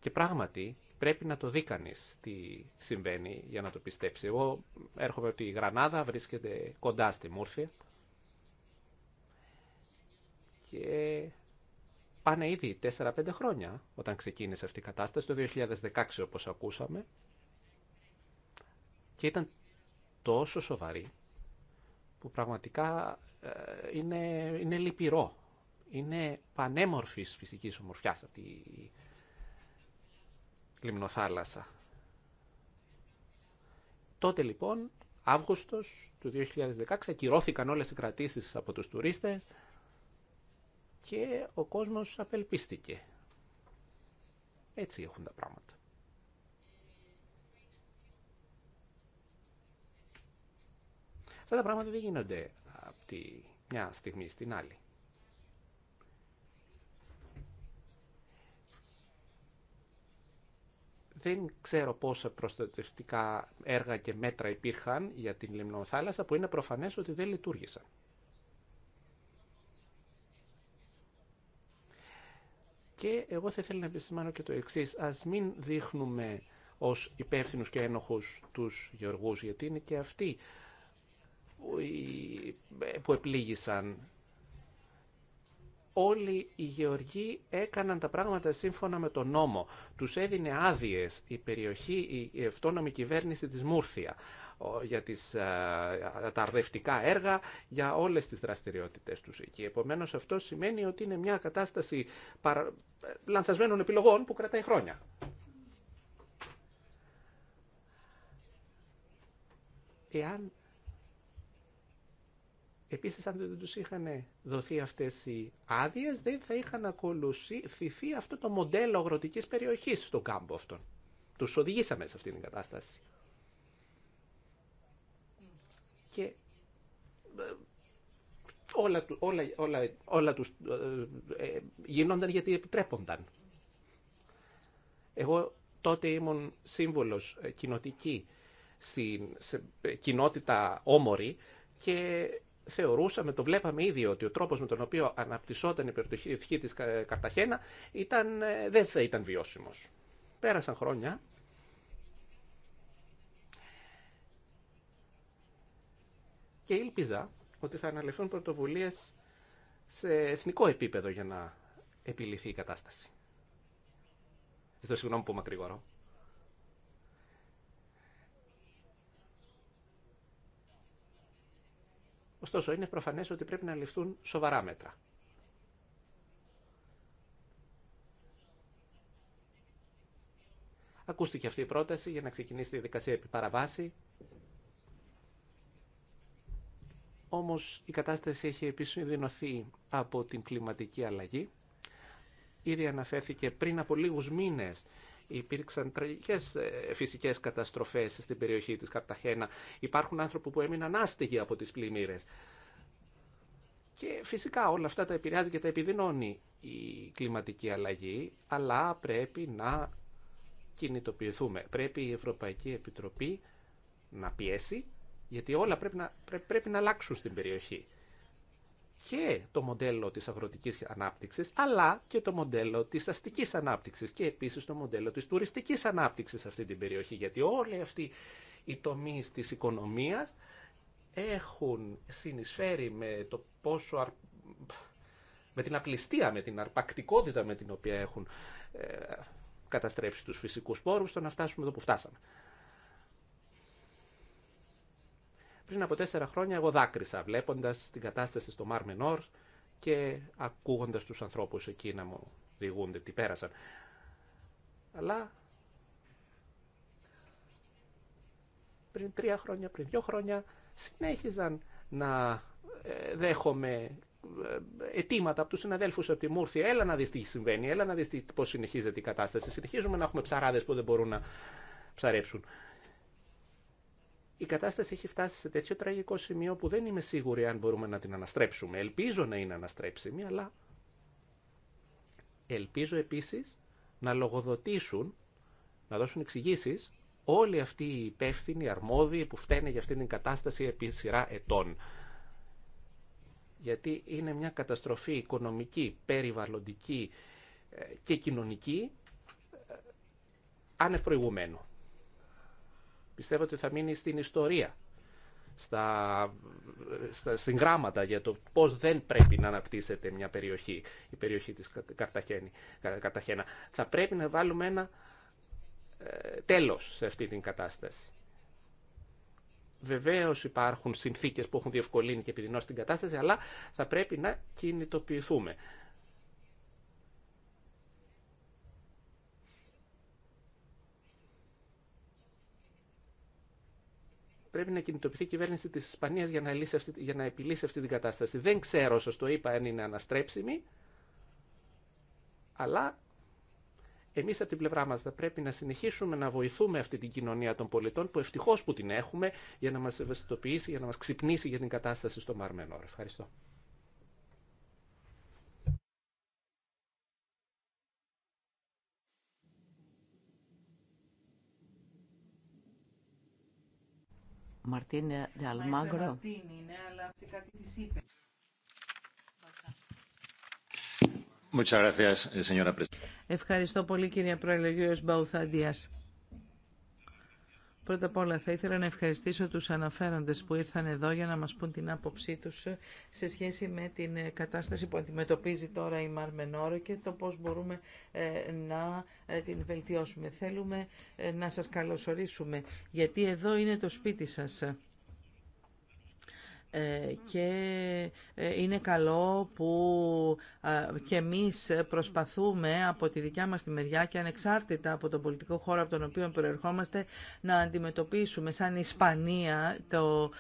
Και πράγματι πρέπει να το δει κανεί τι συμβαίνει για να το πιστέψει. Εγώ έρχομαι από τη Γρανάδα, βρίσκεται κοντά στη Μούρφια και πάνε ήδη 4-5 χρόνια όταν ξεκίνησε αυτή η κατάσταση, το 2016 όπως ακούσαμε, και ήταν τόσο σοβαρή που πραγματικά ε, είναι, είναι λυπηρό. Είναι πανέμορφης φυσικής ομορφιάς αυτή η λιμνοθάλασσα. Τότε λοιπόν, Αύγουστος του 2016, ακυρώθηκαν όλες οι κρατήσεις από τους τουρίστες, και ο κόσμος απελπίστηκε. Έτσι έχουν τα πράγματα. Αυτά τα πράγματα δεν γίνονται από τη μια στιγμή στην άλλη. δεν ξέρω πόσα προστατευτικά έργα και μέτρα υπήρχαν για την Λιμνοθάλασσα που είναι προφανές ότι δεν λειτουργήσαν. Και εγώ θα ήθελα να επισημάνω και το εξή. Α μην δείχνουμε ω υπεύθυνου και ένοχου του γεωργού, γιατί είναι και αυτοί που επλήγησαν. Όλοι οι γεωργοί έκαναν τα πράγματα σύμφωνα με τον νόμο. Τους έδινε άδειες η περιοχή, η αυτόνομη κυβέρνηση της Μούρθια για τις, τα αρδευτικά έργα, για όλες τις δραστηριότητες τους εκεί. Επομένως αυτό σημαίνει ότι είναι μια κατάσταση παρα... λανθασμένων επιλογών που κρατάει χρόνια. Εάν Επίσης, αν δεν τους είχαν δοθεί αυτές οι άδειε, δεν θα είχαν ακολουθηθεί αυτό το μοντέλο αγροτικής περιοχής στον κάμπο αυτόν. Τους οδηγήσαμε σε αυτήν την κατάσταση και ε, όλα, όλα, τους ε, ε γινόνταν γιατί επιτρέπονταν. Εγώ τότε ήμουν σύμβολος ε, κοινοτική στην σε, κοινότητα όμορη και θεωρούσαμε, το βλέπαμε ήδη ότι ο τρόπος με τον οποίο αναπτυσσόταν η περιοχή της Καρταχένα ήταν, δεν θα ήταν βιώσιμος. Πέρασαν χρόνια και ήλπιζα ότι θα αναλυθούν πρωτοβουλίε σε εθνικό επίπεδο για να επιληθεί η κατάσταση. Ζητώ συγγνώμη που μακρηγορώ. Ωστόσο, είναι προφανές ότι πρέπει να ληφθούν σοβαρά μέτρα. Ακούστηκε αυτή η πρόταση για να ξεκινήσει τη δικασία επί παραβάση όμως η κατάσταση έχει επίσης από την κλιματική αλλαγή. Ήδη αναφέρθηκε πριν από λίγους μήνες υπήρξαν τραγικές ε, φυσικές καταστροφές στην περιοχή της Καρταχένα. Υπάρχουν άνθρωποι που έμειναν άστιγοι από τις πλημμύρες. Και φυσικά όλα αυτά τα επηρεάζει και τα επιδεινώνει η κλιματική αλλαγή, αλλά πρέπει να κινητοποιηθούμε. Πρέπει η Ευρωπαϊκή Επιτροπή να πιέσει γιατί όλα πρέπει να, πρέπει να αλλάξουν στην περιοχή. Και το μοντέλο της αγροτικής ανάπτυξης, αλλά και το μοντέλο της αστικής ανάπτυξης και επίσης το μοντέλο της τουριστικής ανάπτυξης σε αυτή την περιοχή. Γιατί όλοι αυτοί οι τομείς της οικονομίας έχουν συνεισφέρει με το πόσο με την απληστία, με την αρπακτικότητα με την οποία έχουν ε, καταστρέψει τους φυσικούς πόρους, στο να φτάσουμε εδώ που φτάσαμε. Πριν από τέσσερα χρόνια εγώ δάκρυσα βλέποντας την κατάσταση στο Μαρ Μενόρ και ακούγοντας τους ανθρώπους εκεί να μου διηγούνται τι πέρασαν. Αλλά πριν τρία χρόνια, πριν δύο χρόνια συνέχιζαν να ε, δέχομαι ε, αιτήματα από τους συναδέλφους από τη ήρθε, έλα να δεις τι συμβαίνει, έλα να δει πώς συνεχίζεται η κατάσταση. Συνεχίζουμε να έχουμε ψαράδες που δεν μπορούν να ψαρέψουν η κατάσταση έχει φτάσει σε τέτοιο τραγικό σημείο που δεν είμαι σίγουρη αν μπορούμε να την αναστρέψουμε. Ελπίζω να είναι αναστρέψιμη, αλλά ελπίζω επίσης να λογοδοτήσουν, να δώσουν εξηγήσει όλοι αυτοί οι υπεύθυνοι, αρμόδιοι που φταίνε για αυτή την κατάσταση επί σειρά ετών. Γιατί είναι μια καταστροφή οικονομική, περιβαλλοντική ε, και κοινωνική άνευ ε, πιστεύω ότι θα μείνει στην ιστορία, στα, στα συγγράμματα για το πώς δεν πρέπει να αναπτύσσεται μια περιοχή, η περιοχή της Καρταχένα. Θα πρέπει να βάλουμε ένα ε, τέλος σε αυτή την κατάσταση. Βεβαίω υπάρχουν συνθήκε που έχουν διευκολύνει και επιδεινώσει την κατάσταση, αλλά θα πρέπει να κινητοποιηθούμε. πρέπει να κινητοποιηθεί η κυβέρνηση τη Ισπανία για να, για να επιλύσει αυτή την κατάσταση. Δεν ξέρω, σα το είπα, αν είναι αναστρέψιμη, αλλά εμείς από την πλευρά μας θα πρέπει να συνεχίσουμε να βοηθούμε αυτή την κοινωνία των πολιτών που ευτυχώ που την έχουμε για να μας ευαισθητοποιήσει, για να μας ξυπνήσει για την κατάσταση στο Μαρμενόρ. Ευχαριστώ. Μαρτίνε Ευχαριστώ πολύ κύριε Πρόεδρε, ο Μπαουθάντιας. Πρώτα απ' όλα θα ήθελα να ευχαριστήσω τους αναφέροντες που ήρθαν εδώ για να μας πούν την άποψή τους σε σχέση με την κατάσταση που αντιμετωπίζει τώρα η Μαρμενόρο και το πώς μπορούμε ε, να ε, την βελτιώσουμε. Θέλουμε ε, να σας καλωσορίσουμε γιατί εδώ είναι το σπίτι σας. Ε, και ε, είναι καλό που ε, και εμείς προσπαθούμε από τη δικιά μας τη μεριά και ανεξάρτητα από τον πολιτικό χώρο από τον οποίο προερχόμαστε να αντιμετωπίσουμε σαν Ισπανία το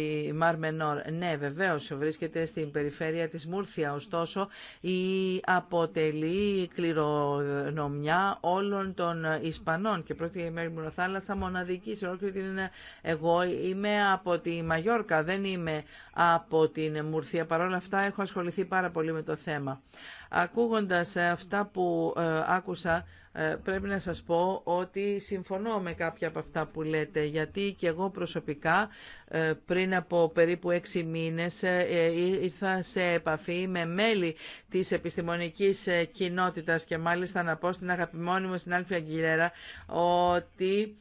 η Μαρ Ναι, βεβαίως βρίσκεται στην περιφέρεια της Μούρθια, ωστόσο η αποτελεί κληρονομιά όλων των Ισπανών και πρώτη η Μέρη Μουροθάλασσα μοναδική σε όλη την εγώ είμαι από τη Μαγιόρκα δεν είμαι από την Μουρθία, όλα αυτά έχω ασχοληθεί πάρα πολύ με το θέμα. Ακούγοντας ε, αυτά που ε, άκουσα, ε, πρέπει να σας πω ότι συμφωνώ με κάποια από αυτά που λέτε, γιατί και εγώ προσωπικά πριν από περίπου έξι μήνες ήρθα σε επαφή με μέλη της επιστημονικής κοινότητας και μάλιστα να πω στην αγαπημόνι μου στην Άλφια ότι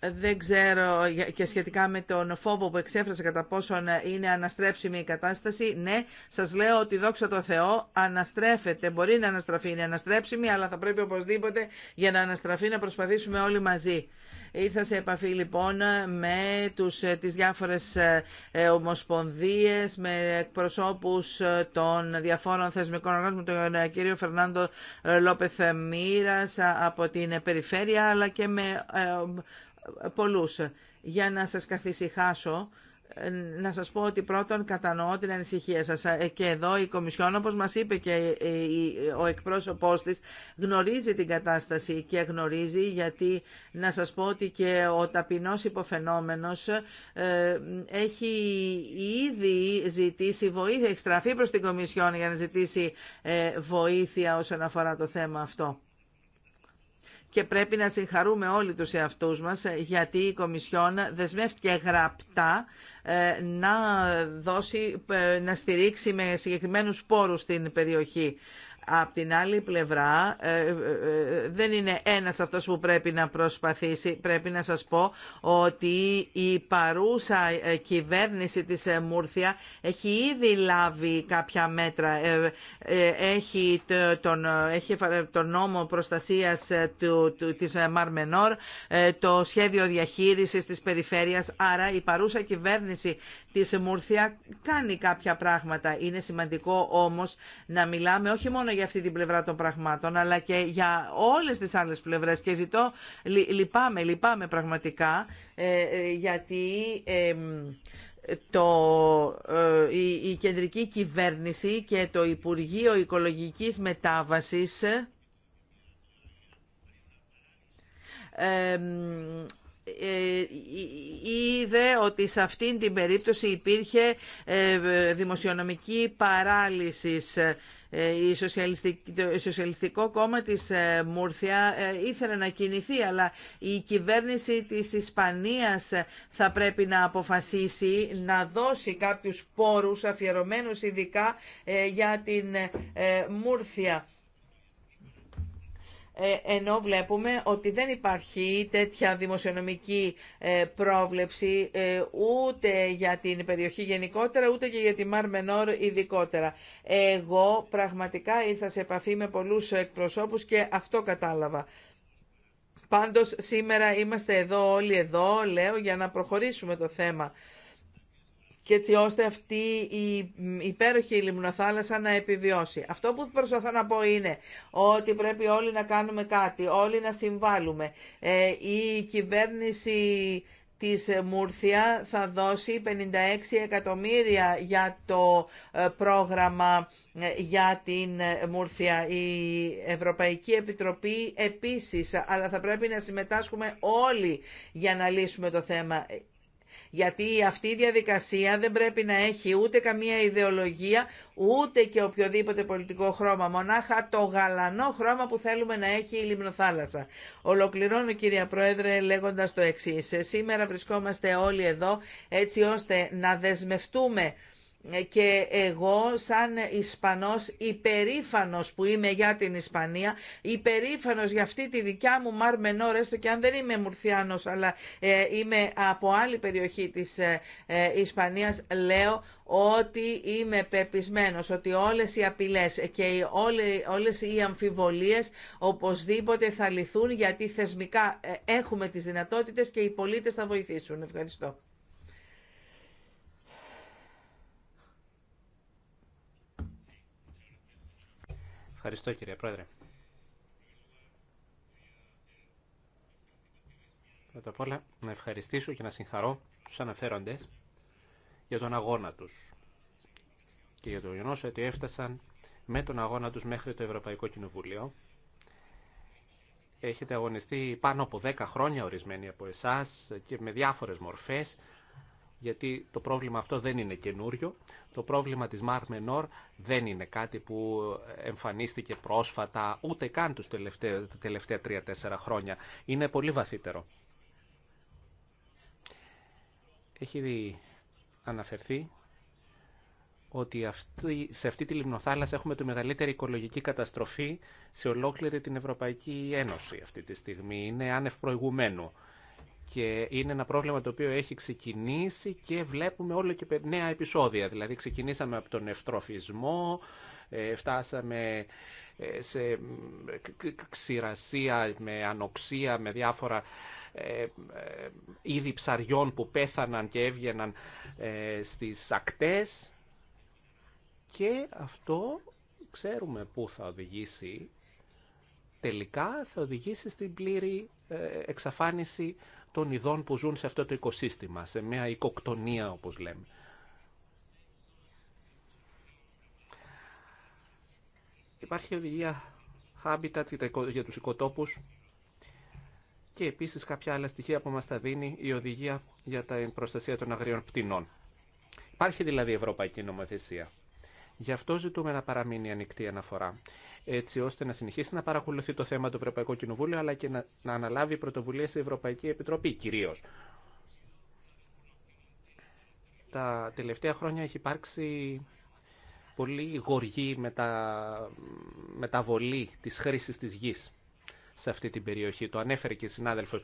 δεν ξέρω και σχετικά με τον φόβο που εξέφρασε κατά πόσον είναι αναστρέψιμη η κατάσταση. Ναι, σας λέω ότι δόξα τω Θεώ αναστρέφεται. Μπορεί να αναστραφεί, είναι αναστρέψιμη, αλλά θα πρέπει οπωσδήποτε για να αναστραφεί να προσπαθήσουμε όλοι μαζί. Ήρθα σε επαφή λοιπόν με τους, ε, τις διάφορες ε, ε, ομοσπονδίες, με εκπροσώπους των διαφόρων θεσμικών οργάνων, τον κύριο Φερνάντο Λόπεθ Μύρας από την περιφέρεια, αλλά και με πολλούς. Για να σας καθησυχάσω, να σας πω ότι πρώτον κατανοώ την ανησυχία σας και εδώ η Κομισιόν όπως μας είπε και ο εκπρόσωπός της γνωρίζει την κατάσταση και γνωρίζει γιατί να σας πω ότι και ο ταπεινός υποφαινόμενος ε, έχει ήδη ζητήσει βοήθεια, εξτραφεί προς την Κομισιόν για να ζητήσει ε, βοήθεια όσον αφορά το θέμα αυτό και πρέπει να συγχαρούμε όλοι τους εαυτούς μας ε, γιατί η Κομισιόν δεσμεύτηκε γραπτά ε, να, δώσει, ε, να στηρίξει με συγκεκριμένους πόρους την περιοχή. Απ' την άλλη πλευρά ε, ε, ε, δεν είναι ένας αυτός που πρέπει να προσπαθήσει. Πρέπει να σας πω ότι η παρούσα κυβέρνηση της Μούρθια έχει ήδη λάβει κάποια μέτρα. Έχει τον, έχει τον νόμο προστασίας του, της Μαρμενόρ, το σχέδιο διαχείρισης της περιφέρειας. Άρα η παρούσα κυβέρνηση της Μουρθία κάνει κάποια πράγματα. Είναι σημαντικό όμως να μιλάμε όχι μόνο για αυτή την πλευρά των πραγμάτων, αλλά και για όλες τις άλλες πλευρές. Και ζητώ, λυπάμαι, λυπάμαι πραγματικά, ε, ε, γιατί... το, ε, η, κεντρική κυβέρνηση και το Υπουργείο Οικολογικής Μετάβασης ε, ε, ε, είδε ότι σε αυτήν την περίπτωση υπήρχε δημοσιονομική παράλυση. Η το Σοσιαλιστικό Κόμμα της Μούρθια ήθελε να κινηθεί, αλλά η κυβέρνηση της Ισπανίας θα πρέπει να αποφασίσει να δώσει κάποιους πόρους αφιερωμένους ειδικά για την Μούρθια. Ε, ενώ βλέπουμε ότι δεν υπάρχει τέτοια δημοσιονομική ε, πρόβλεψη ε, ούτε για την περιοχή γενικότερα, ούτε και για τη Μαρ Μενόρ ειδικότερα. Εγώ πραγματικά ήρθα σε επαφή με πολλούς εκπροσώπους και αυτό κατάλαβα. Πάντως σήμερα είμαστε εδώ όλοι εδώ, λέω, για να προχωρήσουμε το θέμα και έτσι ώστε αυτή η υπέροχη λιμνοθάλασσα να επιβιώσει. Αυτό που προσπαθώ να πω είναι ότι πρέπει όλοι να κάνουμε κάτι, όλοι να συμβάλλουμε. Ε, η κυβέρνηση της Μούρθια θα δώσει 56 εκατομμύρια για το ε, πρόγραμμα ε, για την Μούρθια. Η Ευρωπαϊκή Επιτροπή επίσης, αλλά θα πρέπει να συμμετάσχουμε όλοι για να λύσουμε το θέμα γιατί αυτή η διαδικασία δεν πρέπει να έχει ούτε καμία ιδεολογία, ούτε και οποιοδήποτε πολιτικό χρώμα, μονάχα το γαλανό χρώμα που θέλουμε να έχει η Λιμνοθάλασσα. Ολοκληρώνω κυρία Πρόεδρε λέγοντας το εξής. Σήμερα βρισκόμαστε όλοι εδώ έτσι ώστε να δεσμευτούμε και εγώ σαν Ισπανός υπερήφανος που είμαι για την Ισπανία, υπερήφανος για αυτή τη δικιά μου Μαρ Το έστω και αν δεν είμαι Μουρθιάνος αλλά ε, είμαι από άλλη περιοχή της ε, ε, Ισπανίας, λέω ότι είμαι πεπισμένος ότι όλες οι απειλές και όλοι, όλες οι αμφιβολίες οπωσδήποτε θα λυθούν γιατί θεσμικά ε, έχουμε τις δυνατότητες και οι πολίτες θα βοηθήσουν. Ευχαριστώ. Ευχαριστώ κύριε Πρόεδρε. Πρώτα απ' όλα να ευχαριστήσω και να συγχαρώ τους αναφέροντες για τον αγώνα τους και για το γεγονό ότι έφτασαν με τον αγώνα τους μέχρι το Ευρωπαϊκό Κοινοβούλιο. Έχετε αγωνιστεί πάνω από 10 χρόνια ορισμένοι από εσάς και με διάφορες μορφές γιατί το πρόβλημα αυτό δεν είναι καινούριο. Το πρόβλημα της Μαρ Μενόρ δεν είναι κάτι που εμφανίστηκε πρόσφατα, ούτε καν τους τα τελευταία τρία-τέσσερα χρόνια. Είναι πολύ βαθύτερο. Έχει αναφερθεί ότι σε αυτή τη λιμνοθάλασσα έχουμε τη μεγαλύτερη οικολογική καταστροφή σε ολόκληρη την Ευρωπαϊκή Ένωση αυτή τη στιγμή. Είναι άνευ προηγουμένου. Και είναι ένα πρόβλημα το οποίο έχει ξεκινήσει και βλέπουμε όλο και νέα επεισόδια. Δηλαδή ξεκινήσαμε από τον ευτροφισμό, ε, φτάσαμε ε, σε ξηρασία, με ανοξία, με διάφορα ε, είδη ψαριών που πέθαναν και έβγαιναν στις ακτές. Και αυτό ξέρουμε πού θα οδηγήσει. Τελικά θα οδηγήσει στην πλήρη εξαφάνιση των ειδών που ζουν σε αυτό το οικοσύστημα, σε μια οικοκτονία όπως λέμε. Υπάρχει οδηγία habitat για τους οικοτόπους και επίσης κάποια άλλα στοιχεία που μας τα δίνει η οδηγία για την προστασία των αγριών πτηνών. Υπάρχει δηλαδή ευρωπαϊκή νομοθεσία. Γι' αυτό ζητούμε να παραμείνει ανοιχτή αναφορά έτσι ώστε να συνεχίσει να παρακολουθεί το θέμα του Ευρωπαϊκού Κοινοβούλιο, αλλά και να, να αναλάβει πρωτοβουλίες η Ευρωπαϊκή Επιτροπή κυρίως. Τα τελευταία χρόνια έχει υπάρξει πολύ γοργή τα μεταβολή της χρήσης της γης σε αυτή την περιοχή. Το ανέφερε και η συνάδελφος.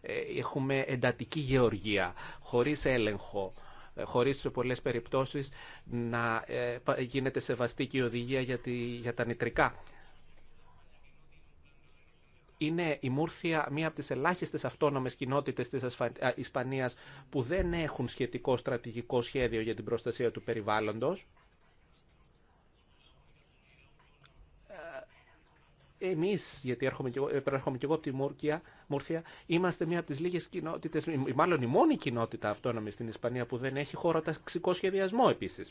Ε, έχουμε εντατική γεωργία, χωρίς έλεγχο, χωρίς σε πολλές περιπτώσεις να ε, γίνεται σεβαστή και η οδηγία για, για τα νητρικά. Είναι η Μούρθια μία από τις ελάχιστες αυτόνομες κοινότητες της Ισπανίας που δεν έχουν σχετικό στρατηγικό σχέδιο για την προστασία του περιβάλλοντος Εμεί γιατί έρχομαι ε, και εγώ, από τη Μούρκια, Μούρθια, είμαστε μία από τι λίγε κοινότητε. μάλλον η μόνη κοινότητα αυτόνομη στην Ισπανία που δεν έχει χώρο ταξικό σχεδιασμό επίση.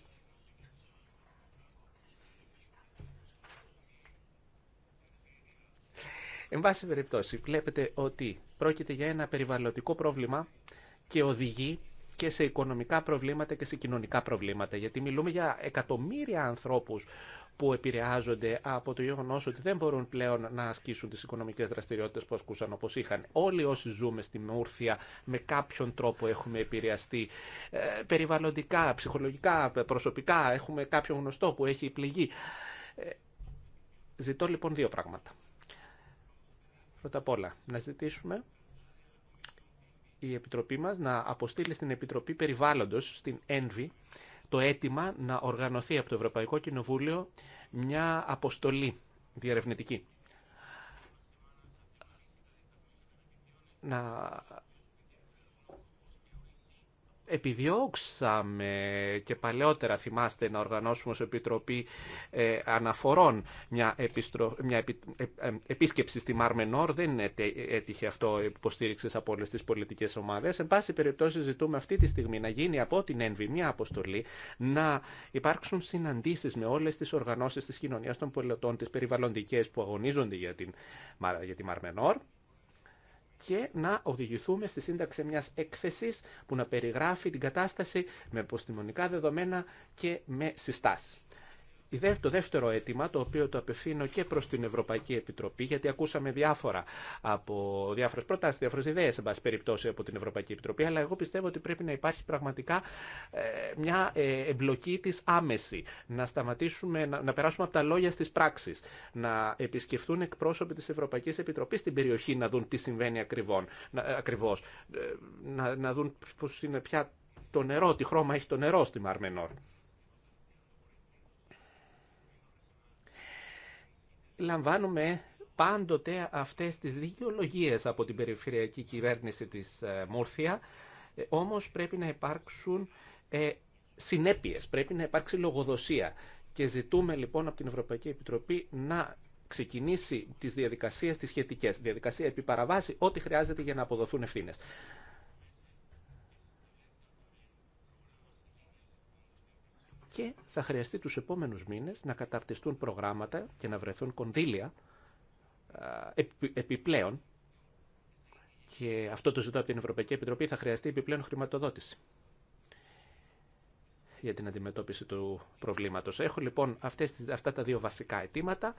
Εν πάση περιπτώσει, βλέπετε ότι πρόκειται για ένα περιβαλλοντικό πρόβλημα και οδηγεί και σε οικονομικά προβλήματα και σε κοινωνικά προβλήματα. Γιατί μιλούμε για εκατομμύρια ανθρώπους που επηρεάζονται από το γεγονό ότι δεν μπορούν πλέον να ασκήσουν τι οικονομικέ δραστηριότητε που ασκούσαν όπω είχαν. Όλοι όσοι ζούμε στη Μούρθια με κάποιον τρόπο έχουμε επηρεαστεί ε, περιβαλλοντικά, ψυχολογικά, προσωπικά. Έχουμε κάποιον γνωστό που έχει πληγεί. Ε, ζητώ λοιπόν δύο πράγματα. Πρώτα απ' όλα, να ζητήσουμε η Επιτροπή μας να αποστείλει στην Επιτροπή Περιβάλλοντος, στην ΕΝΒΗ, το αίτημα να οργανωθεί από το Ευρωπαϊκό Κοινοβούλιο μια αποστολή διερευνητική. Να επιδιώξαμε και παλαιότερα θυμάστε να οργανώσουμε ως Επιτροπή ε, Αναφορών μια, επιστρο, μια ε, ε, επίσκεψη στη Μαρμενόρ. Δεν έτυχε αυτό υποστήριξη από όλε τι πολιτικέ ομάδε. Εν πάση περιπτώσει ζητούμε αυτή τη στιγμή να γίνει από την ΕΝΒΗ μια αποστολή να υπάρξουν συναντήσει με όλε τι οργανώσει τη κοινωνία των πολιτών, τι περιβαλλοντικέ που αγωνίζονται για, την, για τη Μαρμενόρ και να οδηγηθούμε στη σύνταξη μιας έκθεσης που να περιγράφει την κατάσταση με αποστημονικά δεδομένα και με συστάσεις. Το δεύτερο αίτημα, το οποίο το απευθύνω και προ την Ευρωπαϊκή Επιτροπή, γιατί ακούσαμε διάφορα από διαφορε προτάσεις, διαφορε ιδέες, εν πάση περιπτώσει, από την Ευρωπαϊκή Επιτροπή, αλλά εγώ πιστεύω ότι πρέπει να υπάρχει πραγματικά ε, μια ε, εμπλοκή τη άμεση, να σταματήσουμε, να, περάσουμε από τα λόγια στι πράξεις, να επισκεφθούν εκπρόσωποι τη Ευρωπαϊκή Επιτροπής στην περιοχή, να δουν τι συμβαίνει ακριβώ, ε, να, να, δουν πώ είναι πια το νερό, τι χρώμα έχει το νερό στη Μαρμενόρ. λαμβάνουμε πάντοτε αυτές τις δικαιολογίες από την περιφερειακή κυβέρνηση της ε, Μούρθια, ε, όμως πρέπει να υπάρξουν ε, συνέπειες, πρέπει να υπάρξει λογοδοσία. Και ζητούμε λοιπόν από την Ευρωπαϊκή Επιτροπή να ξεκινήσει τις διαδικασίες τις σχετικές, διαδικασία επί ό,τι χρειάζεται για να αποδοθούν ευθύνες. και θα χρειαστεί τους επόμενους μήνες να καταρτιστούν προγράμματα και να βρεθούν κονδύλια ε, επιπλέον και αυτό το ζητώ από την Ευρωπαϊκή Επιτροπή θα χρειαστεί επιπλέον χρηματοδότηση για την αντιμετώπιση του προβλήματος. Έχω λοιπόν αυτές, αυτά τα δύο βασικά αιτήματα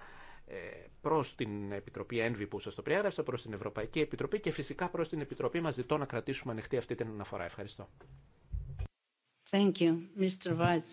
ε, προς την Επιτροπή ΕΝΒΙ που σας το περιέγραψα, προς την Ευρωπαϊκή Επιτροπή και φυσικά προς την Επιτροπή μας ζητώ να κρατήσουμε ανοιχτή αυτή την αναφορά. Ευχαριστώ. Thank you. Mr. Weiss,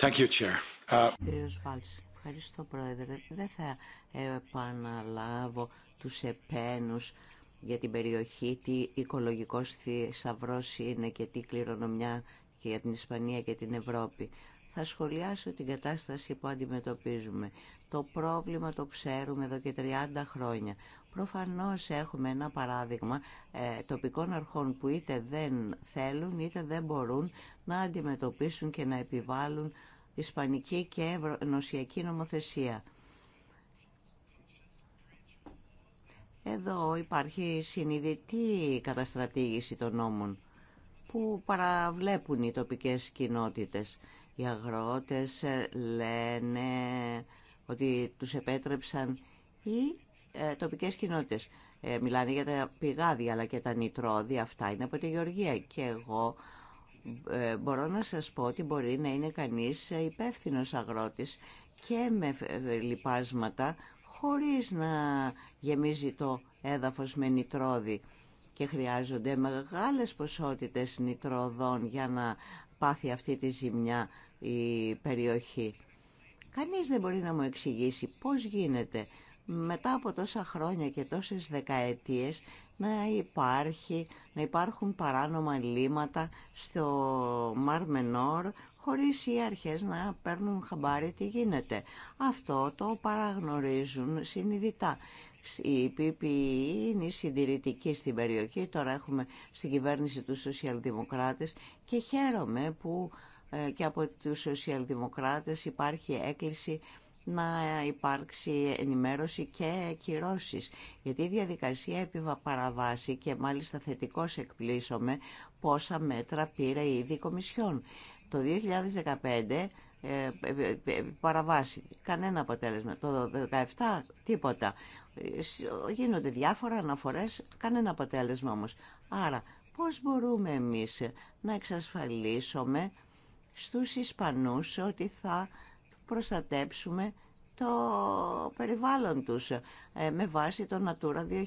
uh, Ευχαριστώ, Πρόεδρε. Δεν θα επαναλάβω τους επένους για την περιοχή, τι οικολογικός θησαυρό είναι και τι κληρονομιά και για την Ισπανία και την Ευρώπη. Θα σχολιάσω την κατάσταση που αντιμετωπίζουμε. Το πρόβλημα το ξέρουμε εδώ και 30 χρόνια. Προφανώς έχουμε ένα παράδειγμα ε, τοπικών αρχών που είτε δεν θέλουν είτε δεν μπορούν να αντιμετωπίσουν και να επιβάλλουν ισπανική και νοσιακή νομοθεσία. Εδώ υπάρχει συνειδητή καταστρατήγηση των νόμων που παραβλέπουν οι τοπικές κοινότητες. Οι αγρότες ε, λένε ότι τους επέτρεψαν ή... Ε, τοπικές κοινότητες. Ε, μιλάνε για τα πηγάδια αλλά και τα νητρόδια Αυτά είναι από τη Γεωργία. Και εγώ ε, μπορώ να σας πω ότι μπορεί να είναι κανείς υπεύθυνος αγρότης και με λιπάσματα χωρίς να γεμίζει το έδαφος με νητρόδι και χρειάζονται μεγάλες ποσότητες νητροδών για να πάθει αυτή τη ζημιά η περιοχή. Κανείς δεν μπορεί να μου εξηγήσει πώς γίνεται μετά από τόσα χρόνια και τόσες δεκαετίες να, υπάρχει, να υπάρχουν παράνομα λύματα στο μαρμενόρ χωρίς οι αρχές να παίρνουν χαμπάρι τι γίνεται. Αυτό το παραγνωρίζουν συνειδητά. Η ΠΠΗ είναι συντηρητική στην περιοχή, τώρα έχουμε στην κυβέρνηση τους σοσιαλδημοκράτες και χαίρομαι που ε, και από τους σοσιαλδημοκράτες υπάρχει έκκληση να υπάρξει ενημέρωση και κυρώσεις. Γιατί η διαδικασία έπιβα παραβάση και μάλιστα θετικώς εκπλήσωμε πόσα μέτρα πήρε ήδη η Κομισιόν. Το 2015 παραβάσει ε, ε, ε, παραβάση, κανένα αποτέλεσμα. Το 2017 τίποτα. Γίνονται διάφορα αναφορές, κανένα αποτέλεσμα όμως. Άρα πώς μπορούμε εμείς να εξασφαλίσουμε στους Ισπανούς ότι θα προστατέψουμε το περιβάλλον τους ε, με βάση το Natura 2000.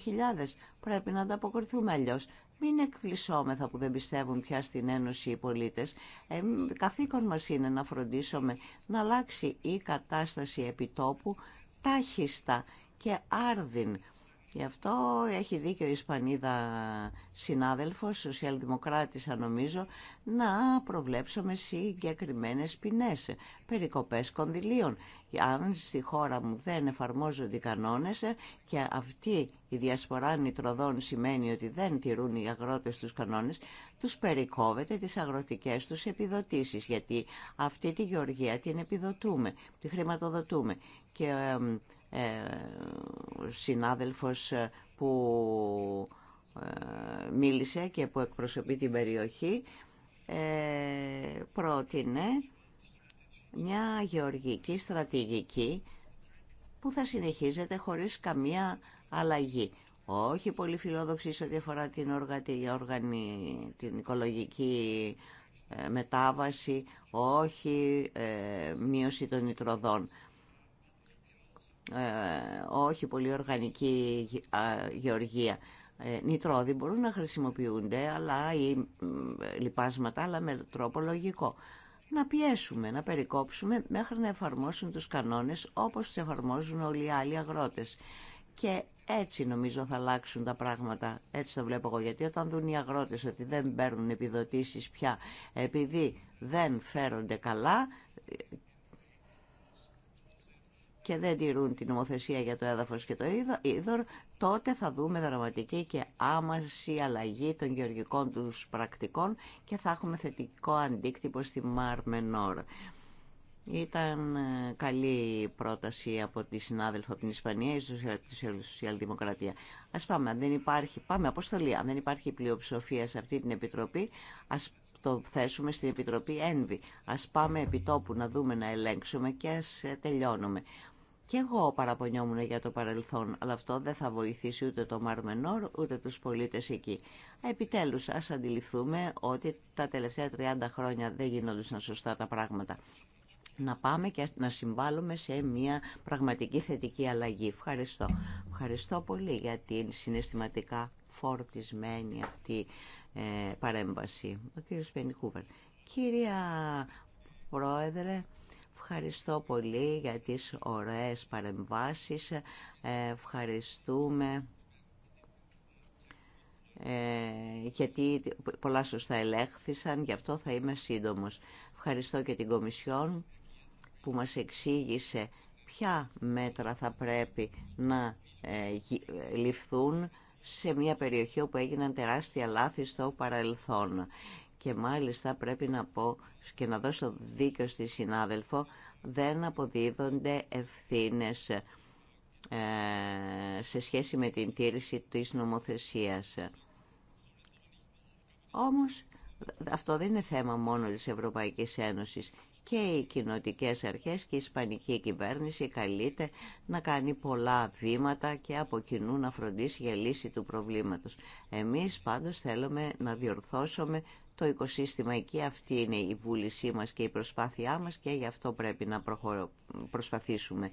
Πρέπει να ανταποκριθούμε αλλιώ. Μην εκπλησώμεθα που δεν πιστεύουν πια στην Ένωση οι πολίτες. Ε, καθήκον μας είναι να φροντίσουμε να αλλάξει η κατάσταση επιτόπου τάχιστα και άρδιν Γι' αυτό έχει δίκιο η Ισπανίδα συνάδελφος, αν νομίζω, να προβλέψουμε συγκεκριμένες ποινές, περικοπές κονδυλίων. Αν στη χώρα μου δεν εφαρμόζονται οι κανόνες και αυτή η διασπορά νητροδών σημαίνει ότι δεν τηρούν οι αγρότες τους κανόνες, τους περικόβεται τις αγροτικές τους επιδοτήσεις, γιατί αυτή τη γεωργία την επιδοτούμε, τη χρηματοδοτούμε. Και ε, συνάδελφος ε, που ε, μίλησε και που εκπροσωπεί την περιοχή πρότεινε μια γεωργική στρατηγική που θα συνεχίζεται χωρίς καμία αλλαγή. Όχι πολύ φιλόδοξη σε ό,τι αφορά την, οργανή, την οικολογική μετάβαση, όχι μείωση των νητροδών. Ε, όχι πολύ οργανική γεωργία. Ε, νητρόδι μπορούν να χρησιμοποιούνται αλλά, ή λιπάσματα, αλλά με τρόπο λογικό. Να πιέσουμε, να περικόψουμε μέχρι να εφαρμόσουν τους κανόνες όπως τους εφαρμόζουν όλοι οι άλλοι αγρότες. Και έτσι νομίζω θα αλλάξουν τα πράγματα, έτσι το βλέπω εγώ, γιατί όταν δουν οι αγρότες ότι δεν παίρνουν επιδοτήσεις πια επειδή δεν φέρονται καλά και δεν τηρούν την νομοθεσία για το έδαφος και το είδωρ, τότε θα δούμε δραματική και άμαση αλλαγή των γεωργικών τους πρακτικών και θα έχουμε θετικό αντίκτυπο στη Μαρ Μενόρ. Ήταν ε, καλή πρόταση από τη συνάδελφα από την Ισπανία ή τη Σοσιαλδημοκρατία. Α πάμε, αν δεν υπάρχει, πάμε αποστολή. Αν δεν υπάρχει πλειοψηφία σε αυτή την επιτροπή, α το θέσουμε στην επιτροπή ένβη. Α πάμε επιτόπου να δούμε, να ελέγξουμε και α ε, τελειώνουμε. Και εγώ παραπονιόμουν για το παρελθόν, αλλά αυτό δεν θα βοηθήσει ούτε το Μαρμενόρ ούτε τους πολίτες εκεί. Επιτέλους, ας αντιληφθούμε ότι τα τελευταία 30 χρόνια δεν γινόντουσαν σωστά τα πράγματα. Να πάμε και να συμβάλλουμε σε μια πραγματική θετική αλλαγή. Ευχαριστώ. Ευχαριστώ πολύ για την συναισθηματικά φορτισμένη αυτή ε, παρέμβαση. Ο κύριος Πενικούβερ. Κύρια Πρόεδρε, Ευχαριστώ πολύ για τις ωραίες παρεμβάσεις. Ευχαριστούμε ε, γιατί πολλά σωστά ελέγχθησαν, γι' αυτό θα είμαι σύντομος. Ευχαριστώ και την Κομισιόν που μας εξήγησε ποια μέτρα θα πρέπει να ε, ληφθούν σε μια περιοχή όπου έγιναν τεράστια λάθη στο παρελθόν και μάλιστα πρέπει να πω και να δώσω δίκιο στη συνάδελφο, δεν αποδίδονται ευθύνες ε, σε σχέση με την τήρηση της νομοθεσίας. Όμως αυτό δεν είναι θέμα μόνο της Ευρωπαϊκής Ένωσης. Και οι κοινοτικέ αρχές και η ισπανική κυβέρνηση καλείται να κάνει πολλά βήματα και από κοινού να φροντίσει για λύση του προβλήματος. Εμείς πάντως θέλουμε να διορθώσουμε το οικοσύστημα εκεί. Αυτή είναι η βούλησή μας και η προσπάθειά μας και γι' αυτό πρέπει να προσπαθήσουμε.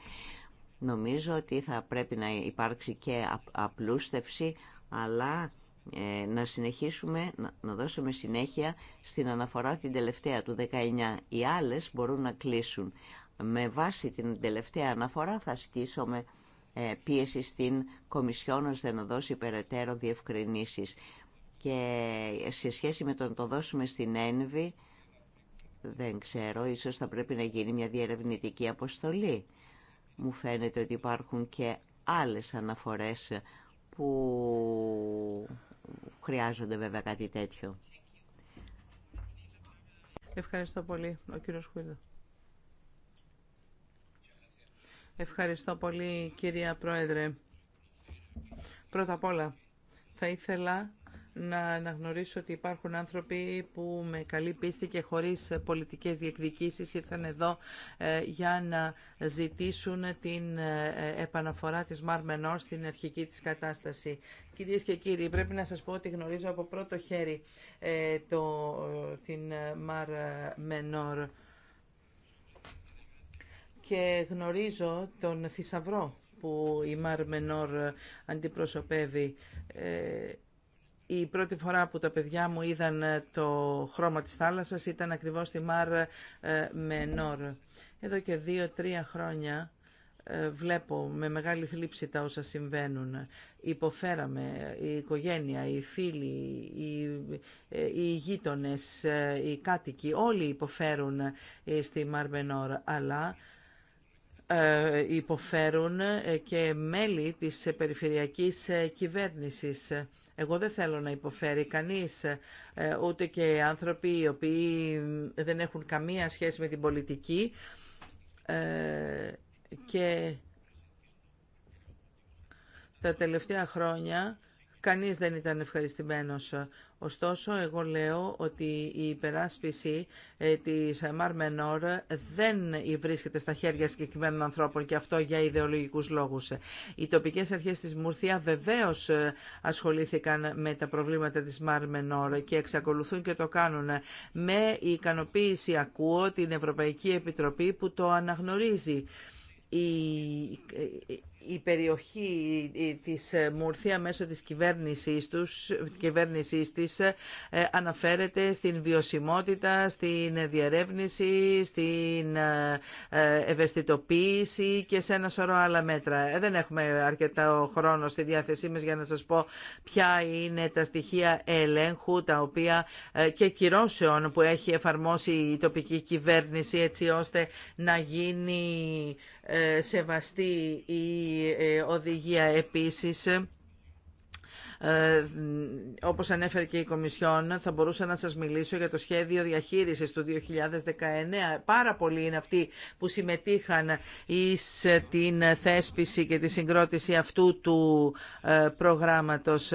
Νομίζω ότι θα πρέπει να υπάρξει και απλούστευση, αλλά ε, να συνεχίσουμε, να, δώσουμε συνέχεια στην αναφορά την τελευταία του 19. Οι άλλες μπορούν να κλείσουν. Με βάση την τελευταία αναφορά θα ασκήσουμε ε, πίεση στην Κομισιόν ώστε να δώσει περαιτέρω διευκρινήσεις και σε σχέση με το να το δώσουμε στην Ένβη, δεν ξέρω, ίσως θα πρέπει να γίνει μια διερευνητική αποστολή. Μου φαίνεται ότι υπάρχουν και άλλες αναφορές που χρειάζονται βέβαια κάτι τέτοιο. Ευχαριστώ πολύ, ο κύριος Ευχαριστώ πολύ, κυρία Πρόεδρε. Πρώτα απ' όλα, θα ήθελα να αναγνωρίσω ότι υπάρχουν άνθρωποι που με καλή πίστη και χωρίς πολιτικές διεκδικήσεις ήρθαν εδώ ε, για να ζητήσουν την ε, επαναφορά της Μενόρ στην αρχική της κατάσταση. Κυρίες και κύριοι, πρέπει να σας πω ότι γνωρίζω από πρώτο χέρι ε, το, την Μενόρ και γνωρίζω τον θησαυρό που η Μενόρ αντιπροσωπεύει. Η πρώτη φορά που τα παιδιά μου είδαν ε, το χρώμα της θάλασσας ήταν ακριβώς στη Μάρ ε, Μενόρ. Εδώ και δύο-τρία χρόνια ε, βλέπω με μεγάλη θλίψη τα όσα συμβαίνουν. Υποφέραμε η οικογένεια, οι φίλοι, οι, οι γείτονες, οι κάτοικοι, όλοι υποφέρουν στη Μαρμενόρ, αλλά υποφέρουν και μέλη της περιφερειακής κυβέρνησης. Εγώ δεν θέλω να υποφέρει κανείς, ε, ούτε και άνθρωποι οι οποίοι δεν έχουν καμία σχέση με την πολιτική ε, και τα τελευταία χρόνια Κανείς δεν ήταν ευχαριστημένος. Ωστόσο, εγώ λέω ότι η υπεράσπιση ε, της Μαρ Μενόρ δεν βρίσκεται στα χέρια συγκεκριμένων ανθρώπων και αυτό για ιδεολογικούς λόγους. Οι τοπικές αρχές της Μουρθία βεβαίως ε, ασχολήθηκαν με τα προβλήματα της Μαρ Μενόρ και εξακολουθούν και το κάνουν. Με ικανοποίηση ακούω την Ευρωπαϊκή Επιτροπή που το αναγνωρίζει. Η ε, η περιοχή της ε, Μουρθία μέσω της κυβέρνησής, τους, κυβέρνησής της ε, αναφέρεται στην βιωσιμότητα, στην διερεύνηση, στην ε, ευαισθητοποίηση και σε ένα σωρό άλλα μέτρα. Δεν έχουμε αρκετά χρόνο στη διάθεσή μας για να σας πω ποια είναι τα στοιχεία ελέγχου τα οποία και κυρώσεων που έχει εφαρμόσει η τοπική κυβέρνηση έτσι ώστε να γίνει ε, σεβαστή η ε, οδηγία επίσης ε, όπως ανέφερε και η Κομισιόν, θα μπορούσα να σας μιλήσω για το σχέδιο διαχείρισης του 2019. Πάρα πολλοί είναι αυτοί που συμμετείχαν εις την θέσπιση και τη συγκρότηση αυτού του προγράμματος.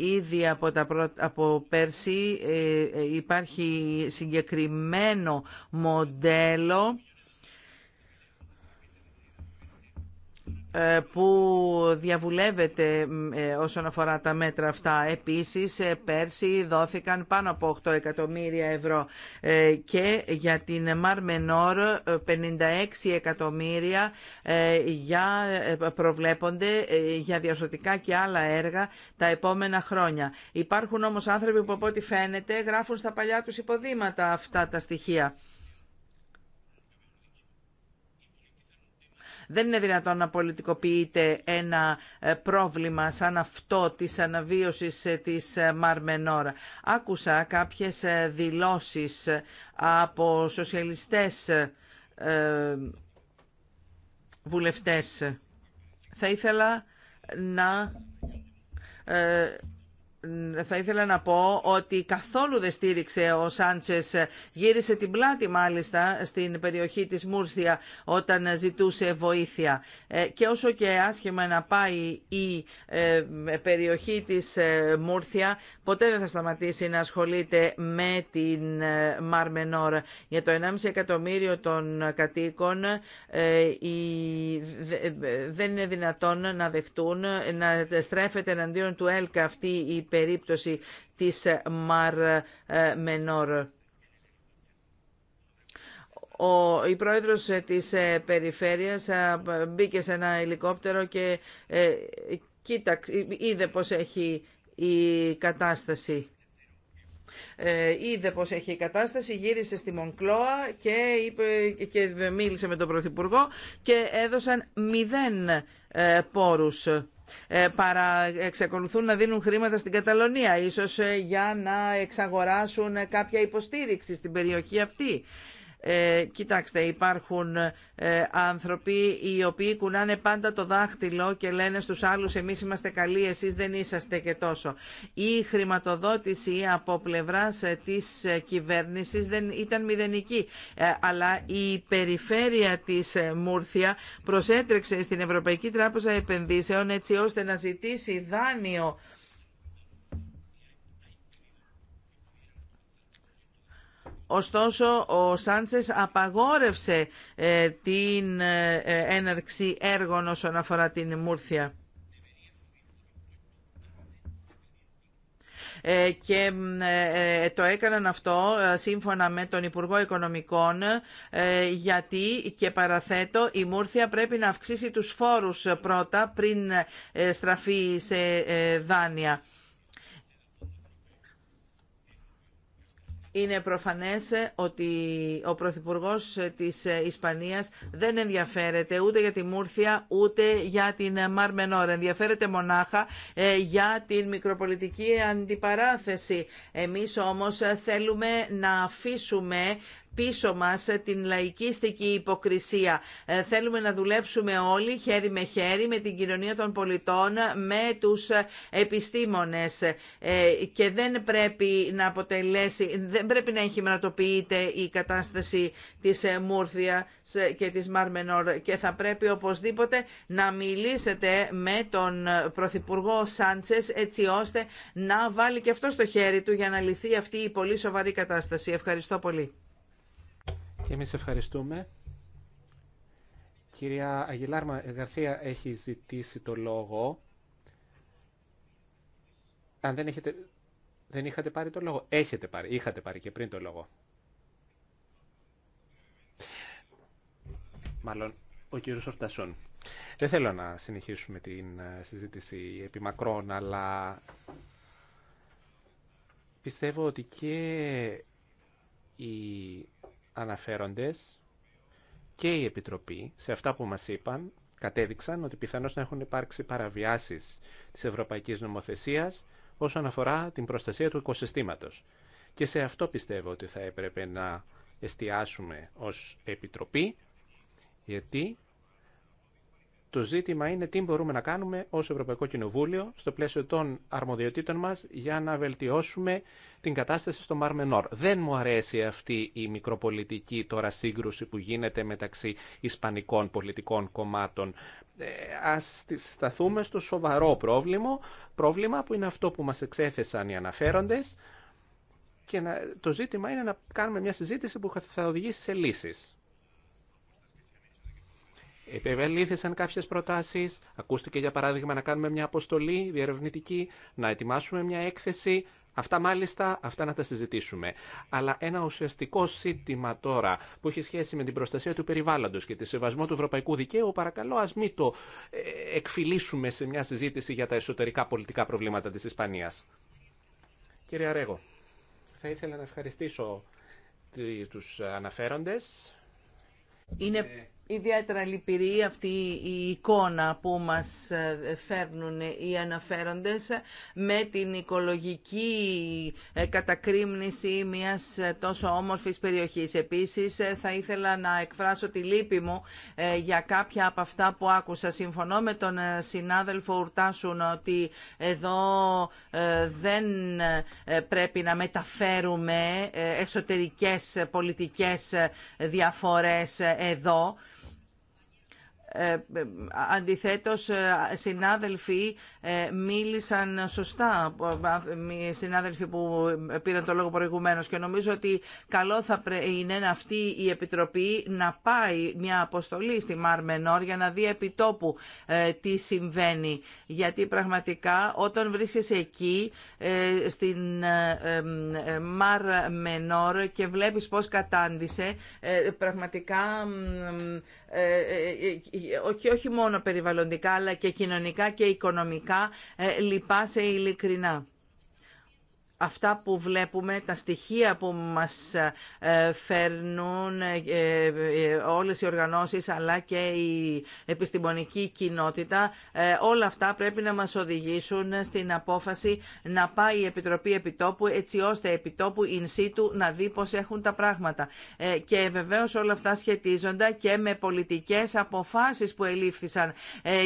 Ήδη από, τα από πέρσι υπάρχει συγκεκριμένο μοντέλο Ε, που διαβουλεύεται ε, όσον αφορά τα μέτρα αυτά. Επίσης, ε, πέρσι δόθηκαν πάνω από 8 εκατομμύρια ευρώ και για την Μαρμενόρ 56 εκατομμύρια για, προβλέπονται για διασωτικά και άλλα έργα τα επόμενα χρόνια. Υπάρχουν όμως άνθρωποι που από ό,τι φαίνεται γράφουν στα παλιά τους υποδήματα αυτά τα στοιχεία. Δεν είναι δυνατόν να πολιτικοποιείται ένα ε, πρόβλημα σαν αυτό της αναβίωσης ε, της ε, Μαρμενόρα. Άκουσα κάποιες δηλώσεις από σοσιαλιστές βουλευτές. Θα ήθελα να θα ήθελα να πω ότι καθόλου δεν στήριξε ο Σάντσες, γύρισε την πλάτη μάλιστα στην περιοχή της Μούρθια όταν ζητούσε βοήθεια. Ε, και όσο και άσχημα να πάει η ε, περιοχή της ε, Μούρθια, ποτέ δεν θα σταματήσει να ασχολείται με την Μαρμενόρ. Για το 1,5 εκατομμύριο των κατοίκων δεν είναι δυνατόν να δεχτούν, να στρέφεται εναντίον του ΕΛΚΑ αυτή η περίπτωση της Μαρ ε, Μενόρ. Ο, η πρόεδρος ε, της ε, περιφέρειας μπήκε σε ένα ελικόπτερο και ε, κοίταξε, είδε πως έχει η κατάσταση. είδε πως έχει η κατάσταση, γύρισε στη Μονκλώα και, και μίλησε με τον Πρωθυπουργό και έδωσαν μηδέν πόρους. Ε, παρα, εξακολουθούν να δίνουν χρήματα στην Καταλωνία, ίσως ε, για να εξαγοράσουν ε, κάποια υποστήριξη στην περιοχή αυτή. Ε, κοιτάξτε, υπάρχουν ε, άνθρωποι οι οποίοι κουνάνε πάντα το δάχτυλο και λένε στους άλλους εμείς είμαστε καλοί, εσείς δεν είσαστε και τόσο. Η χρηματοδότηση από πλευράς ε, της κυβέρνησης δεν ήταν μηδενική, αλλά η περιφέρεια της Μούρθια προσέτρεξε στην Ευρωπαϊκή Τράπεζα Επενδύσεων έτσι ώστε να ζητήσει δάνειο Ωστόσο, ο Σάντσες απαγόρευσε ε, την ε, ε, έναρξη έργων όσον αφορά την Μούρθια. και το έκαναν αυτό σύμφωνα με τον Υπουργό Οικονομικών γιατί και παραθέτω η Μούρθια πρέπει να αυξήσει τους φόρους πρώτα πριν στραφεί σε δάνεια. Είναι προφανές ε, ότι ο Πρωθυπουργό ε, της ε, Ισπανίας δεν ενδιαφέρεται ούτε για τη Μούρθια ούτε για την Μαρμενόρα. Ενδιαφέρεται μονάχα για την μικροπολιτική αντιπαράθεση. Εμείς όμως θέλουμε να αφήσουμε πίσω μας την λαϊκίστικη υποκρισία. Ε, θέλουμε να δουλέψουμε όλοι χέρι με χέρι με την κοινωνία των πολιτών, με τους ε, επιστήμονες ε, και δεν πρέπει να αποτελέσει, δεν πρέπει να η κατάσταση της Μούρθια και της Μαρμενόρ και θα πρέπει οπωσδήποτε να μιλήσετε με τον Πρωθυπουργό Σάντσες έτσι ώστε να βάλει και αυτό στο χέρι του για να λυθεί αυτή η πολύ σοβαρή κατάσταση. Ευχαριστώ πολύ. Και εμείς ευχαριστούμε. Κυρία Αγγελάρμα ε, Γαρθία έχει ζητήσει το λόγο. Αν δεν, έχετε, δεν είχατε πάρει το λόγο. Έχετε πάρει, είχατε πάρει και πριν το λόγο. Μάλλον ο κύριος Ορτασούν. Δεν θέλω να συνεχίσουμε την ε, συζήτηση επί μακρόν, αλλά πιστεύω ότι και η αναφέροντες και η Επιτροπή σε αυτά που μας είπαν κατέδειξαν ότι πιθανώς να έχουν υπάρξει παραβιάσεις της Ευρωπαϊκής Νομοθεσίας όσον αφορά την προστασία του οικοσυστήματος. Και σε αυτό πιστεύω ότι θα έπρεπε να εστιάσουμε ως Επιτροπή, γιατί το ζήτημα είναι τι μπορούμε να κάνουμε ω Ευρωπαϊκό Κοινοβούλιο στο πλαίσιο των αρμοδιοτήτων μας για να βελτιώσουμε την κατάσταση στο Μαρμενόρ. Δεν μου αρέσει αυτή η μικροπολιτική τώρα σύγκρουση που γίνεται μεταξύ ισπανικών πολιτικών κομμάτων. Ε, ας σταθούμε στο σοβαρό πρόβλημα, πρόβλημα που είναι αυτό που μα εξέθεσαν οι αναφέροντε. και να, το ζήτημα είναι να κάνουμε μια συζήτηση που θα οδηγήσει σε λύσεις. Επεβελήθησαν κάποιε προτάσει. Ακούστηκε, για παράδειγμα, να κάνουμε μια αποστολή διερευνητική, να ετοιμάσουμε μια έκθεση. Αυτά μάλιστα, αυτά να τα συζητήσουμε. Αλλά ένα ουσιαστικό σύντημα τώρα που έχει σχέση με την προστασία του περιβάλλοντος και τη σεβασμό του ευρωπαϊκού δικαίου, παρακαλώ ας μην το ε, εκφυλίσουμε σε μια συζήτηση για τα εσωτερικά πολιτικά προβλήματα της Ισπανίας. Κύριε Αρέγο, θα ήθελα να ευχαριστήσω τους αναφέροντες. Είναι ε, Ιδιαίτερα λυπηρή αυτή η εικόνα που μας ε, φέρνουν οι αναφέροντες με την οικολογική ε, κατακρίμνηση μιας ε, τόσο όμορφης περιοχής. Επίσης θα ήθελα να εκφράσω τη λύπη μου για κάποια από αυτά που άκουσα. Συμφωνώ με τον συνάδελφο Ουρτάσουν ότι εδώ δεν πρέπει να μεταφέρουμε εσωτερικές πολιτικές διαφορές εδώ ε, αντιθέτως ε, συνάδελφοι ε, μίλησαν σωστά συνάδελφοι που πήραν το λόγο προηγουμένως και νομίζω ότι καλό θα είναι αυτή η Επιτροπή να πάει μια αποστολή στη Μαρ για να δει επί τόπου τι συμβαίνει γιατί πραγματικά όταν βρίσκεσαι εκεί στην Μαρ και βλέπεις πως κατάντησε πραγματικά ε, ε, ε, όχι μόνο περιβαλλοντικά αλλά και κοινωνικά και οικονομικά λυπάσαι ειλικρινά αυτά που βλέπουμε, τα στοιχεία που μας ε, φέρνουν ε, ε, όλες οι οργανώσεις αλλά και η επιστημονική κοινότητα, όλα αυτά πρέπει να μας οδηγήσουν στην απόφαση να πάει η Επιτροπή Επιτόπου έτσι ώστε επιτόπου in situ να δει πώς έχουν τα πράγματα. Και βεβαίως όλα αυτά σχετίζονται και με πολιτικές αποφάσεις που ελήφθησαν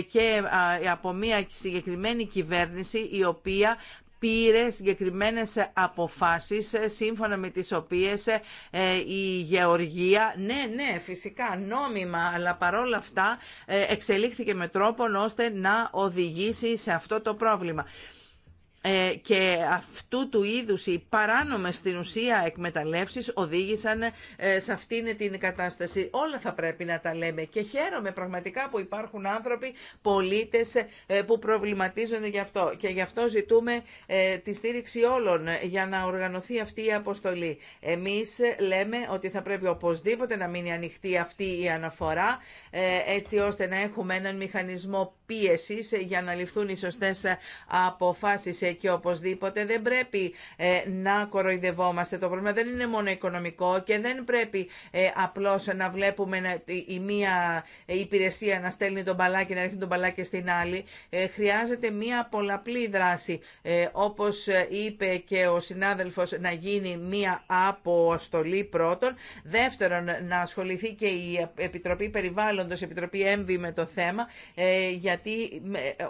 και από μια συγκεκριμένη κυβέρνηση η οποία πήρε συγκεκριμένες αποφάσεις ε, σύμφωνα με τις οποίες ε, ε, η γεωργία, ναι, ναι, φυσικά νόμιμα, αλλά παρόλα αυτά εξελίχθηκε με τρόπο ώστε να οδηγήσει σε αυτό το πρόβλημα. Ε, και αυτού του είδους οι παράνομες στην ουσία εκμεταλλεύσεις οδήγησαν ε, σε αυτήν την κατάσταση. Όλα θα πρέπει να τα λέμε και χαίρομαι πραγματικά που υπάρχουν άνθρωποι, πολίτες ε, που προβληματίζονται γι' αυτό και γι' αυτό ζητούμε τη στήριξη όλων για να οργανωθεί αυτή η αποστολή. Εμείς λέμε ότι θα πρέπει οπωσδήποτε να μείνει ανοιχτή αυτή η αναφορά έτσι ώστε να έχουμε έναν μηχανισμό πίεσης για να ληφθούν οι σωστές αποφάσεις και οπωσδήποτε δεν πρέπει ε, να κοροϊδευόμαστε. Το πρόβλημα δεν είναι μόνο οικονομικό και δεν πρέπει ε, απλώς να βλέπουμε η μία ε, υπηρεσία να στέλνει τον μπαλάκι, να ρίχνει τον μπαλάκι στην άλλη. Χρειάζεται μία πολλαπλή δράση. Όπως είπε και ο συνάδελφος, να γίνει μία αποστολή πρώτον. Δεύτερον, να ασχοληθεί και η Επιτροπή Περιβάλλοντος, η Επιτροπή Έμβη με το θέμα, γιατί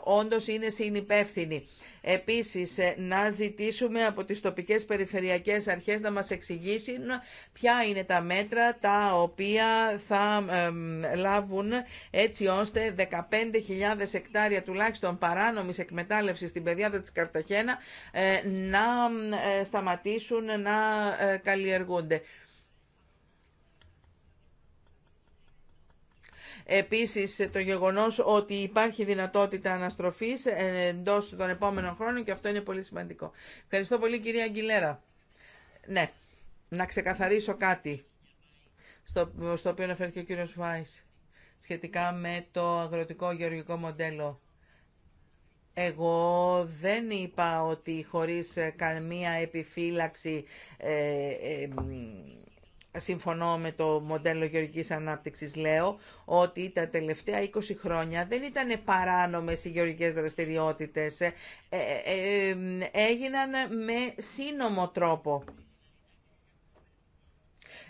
όντως είναι συνυπεύθυνη. Επίσης, ε, να ζητήσουμε από τις τοπικές περιφερειακές αρχές να μας εξηγήσουν ποια είναι τα μέτρα τα οποία θα λάβουν έτσι ώστε 15.000 εκτάρια τουλάχιστον παράνομης εκμετάλλευσης στην πεδιάδα της Καρταχένα ε, να ε, σταματήσουν να καλλιεργούνται. Επίσης το γεγονός ότι υπάρχει δυνατότητα αναστροφής εντός των επόμενων χρόνων και αυτό είναι πολύ σημαντικό. Ευχαριστώ πολύ κυρία Αγγιλέρα. Ναι, να ξεκαθαρίσω κάτι στο, στο οποίο αναφέρθηκε ο κύριος Βάης σχετικά με το αγροτικό γεωργικό μοντέλο. Εγώ δεν είπα ότι χωρίς καμία επιφύλαξη ε, ε, συμφωνώ με το μοντέλο γεωργικής ανάπτυξης, λέω ότι τα τελευταία 20 χρόνια δεν ήταν παράνομες οι γεωργικές δραστηριότητες, έγιναν με σύνομο τρόπο.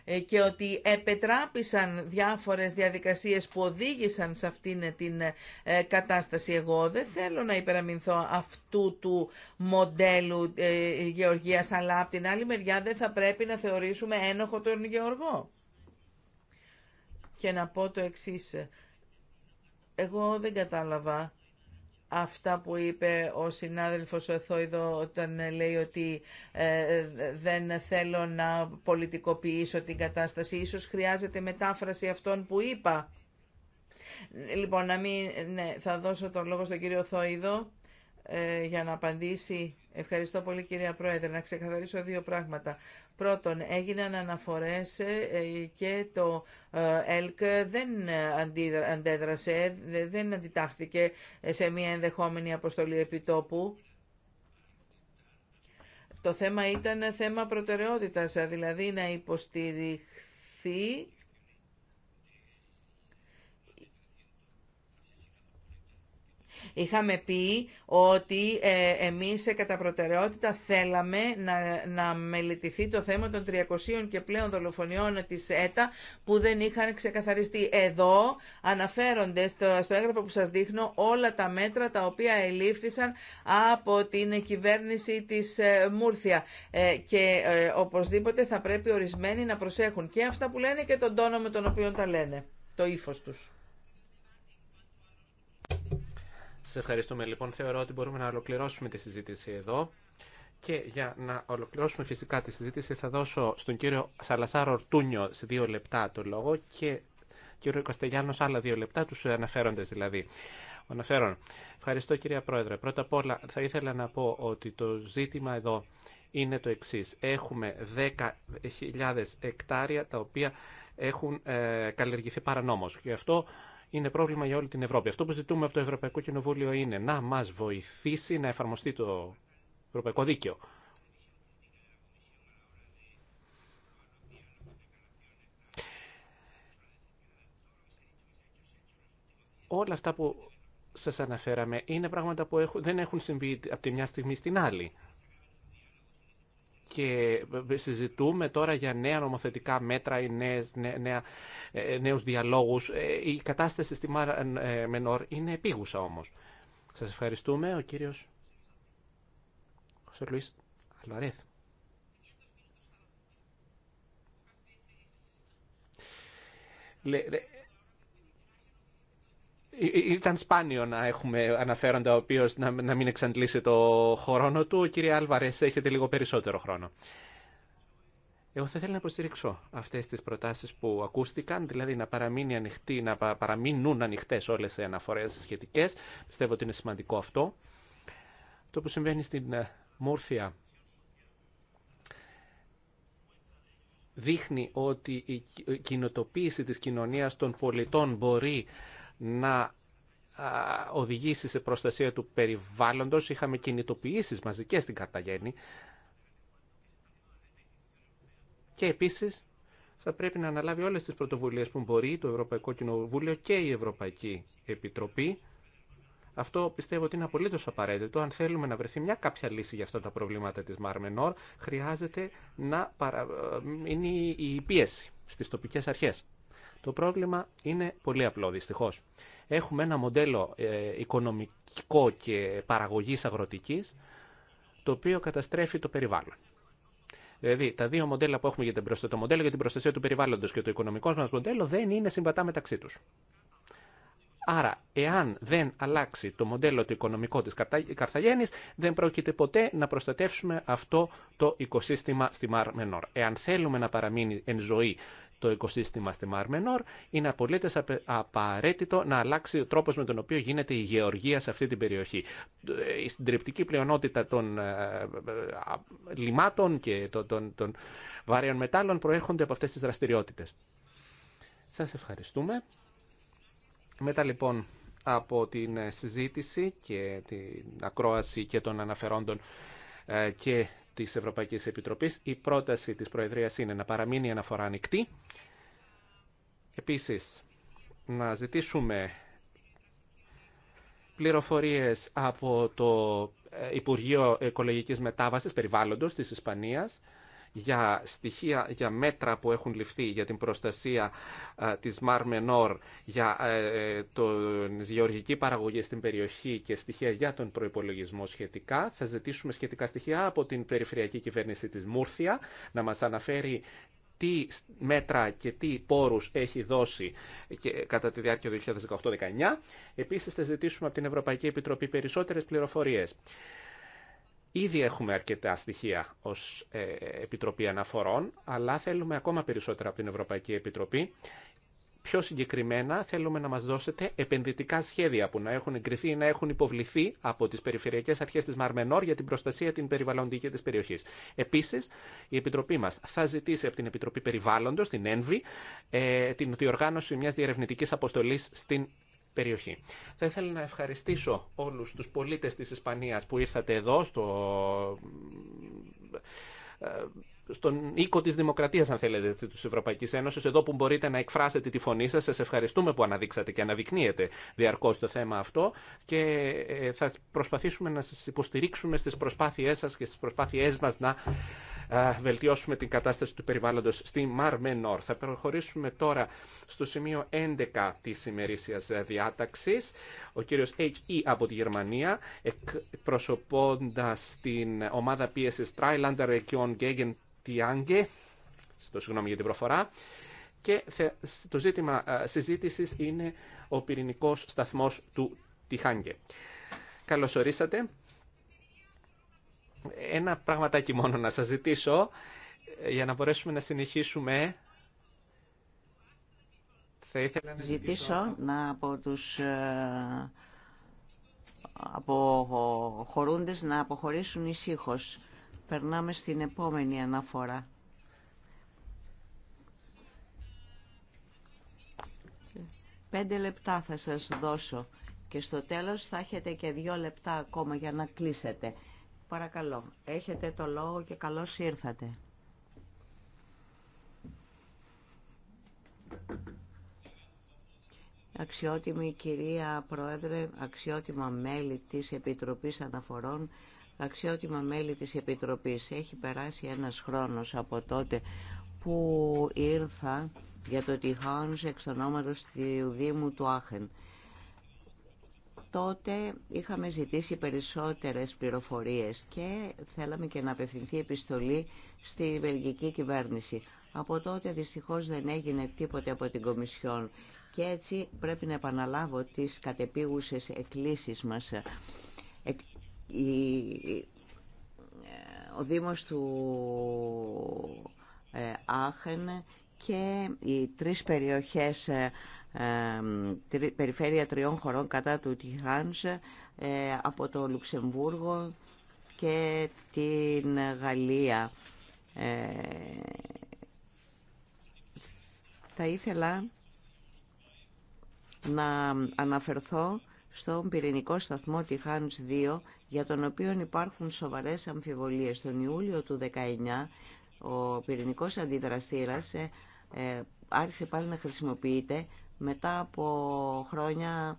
Ε, και ότι επετράπησαν διάφορες διαδικασίες που οδήγησαν σε αυτήν την ε, κατάσταση. Εγώ δεν θέλω να υπεραμεινθώ αυτού του μοντέλου ε, γεωργίας, αλλά από την άλλη μεριά δεν θα πρέπει να θεωρήσουμε ένοχο τον γεωργό. Και να πω το εξής. Εγώ δεν κατάλαβα αυτά που είπε ο συνάδελφος ο Θόιδο όταν ε, λέει ότι ε, δεν θέλω να πολιτικοποιήσω την κατάσταση. Ίσως χρειάζεται μετάφραση αυτών που είπα. Λοιπόν, να μην, ναι, θα δώσω τον λόγο στον κύριο Θόηδο. Ε, για να απαντήσει. Ευχαριστώ πολύ κυρία Πρόεδρε. Να ξεκαθαρίσω δύο πράγματα. Πρώτον, έγιναν αναφορές ε, και το ε, ΕΛΚ δεν αντέδρασε, δεν αντιτάχθηκε σε μια ενδεχόμενη αποστολή επιτόπου. Το θέμα ήταν θέμα προτεραιότητας, δηλαδή να υποστηριχθεί Είχαμε πει ότι ε, εμείς κατά προτεραιότητα θέλαμε να, να μελετηθεί το θέμα των 300 και πλέον δολοφονιών της ΕΤΑ που δεν είχαν ξεκαθαριστεί. Εδώ αναφέρονται στο, στο έγγραφο που σας δείχνω όλα τα μέτρα τα οποία ελήφθησαν από την κυβέρνηση της ε, Μούρθια ε, και οπωσδήποτε θα πρέπει ορισμένοι να προσέχουν και αυτά που λένε και τον τόνο με τον οποίο τα λένε, το ύφος τους. Σας ευχαριστούμε λοιπόν. Θεωρώ ότι μπορούμε να ολοκληρώσουμε τη συζήτηση εδώ. Και για να ολοκληρώσουμε φυσικά τη συζήτηση θα δώσω στον κύριο Σαλασάρο Ορτούνιο σε δύο λεπτά το λόγο και κύριο Καστεγιάννος άλλα δύο λεπτά, τους αναφέροντες δηλαδή. Αναφέρον. Ευχαριστώ κυρία Πρόεδρε. Πρώτα απ' όλα θα ήθελα να πω ότι το ζήτημα εδώ είναι το εξή. Έχουμε 10.000 εκτάρια τα οποία έχουν ε, καλλιεργηθεί παρανόμως. Γι' αυτό είναι πρόβλημα για όλη την Ευρώπη. Αυτό που ζητούμε από το Ευρωπαϊκό Κοινοβούλιο είναι να μας βοηθήσει να εφαρμοστεί το Ευρωπαϊκό Δίκαιο. Όλα αυτά που σας αναφέραμε είναι πράγματα που δεν έχουν συμβεί από τη μια στιγμή στην άλλη και ε, συζητούμε τώρα για νέα νομοθετικά μέτρα ή νέες, νέα, ε, νέους διαλόγους. Ε, η κατάσταση στη Μάρα Μενόρ είναι επίγουσα όμως. Σας ευχαριστούμε. Ο κύριος Χωσέ Λουίς ήταν σπάνιο να έχουμε αναφέροντα ο οποίο να, να μην εξαντλήσει το χρόνο του. Κύριε Άλβαρε, έχετε λίγο περισσότερο χρόνο. Εγώ θα ήθελα να υποστηρίξω αυτέ τι προτάσει που ακούστηκαν, δηλαδή να, παραμείνει ανοιχτή, να παραμείνουν ανοιχτέ όλε οι αναφορέ σχετικέ. Πιστεύω ότι είναι σημαντικό αυτό. Το που συμβαίνει στην ε, Μούρθια δείχνει ότι η κοινοτοποίηση της κοινωνίας των πολιτών μπορεί να οδηγήσει σε προστασία του περιβάλλοντος. Είχαμε κινητοποιήσεις μαζικές στην Καρταγέννη. Και επίσης θα πρέπει να αναλάβει όλες τις πρωτοβουλίες που μπορεί το Ευρωπαϊκό Κοινοβούλιο και η Ευρωπαϊκή Επιτροπή. Αυτό πιστεύω ότι είναι απολύτω απαραίτητο. Αν θέλουμε να βρεθεί μια κάποια λύση για αυτά τα προβλήματα της Μαρμενόρ, χρειάζεται να ε, είναι η πίεση στις τοπικές αρχές. Το πρόβλημα είναι πολύ απλό Δυστυχώ. Έχουμε ένα μοντέλο ε, οικονομικό και παραγωγής αγροτικής το οποίο καταστρέφει το περιβάλλον. Δηλαδή, τα δύο μοντέλα που έχουμε για την προστασία, το μοντέλο για την προστασία του περιβάλλοντο και το οικονομικό μα μοντέλο δεν είναι συμβατά μεταξύ του. Άρα, εάν δεν αλλάξει το μοντέλο το οικονομικό τη Καρθαγέννη, δεν πρόκειται ποτέ να προστατεύσουμε αυτό το οικοσύστημα στη Μαρ Μενόρ. Εάν θέλουμε να παραμείνει εν ζωή το οικοσύστημα στη Μαρμενόρ, είναι απολύτω απαραίτητο να αλλάξει ο τρόπο με τον οποίο γίνεται η γεωργία σε αυτή την περιοχή. Ε, η συντριπτική πλειονότητα των ε, ε, λιμάτων και των, των βαρέων μετάλλων προέρχονται από αυτέ τι δραστηριότητε. Σα ευχαριστούμε. Μετά λοιπόν από την συζήτηση και την ακρόαση και των αναφερόντων και της Ευρωπαϊκής Επιτροπής. Η πρόταση της Προεδρίας είναι να παραμείνει η αναφορά ανοιχτή. Επίσης, να ζητήσουμε πληροφορίες από το ε, Υπουργείο Οικολογικής Μετάβασης Περιβάλλοντος της Ισπανίας για στοιχεία, για μέτρα που έχουν ληφθεί για την προστασία ε, της Μαρ Μενόρ, για ε, την γεωργική παραγωγή στην περιοχή και στοιχεία για τον προϋπολογισμό σχετικά. Θα ζητήσουμε σχετικά στοιχεία από την Περιφερειακή Κυβέρνηση της Μούρθια να μας αναφέρει τι μέτρα και τι πόρους έχει δώσει και κατά τη διάρκεια του 2018-19. Επίσης θα ζητήσουμε από την Ευρωπαϊκή Επιτροπή περισσότερες πληροφορίες Ήδη έχουμε αρκετά στοιχεία ως ε, Επιτροπή Αναφορών, αλλά θέλουμε ακόμα περισσότερα από την Ευρωπαϊκή Επιτροπή. Πιο συγκεκριμένα θέλουμε να μας δώσετε επενδυτικά σχέδια που να έχουν εγκριθεί ή να έχουν υποβληθεί από τις περιφερειακές αρχές της Μαρμενόρ για την προστασία την περιβαλλοντική της περιοχής. Επίσης, η Επιτροπή μας θα ζητήσει από την Επιτροπή Περιβάλλοντος, την ΕΝΒΗ, ε, την διοργάνωση μιας διερευνητικής αποστολής στην περιοχή. Θα ήθελα να ευχαριστήσω όλους τους πολίτες της Ισπανίας που ήρθατε εδώ στο... Ε, στον οίκο της δημοκρατίας, αν θέλετε, της Ευρωπαϊκής Ένωσης, εδώ που μπορείτε να εκφράσετε τη φωνή σας. Σας ευχαριστούμε που αναδείξατε και αναδεικνύετε διαρκώς το θέμα αυτό και ε, θα προσπαθήσουμε να σας υποστηρίξουμε στις προσπάθειές σας και στις προσπάθειές μας να βελτιώσουμε την κατάσταση του περιβάλλοντος στη Μαρ Θα προχωρήσουμε τώρα στο σημείο 11 της ημερήσιας διάταξης. Ο κύριος H.E. από τη Γερμανία, εκπροσωπώντας την ομάδα πίεσης Trilander Region Gegen Tiange, στο συγγνώμη για την προφορά, και το ζήτημα συζήτησης είναι ο πυρηνικός σταθμός του Τιχάνγκε. Καλώς ορίσατε ένα πραγματάκι μόνο να σας ζητήσω ε, για να μπορέσουμε να συνεχίσουμε. Θα ήθελα να ζητήσω, να από τους ε, από να αποχωρήσουν ησύχω. Περνάμε στην επόμενη αναφορά. Πέντε λεπτά θα σας δώσω και στο τέλος θα έχετε και δύο λεπτά ακόμα για να κλείσετε. Παρακαλώ, έχετε το λόγο και καλώς ήρθατε. Αξιότιμη κυρία Πρόεδρε, αξιότιμα μέλη της Επιτροπής Αναφορών, αξιότιμα μέλη της Επιτροπής. Έχει περάσει ένας χρόνος από τότε που ήρθα για το τυχόν εξ ονόματος του Δήμου του Άχεν τότε είχαμε ζητήσει περισσότερες πληροφορίες και θέλαμε και να απευθυνθεί επιστολή στη βελγική κυβέρνηση. Από τότε δυστυχώς δεν έγινε τίποτε από την Κομισιόν και έτσι πρέπει να επαναλάβω τις κατεπίγουσες εκκλήσεις μας. Ε, ο Δήμος του ε, Άχεν και οι τρεις περιοχές ε, περιφέρεια τριών χωρών κατά του Τιχάνς ε, από το Λουξεμβούργο και την Γαλλία. Ε, θα ήθελα να αναφερθώ στον πυρηνικό σταθμό Τιχάνς 2, για τον οποίο υπάρχουν σοβαρές αμφιβολίες. Τον Ιούλιο του 19, ο πυρηνικός αντιδραστήρας ε, άρχισε πάλι να χρησιμοποιείται μετά από χρόνια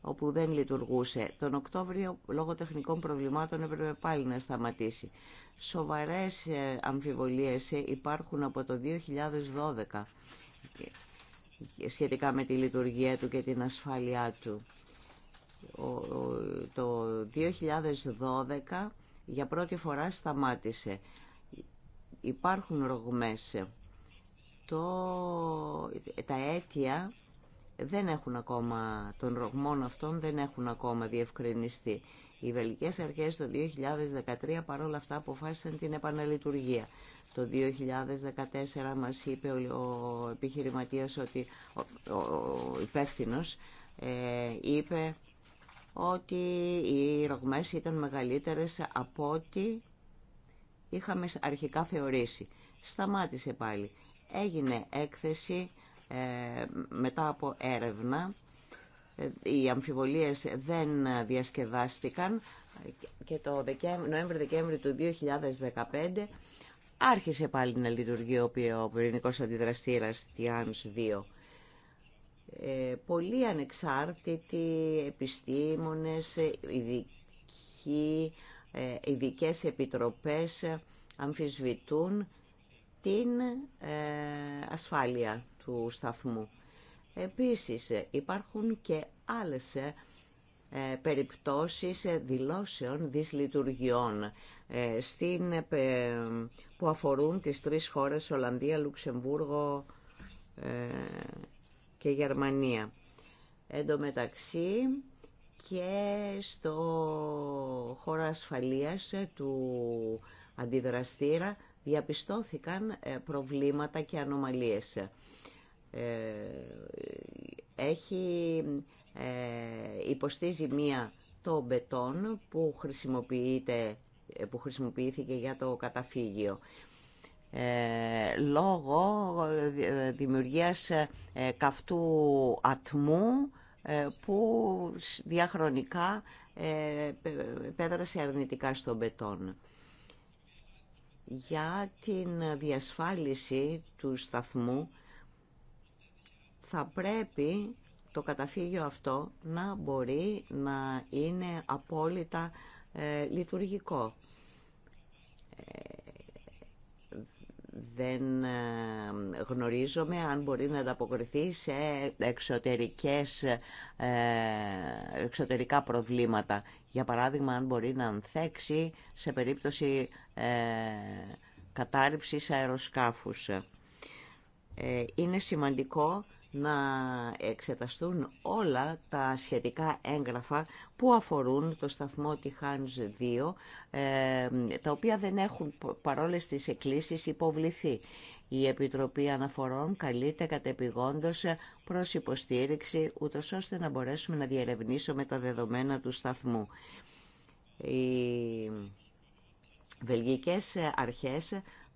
όπου δεν λειτουργούσε. Τον Οκτώβριο, λόγω τεχνικών προβλημάτων, έπρεπε πάλι να σταματήσει. Σοβαρές ε, αμφιβολίες ε, υπάρχουν από το 2012 σχετικά με τη λειτουργία του και την ασφάλειά του. Το 2012 για πρώτη φορά σταμάτησε. Υπάρχουν ρογμές. Το, τα αίτια δεν έχουν ακόμα, των ρογμών αυτών δεν έχουν ακόμα διευκρινιστεί. Οι βελγικές αρχές το 2013 παρόλα αυτά αποφάσισαν την επαναλειτουργία. Το 2014 μας είπε ο επιχειρηματίας ότι ο, ο ε, είπε ότι οι ρογμές ήταν μεγαλύτερες από ό,τι είχαμε αρχικά θεωρήσει. Σταμάτησε πάλι. Έγινε έκθεση ε, μετά από έρευνα ε, οι αμφιβολίες δεν διασκεδάστηκαν και το Νοέμβριο-Δεκέμβριο του 2015 άρχισε πάλι να λειτουργεί ο πυρηνικός αντιδραστήρας Τιάνς 2. Ε, πολλοί ανεξάρτητοι επιστήμονες, ειδικοί, ειδικές επιτροπές αμφισβητούν την ε, ασφάλεια του σταθμού. Επίσης υπάρχουν και άλλες ε, περιπτώσεις ε, δηλώσεων δυσλειτουργιών στην, που αφορούν τις τρεις χώρες Ολλανδία, Λουξεμβούργο και Γερμανία. Εν τω μεταξύ και στο χώρο ασφαλείας του αντιδραστήρα διαπιστώθηκαν ε, προβλήματα και ανομαλίες. Ε, έχει ε, υποστεί ζημία το μπετόν που, χρησιμοποιείται, που χρησιμοποιήθηκε για το καταφύγιο. Ε, λόγω δημιουργίας καυτού ατμού που διαχρονικά πέδρασε αρνητικά στο μπετόν για την διασφάλιση του σταθμού θα πρέπει το καταφύγιο αυτό να μπορεί να είναι απόλυτα ε, λειτουργικό. δεν ε, γνωρίζομαι αν μπορεί να ανταποκριθεί σε εξωτερικές, ε, εξωτερικά προβλήματα για παράδειγμα, αν μπορεί να ανθέξει σε περίπτωση ε, κατάρριψης αεροσκάφους. Ε, είναι σημαντικό να εξεταστούν όλα τα σχετικά έγγραφα που αφορούν το σταθμό Τιχάνς 2, ε, τα οποία δεν έχουν παρόλες τις εκκλήσεις υποβληθεί. Η Επιτροπή Αναφορών καλείται κατεπηγόντως προς υποστήριξη, ούτως ώστε να μπορέσουμε να διερευνήσουμε τα δεδομένα του σταθμού. Οι βελγικές αρχές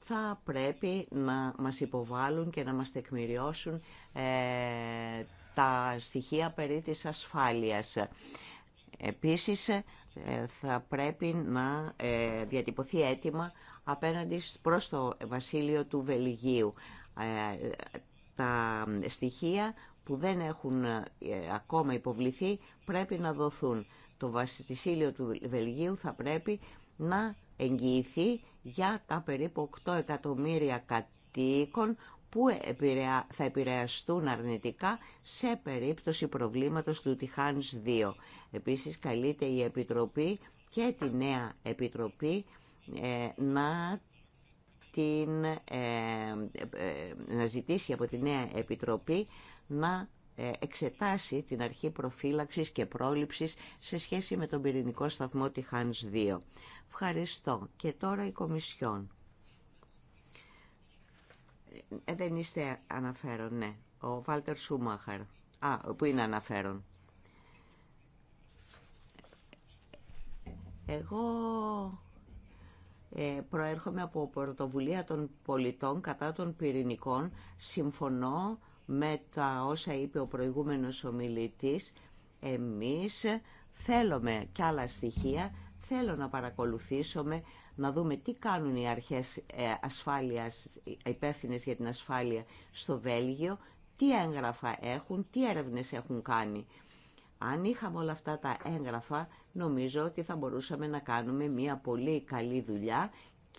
θα πρέπει να μας υποβάλουν και να μας τεκμηριώσουν ε, τα στοιχεία περί της ασφάλειας. Επίσης, ε, θα πρέπει να ε, διατυπωθεί αίτημα απέναντι προς το βασίλειο του Βελιγίου. Τα στοιχεία που δεν έχουν ακόμα υποβληθεί πρέπει να δοθούν. Το βασίλειο του Βελγίου θα πρέπει να εγγυηθεί για τα περίπου 8 εκατομμύρια κατοίκων που θα επηρεαστούν αρνητικά σε περίπτωση προβλήματος του Τιχάνς 2. Επίσης καλείται η Επιτροπή και τη νέα Επιτροπή ε, να, την, ε, ε, να ζητήσει από τη νέα Επιτροπή να ε, εξετάσει την αρχή προφύλαξης και πρόληψης σε σχέση με τον πυρηνικό σταθμό τη 2. Ευχαριστώ. Και τώρα η Κομισιόν. Ε, δεν είστε αναφέρον, ναι. Ο Βάλτερ Σούμαχαρ. Α, που είναι αναφέρον. Εγώ ε, προέρχομαι από πρωτοβουλία των πολιτών κατά των πυρηνικών. Συμφωνώ με τα όσα είπε ο προηγούμενος ομιλητής, εμείς θέλουμε κι άλλα στοιχεία, θέλω να παρακολουθήσουμε, να δούμε τι κάνουν οι αρχές ε, ασφάλειας, υπεύθυνες για την ασφάλεια στο Βέλγιο, τι έγγραφα έχουν, τι έρευνες έχουν κάνει. Αν είχαμε όλα αυτά τα έγγραφα, νομίζω ότι θα μπορούσαμε να κάνουμε μια πολύ καλή δουλειά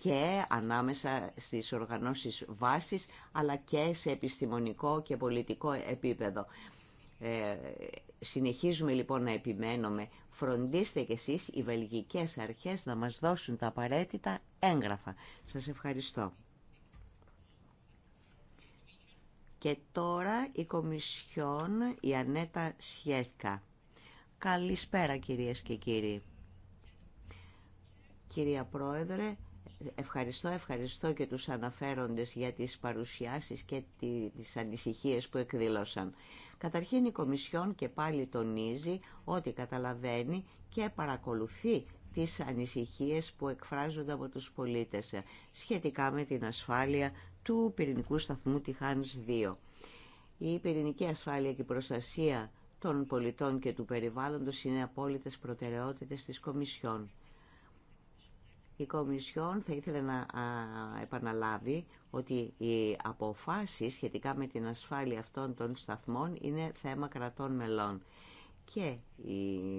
και ανάμεσα στις οργανώσεις βάσης, αλλά και σε επιστημονικό και πολιτικό επίπεδο. Ε, συνεχίζουμε λοιπόν να επιμένουμε. Φροντίστε κι εσείς οι βελγικές αρχές να μας δώσουν τα απαραίτητα έγγραφα. Σας ευχαριστώ. Και τώρα η Κομισιόν, η Ανέτα Σιέσκα. Καλησπέρα κυρίες και κύριοι. Κυρία Πρόεδρε, Ευχαριστώ, ευχαριστώ και τους αναφέροντες για τις παρουσιάσεις και τις ανησυχίες που εκδήλωσαν. Καταρχήν η Κομισιόν και πάλι τονίζει ότι καταλαβαίνει και παρακολουθεί τις ανησυχίες που εκφράζονται από τους πολίτες σχετικά με την ασφάλεια του πυρηνικού σταθμού Χάνς 2. Η πυρηνική ασφάλεια και η προστασία των πολιτών και του περιβάλλοντος είναι απόλυτες προτεραιότητες της Κομισιόν. Η Κομισιόν θα ήθελε να επαναλάβει ότι οι αποφάσεις σχετικά με την ασφάλεια αυτών των σταθμών είναι θέμα κρατών μελών. Και η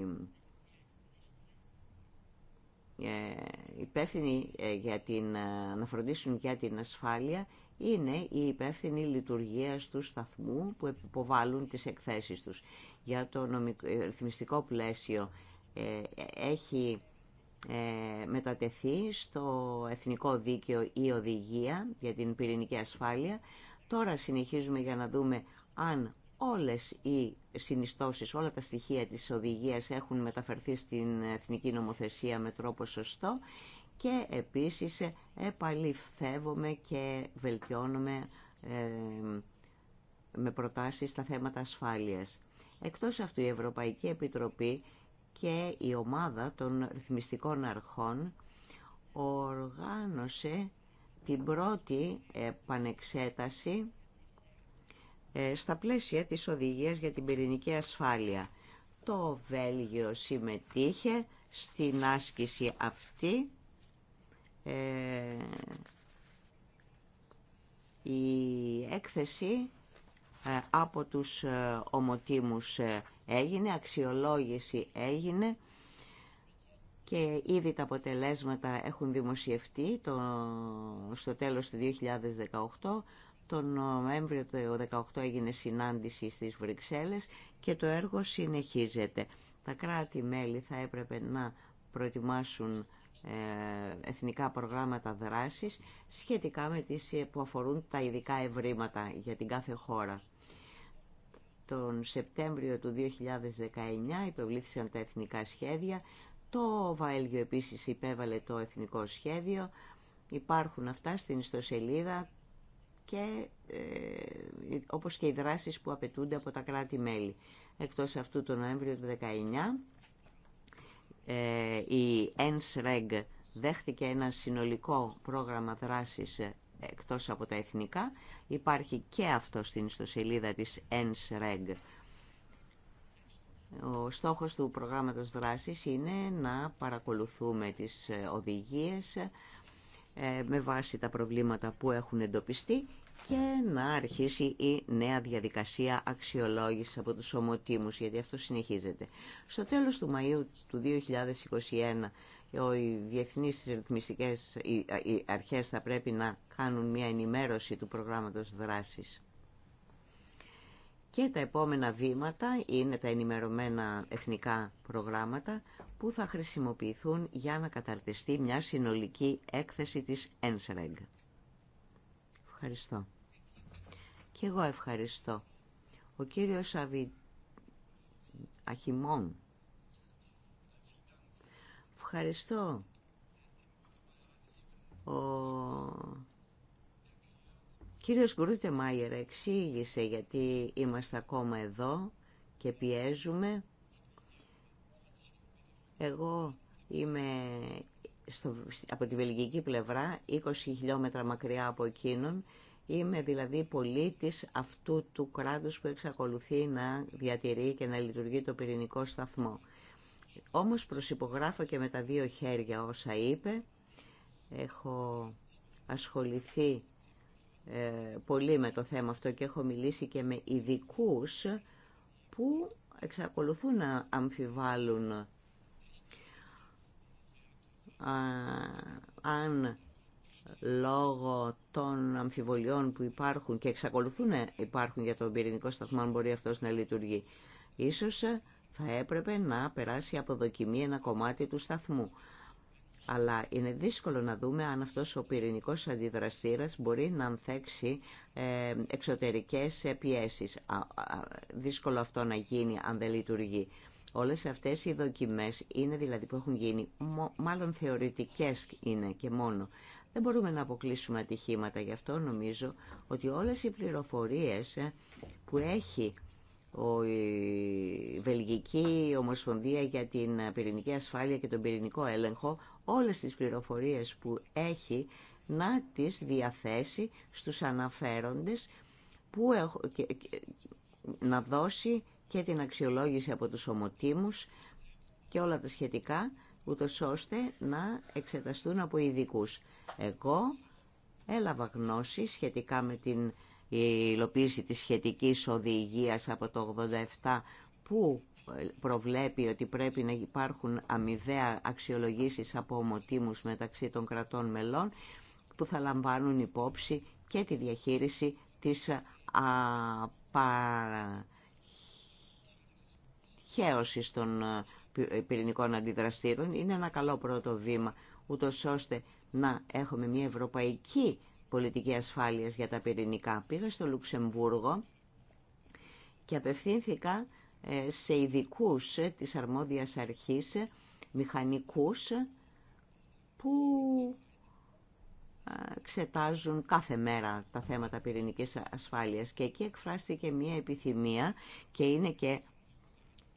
ε, υπεύθυνοι ε, για την, ε, να φροντίσουν για την ασφάλεια είναι η υπεύθυνη λειτουργία του σταθμού που υποβάλλουν τις εκθέσεις τους. Για το νομικό, ρυθμιστικό πλαίσιο έχει ε, μετατεθεί στο Εθνικό Δίκαιο ή Οδηγία για την πυρηνική ασφάλεια. Τώρα συνεχίζουμε για να δούμε αν όλες οι συνιστώσεις, όλα τα στοιχεία της οδηγίας έχουν μεταφερθεί στην εθνική νομοθεσία με τρόπο σωστό και επίσης επαληθεύομαι και βελτιώνομαι ε, με προτάσεις στα θέματα ασφάλειας. Εκτός αυτού η Ευρωπαϊκή Επιτροπή και η ομάδα των ρυθμιστικών αρχών οργάνωσε την πρώτη επανεξέταση ε, στα πλαίσια της οδηγίας για την πυρηνική ασφάλεια. Το Βέλγιο συμμετείχε στην άσκηση αυτή. Ε, η έκθεση ε, από τους ομοτήμους έγινε, αξιολόγηση έγινε και ήδη τα αποτελέσματα έχουν δημοσιευτεί το, στο τέλος του 2018. Τον Νοέμβριο του 2018 έγινε συνάντηση στις Βρυξέλλες και το έργο συνεχίζεται. Τα κράτη-μέλη θα έπρεπε να προετοιμάσουν ε, εθνικά προγράμματα δράσης σχετικά με τις ε, που αφορούν τα ειδικά ευρήματα για την κάθε χώρα τον Σεπτέμβριο του 2019 υπευλήθησαν τα εθνικά σχέδια. Το Βαέλγιο επίσης υπέβαλε το εθνικό σχέδιο. Υπάρχουν αυτά στην ιστοσελίδα και ε, όπως και οι δράσεις που απαιτούνται από τα κράτη-μέλη. Εκτός αυτού τον Νοέμβριο του 2019 ε, η ΕΝΣΡΕΓ e δέχτηκε ένα συνολικό πρόγραμμα δράσης εκτός από τα εθνικά. Υπάρχει και αυτό στην ιστοσελίδα της ΕΝΣΡΕΓ. E Ο στόχος του προγράμματος δράσης είναι να παρακολουθούμε τις ε, οδηγίες ε, με βάση τα προβλήματα που έχουν εντοπιστεί και να αρχίσει η νέα διαδικασία αξιολόγησης από τους ομοτήμους, γιατί αυτό συνεχίζεται. Στο τέλος του Μαΐου του 2021 οι διεθνείς ρυθμιστικές οι αρχές θα πρέπει να κάνουν μια ενημέρωση του προγράμματος δράσης. Και τα επόμενα βήματα είναι τα ενημερωμένα εθνικά προγράμματα που θα χρησιμοποιηθούν για να καταρτιστεί μια συνολική έκθεση της ENSREG. Ευχαριστώ. Και εγώ ευχαριστώ. Ο κύριος Αβι... Αχιμών. Ευχαριστώ. Ο κύριος Γκρούτε Μάιερ εξήγησε γιατί είμαστε ακόμα εδώ και πιέζουμε. Εγώ είμαι στο, από τη βελγική πλευρά, 20 χιλιόμετρα μακριά από εκείνον. Είμαι δηλαδή πολίτης αυτού του κράτους που εξακολουθεί να διατηρεί και να λειτουργεί το πυρηνικό σταθμό. Όμως προσυπογράφω και με τα δύο χέρια όσα είπε. Έχω ασχοληθεί ε, πολύ με το θέμα αυτό και έχω μιλήσει και με ειδικού που εξακολουθούν να αμφιβάλλουν ε, αν λόγω των αμφιβολιών που υπάρχουν και εξακολουθούν να υπάρχουν για τον πυρηνικό σταθμό αν μπορεί αυτός να λειτουργεί. Ίσως ε, θα έπρεπε να περάσει από δοκιμή ένα κομμάτι του σταθμού. Αλλά είναι δύσκολο να δούμε αν αυτός ο πυρηνικός αντιδραστήρας μπορεί να ανθέξει ε, εξωτερικές πιέσεις. Δύσκολο αυτό να γίνει αν δεν λειτουργεί. Όλες αυτές οι δοκιμές είναι δηλαδή που έχουν γίνει, μάλλον θεωρητικές είναι και μόνο. Δεν μπορούμε να αποκλείσουμε ατυχήματα, γι' αυτό νομίζω ότι όλες οι πληροφορίες ε, που έχει η Βελγική Ομοσπονδία για την Πυρηνική Ασφάλεια και τον Πυρηνικό Έλεγχο όλες τις πληροφορίες που έχει να τις διαθέσει στους αναφέροντες που να δώσει και την αξιολόγηση από τους ομοτήμους και όλα τα σχετικά, ούτω ώστε να εξεταστούν από ειδικού. Εγώ έλαβα γνώση σχετικά με την η υλοποίηση της σχετικής οδηγίας από το 87 που ε, προβλέπει ότι πρέπει να υπάρχουν αμοιβαία αξιολογήσεις από ομοτήμους μεταξύ των κρατών μελών που θα λαμβάνουν υπόψη και τη διαχείριση της ε, απαρχαίωσης των ε, πυρηνικών αντιδραστήρων είναι ένα καλό πρώτο βήμα ούτως ώστε να έχουμε μια ευρωπαϊκή πολιτική ασφάλειας για τα πυρηνικά. Πήγα στο Λουξεμβούργο και απευθύνθηκα ε, σε ειδικού ε, της αρμόδιας αρχής, ε, μηχανικούς, που εξετάζουν κάθε μέρα τα θέματα πυρηνικής ασφάλειας και εκεί εκφράστηκε μια επιθυμία και είναι και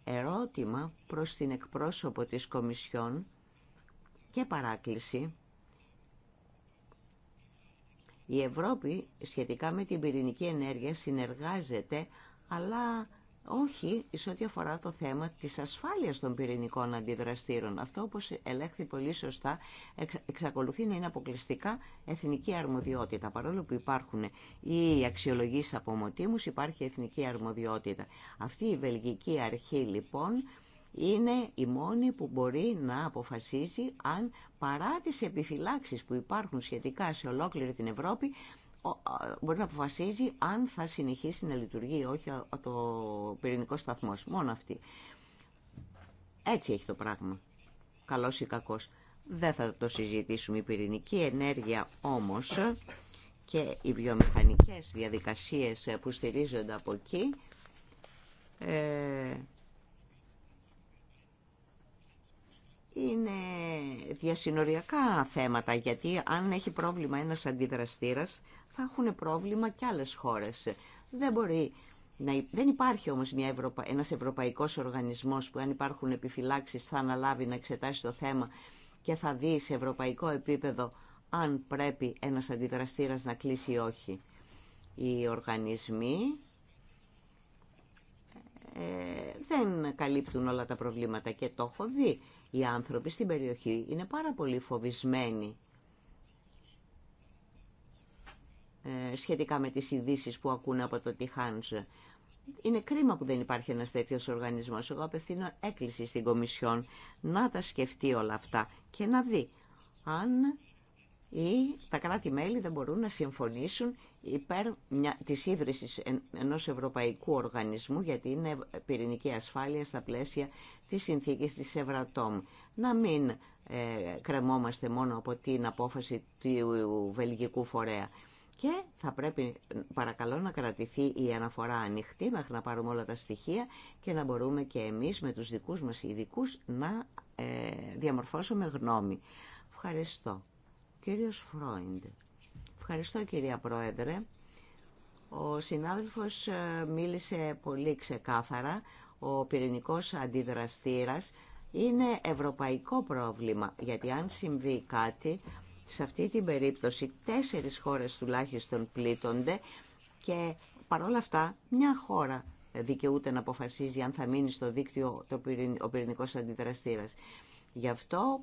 ερώτημα προς την εκπρόσωπο της Κομισιόν και παράκληση η Ευρώπη σχετικά με την πυρηνική ενέργεια συνεργάζεται, αλλά όχι σε ό,τι αφορά το θέμα της ασφάλειας των πυρηνικών αντιδραστήρων. Αυτό, όπως ελέγχθη πολύ σωστά, εξακολουθεί να είναι αποκλειστικά εθνική αρμοδιότητα. Παρόλο που υπάρχουν οι αξιολογήσεις απομοτήμους, υπάρχει εθνική αρμοδιότητα. Αυτή η βελγική αρχή, λοιπόν, είναι η μόνη που μπορεί να αποφασίσει αν παρά τις επιφυλάξεις που υπάρχουν σχετικά σε ολόκληρη την Ευρώπη μπορεί να αποφασίζει αν θα συνεχίσει να λειτουργεί όχι το πυρηνικό σταθμός. Μόνο αυτή. Έτσι έχει το πράγμα. Καλός ή κακός. Δεν θα το συζητήσουμε. Η πυρηνική ενέργεια όμως και οι βιομηχανικές διαδικασίες που στηρίζονται από εκεί ε, είναι διασυνοριακά θέματα, γιατί αν έχει πρόβλημα ένας αντιδραστήρας, θα έχουν πρόβλημα και άλλες χώρες. Δεν μπορεί να... Δεν υπάρχει όμως μια Ευρωπα... ένας ευρωπαϊκός οργανισμός που αν υπάρχουν επιφυλάξεις θα αναλάβει να εξετάσει το θέμα και θα δει σε ευρωπαϊκό επίπεδο αν πρέπει ένας αντιδραστήρας να κλείσει ή όχι. Οι οργανισμοί ε, δεν καλύπτουν όλα τα προβλήματα και το έχω δει. Οι άνθρωποι στην περιοχή είναι πάρα πολύ φοβισμένοι ε, σχετικά με τις ειδήσει που ακούνε από το Τιχάντζε. Είναι κρίμα που δεν υπάρχει ένας τέτοιος οργανισμός. Εγώ απευθύνω έκκληση στην Κομισιόν να τα σκεφτεί όλα αυτά και να δει αν ή τα κράτη-μέλη δεν μπορούν να συμφωνήσουν υπέρ μια, της ίδρυσης ενός ευρωπαϊκού οργανισμού γιατί είναι πυρηνική ασφάλεια στα πλαίσια της συνθήκης της Ευρατόμ. Να μην ε, κρεμόμαστε μόνο από την απόφαση του βελγικού φορέα. Και θα πρέπει παρακαλώ να κρατηθεί η αναφορά ανοιχτή μέχρι να πάρουμε όλα τα στοιχεία και να μπορούμε και εμείς με τους δικούς μας ειδικού να ε, διαμορφώσουμε γνώμη. Ευχαριστώ. Κύριος Φρόιντ. Ευχαριστώ κυρία Πρόεδρε. Ο συνάδελφος ε, μίλησε πολύ ξεκάθαρα. Ο πυρηνικός αντιδραστήρας είναι ευρωπαϊκό πρόβλημα, γιατί αν συμβεί κάτι, σε αυτή την περίπτωση τέσσερις χώρες τουλάχιστον πλήττονται και παρόλα αυτά μια χώρα δικαιούται να αποφασίζει αν θα μείνει στο δίκτυο ο πυρηνικός αντιδραστήρας. Γι' αυτό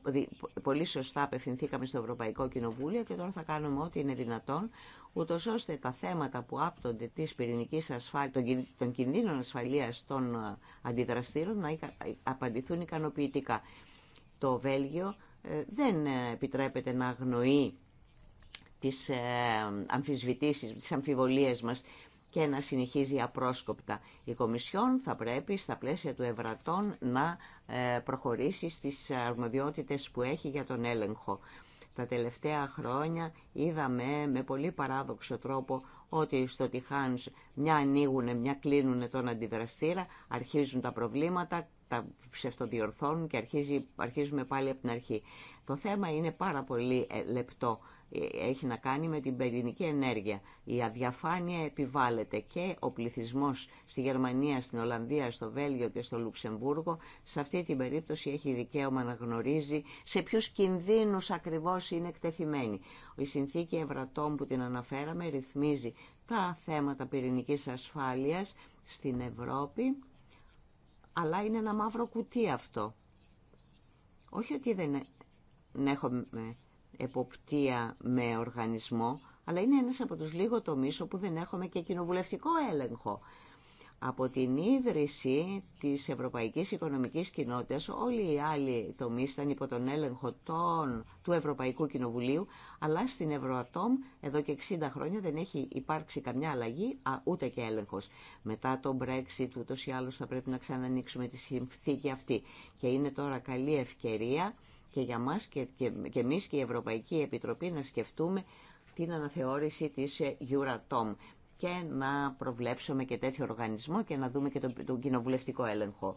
πολύ σωστά απευθυνθήκαμε στο Ευρωπαϊκό Κοινοβούλιο και τώρα θα κάνουμε ό,τι είναι δυνατόν, ούτω ώστε τα θέματα που άπτονται της πυρηνικής ασφάλειας, των κινδύνων ασφαλείας των ε, αντιδραστήρων να ε, απαντηθούν ικανοποιητικά. Το Βέλγιο ε, δεν επιτρέπεται να αγνοεί τις αμφισβητήσεις, τις αμφιβολίες μας και να συνεχίζει απρόσκοπτα. Η Κομισιόν θα πρέπει στα πλαίσια του Ευρατών να ε, προχωρήσει στις αρμοδιότητες που έχει για τον έλεγχο. Τα τελευταία χρόνια είδαμε με πολύ παράδοξο τρόπο ότι στο Τιχάνς μια ανοίγουν, μια κλείνουν τον αντιδραστήρα, αρχίζουν τα προβλήματα, τα ψευτοδιορθώνουν και αρχίζει, αρχίζουμε πάλι από την αρχή. Το θέμα είναι πάρα πολύ ε, λεπτό έχει να κάνει με την πυρηνική ενέργεια. Η αδιαφάνεια επιβάλλεται και ο πληθυσμός στη Γερμανία, στην Ολλανδία, στο Βέλγιο και στο Λουξεμβούργο σε αυτή την περίπτωση έχει δικαίωμα να γνωρίζει σε ποιους κινδύνους ακριβώς είναι εκτεθειμένοι. Η συνθήκη Ευρατών που την αναφέραμε ρυθμίζει τα θέματα πυρηνικής ασφάλειας στην Ευρώπη αλλά είναι ένα μαύρο κουτί αυτό. Όχι ότι δεν ε, έχουμε εποπτεία με οργανισμό, αλλά είναι ένας από τους λίγο τομείς όπου δεν έχουμε και κοινοβουλευτικό έλεγχο. Από την ίδρυση της Ευρωπαϊκής Οικονομικής Κοινότητας όλοι οι άλλοι τομείς ήταν υπό τον έλεγχο των, του Ευρωπαϊκού Κοινοβουλίου αλλά στην Ευρωατόμ εδώ και 60 χρόνια δεν έχει υπάρξει καμιά αλλαγή ούτε και έλεγχος. Μετά το Brexit ούτως ή άλλως θα πρέπει να ξανανοίξουμε τη συνθήκη αυτή και είναι τώρα καλή ευκαιρία και για μας και, και, και εμείς και η Ευρωπαϊκή Επιτροπή να σκεφτούμε την αναθεώρηση της ε, Euratom και να προβλέψουμε και τέτοιο οργανισμό και να δούμε και τον, τον κοινοβουλευτικό έλεγχο.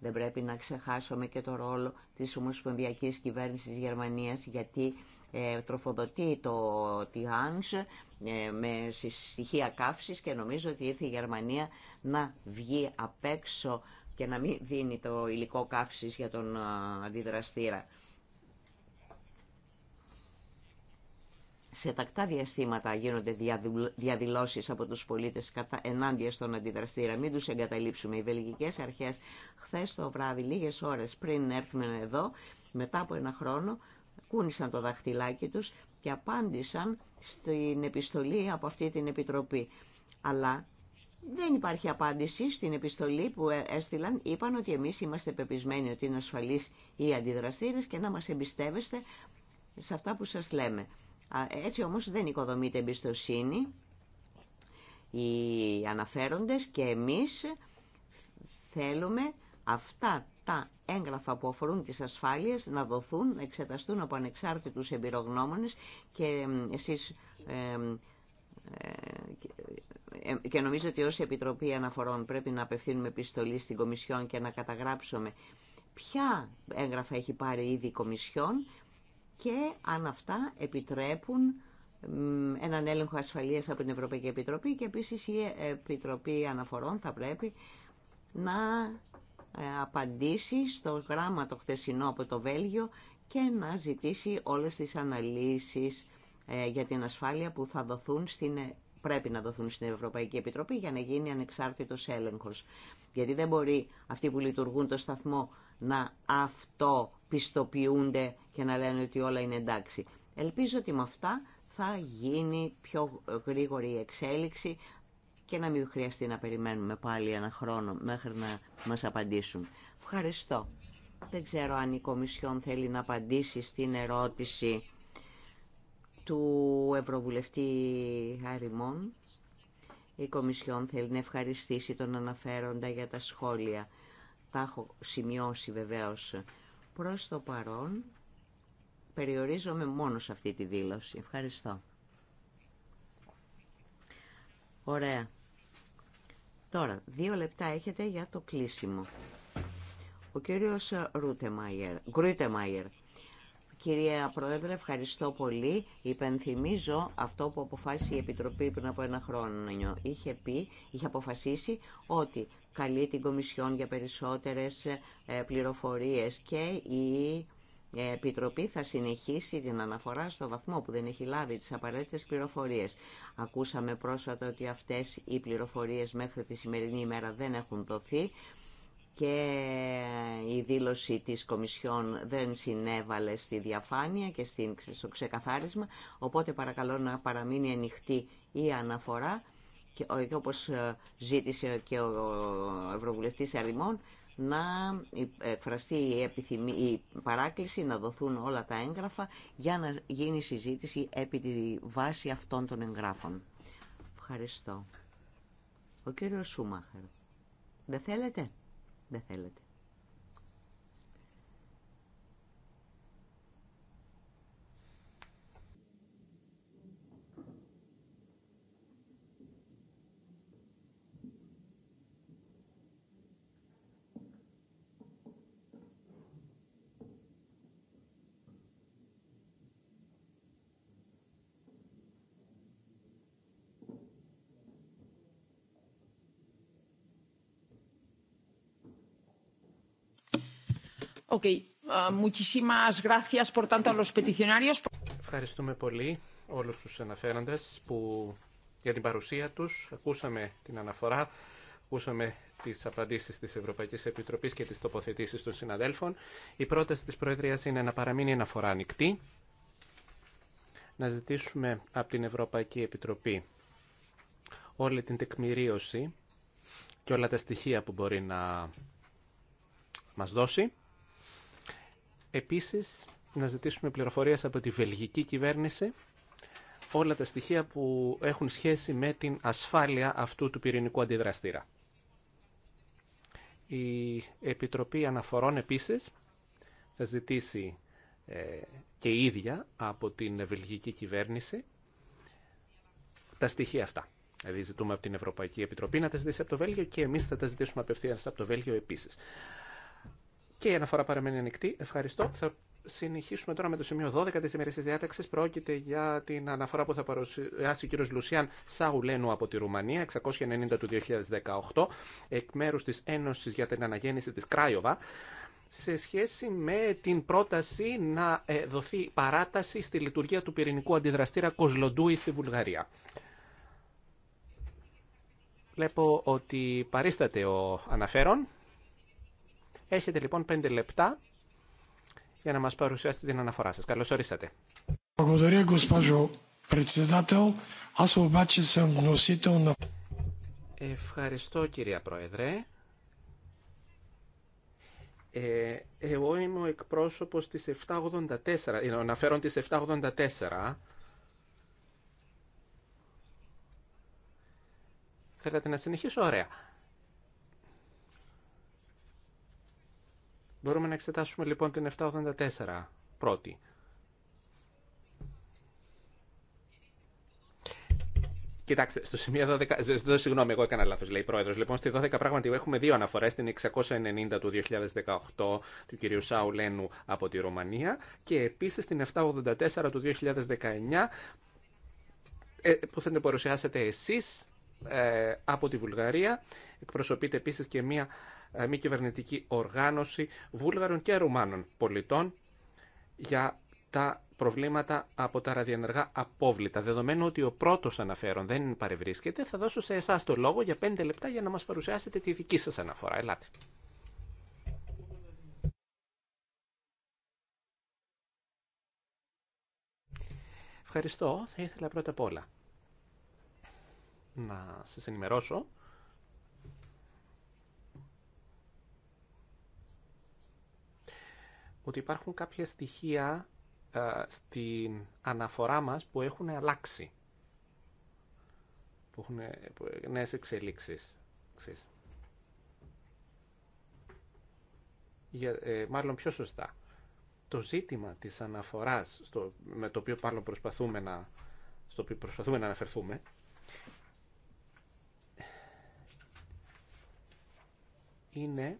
Δεν πρέπει να ξεχάσουμε και το ρόλο της Ομοσπονδιακής Κυβέρνησης της Γερμανίας γιατί ε, τροφοδοτεί το ΤΙΑΝΣ ε, με στοιχεία καύσης και νομίζω ότι ήρθε η Γερμανία να βγει απ' έξω και να μην δίνει το υλικό καύσης για τον ε, αντιδραστήρα. Σε τακτά διαστήματα γίνονται διαδηλώσεις από τους πολίτες ενάντια στον αντιδραστήρα. Μην τους εγκαταλείψουμε. Οι βελγικές αρχές χθες το βράδυ, λίγες ώρες πριν έρθουμε εδώ, μετά από ένα χρόνο, κούνησαν το δαχτυλάκι τους και απάντησαν στην επιστολή από αυτή την Επιτροπή. Αλλά δεν υπάρχει απάντηση στην επιστολή που ε, έστειλαν. Είπαν ότι εμείς είμαστε πεπισμένοι ότι είναι ασφαλεί οι αντιδραστήρε και να μας εμπιστεύεστε σε αυτά που σας λέμε. Έτσι όμως δεν οικοδομείται εμπιστοσύνη. Οι αναφέροντες και εμείς θέλουμε αυτά τα έγγραφα που αφορούν τις ασφάλειες να δοθούν, να εξεταστούν από ανεξάρτητους εμπειρογνώμονες και εσείς ε, και νομίζω ότι ως Επιτροπή Αναφορών πρέπει να απευθύνουμε επιστολή στην Κομισιόν και να καταγράψουμε ποια έγγραφα έχει πάρει ήδη η Κομισιόν και αν αυτά επιτρέπουν έναν έλεγχο ασφαλείας από την Ευρωπαϊκή Επιτροπή και επίσης η Επιτροπή Αναφορών θα πρέπει να ε, απαντήσει στο γράμμα το χτεσινό από το Βέλγιο και να ζητήσει όλες τις αναλύσεις ε, για την ασφάλεια που θα δοθούν στην, πρέπει να δοθούν στην Ευρωπαϊκή Επιτροπή για να γίνει ανεξάρτητος έλεγχος. Γιατί δεν μπορεί αυτοί που λειτουργούν το σταθμό να αυτό πιστοποιούνται και να λένε ότι όλα είναι εντάξει. Ελπίζω ότι με αυτά θα γίνει πιο γρήγορη η εξέλιξη και να μην χρειαστεί να περιμένουμε πάλι ένα χρόνο μέχρι να μας απαντήσουν. Ευχαριστώ. Δεν ξέρω αν η Κομισιόν θέλει να απαντήσει στην ερώτηση του Ευρωβουλευτή Αριμών. Η Κομισιόν θέλει να ευχαριστήσει τον αναφέροντα για τα σχόλια. Τα έχω σημειώσει βεβαίως Προς το παρόν περιορίζομαι μόνο σε αυτή τη δήλωση. Ευχαριστώ. Ωραία. Τώρα, δύο λεπτά έχετε για το κλείσιμο. Ο κύριος Ρουτεμάιερ, Κυρία Πρόεδρε, ευχαριστώ πολύ. Υπενθυμίζω αυτό που αποφάσισε η Επιτροπή πριν από ένα χρόνο. Είχε, πει, είχε αποφασίσει ότι καλεί την Κομισιόν για περισσότερες ε, πληροφορίες και η ε, Επιτροπή θα συνεχίσει την αναφορά στο βαθμό που δεν έχει λάβει τις απαραίτητες πληροφορίες. Ακούσαμε πρόσφατα ότι αυτές οι πληροφορίες μέχρι τη σημερινή ημέρα δεν έχουν δοθεί και η δήλωση της Κομισιόν δεν συνέβαλε στη διαφάνεια και στο ξεκαθάρισμα, οπότε παρακαλώ να παραμείνει ανοιχτή η αναφορά ε, και όπως ε, ζήτησε και ο Ευρωβουλευτής Αριμών, να εκφραστεί η, η παράκληση, να δοθούν όλα τα έγγραφα για να γίνει συζήτηση επί τη βάση αυτών των εγγράφων. Ευχαριστώ. Ο κύριος Σούμαχερ. Δεν θέλετε? Δεν θέλετε. Ε, Ευχαριστούμε πολύ όλους τους αναφέροντες που για την παρουσία τους ακούσαμε την αναφορά, ακούσαμε τις απαντήσεις της Ευρωπαϊκής Επιτροπής και τις τοποθετήσεις των συναδέλφων. Η πρόταση της Προεδρίας είναι να παραμείνει αναφορά ανοιχτή, να ζητήσουμε από την Ευρωπαϊκή Επιτροπή όλη την τεκμηρίωση και όλα τα στοιχεία που μπορεί να μας δώσει Επίσης, να ζητήσουμε πληροφορίες από τη βελγική κυβέρνηση όλα τα στοιχεία που έχουν σχέση με την ασφάλεια αυτού του πυρηνικού αντιδραστήρα. Η Επιτροπή Αναφορών επίσης θα ζητήσει ε, και η ίδια από την βελγική κυβέρνηση τα στοιχεία αυτά. Δηλαδή ζητούμε από την Ευρωπαϊκή Επιτροπή να τα ζητήσει από το Βέλγιο και εμείς θα τα ζητήσουμε απευθείας από το Βέλγιο επίσης. Και η αναφορά παραμένει ανοιχτή. Ευχαριστώ. Θα συνεχίσουμε τώρα με το σημείο 12 τη ημερη διάταξη. Πρόκειται για την αναφορά που θα παρουσιάσει ο κύριος Λουσιάν Σαουλένου από τη Ρουμανία, 690 του 2018, εκ μέρου τη Ένωσης για την Αναγέννηση της Κράιοβα σε σχέση με την πρόταση να ε, δοθεί παράταση στη λειτουργία του πυρηνικού αντιδραστήρα Κοσλοντούι στη Βουλγαρία. Βλέπω ότι παρίσταται ο αναφέρον. Έχετε λοιπόν 5 λεπτά για να μας παρουσιάσετε την αναφορά σας. Καλώς ορίσατε. Ευχαριστώ κυρία Πρόεδρε. Ε, εγώ είμαι ο εκπρόσωπος της 784, είναι αναφέρον 784. Θέλετε να συνεχίσω, ωραία. Μπορούμε να εξετάσουμε λοιπόν την 784 πρώτη. Κοιτάξτε, στο σημείο 12. συγγνώμη, εγώ έκανα λάθος, λέει πρόεδρο. Λοιπόν, στη 12 πράγματι έχουμε δύο αναφορέ. Την 690 του 2018 του κυρίου Σάου Λένου από τη Ρωμανία και επίση την 784 του 2019 ε, που θα την παρουσιάσετε εσεί ε, από τη Βουλγαρία. Εκπροσωπείτε επίση και μία ε, μη κυβερνητική οργάνωση Βούλγαρων και Ρουμάνων πολιτών για τα προβλήματα από τα ραδιενεργά απόβλητα. Δεδομένου ότι ο πρώτο αναφέρον δεν παρευρίσκεται, θα δώσω σε εσά το λόγο για πέντε λεπτά για να μα παρουσιάσετε τη δική σα αναφορά. Ελάτε. Ευχαριστώ. Θα ήθελα πρώτα απ' όλα να σας ενημερώσω ότι υπάρχουν κάποια στοιχεία ε, στην αναφορά μας που έχουν αλλάξει. Που έχουν ε, ε, νέες εξελίξεις. Για, μάλλον πιο σωστά. Το ζήτημα της αναφοράς στο, με το οποίο προσπαθούμε να, στο οποίο προσπαθούμε να αναφερθούμε είναι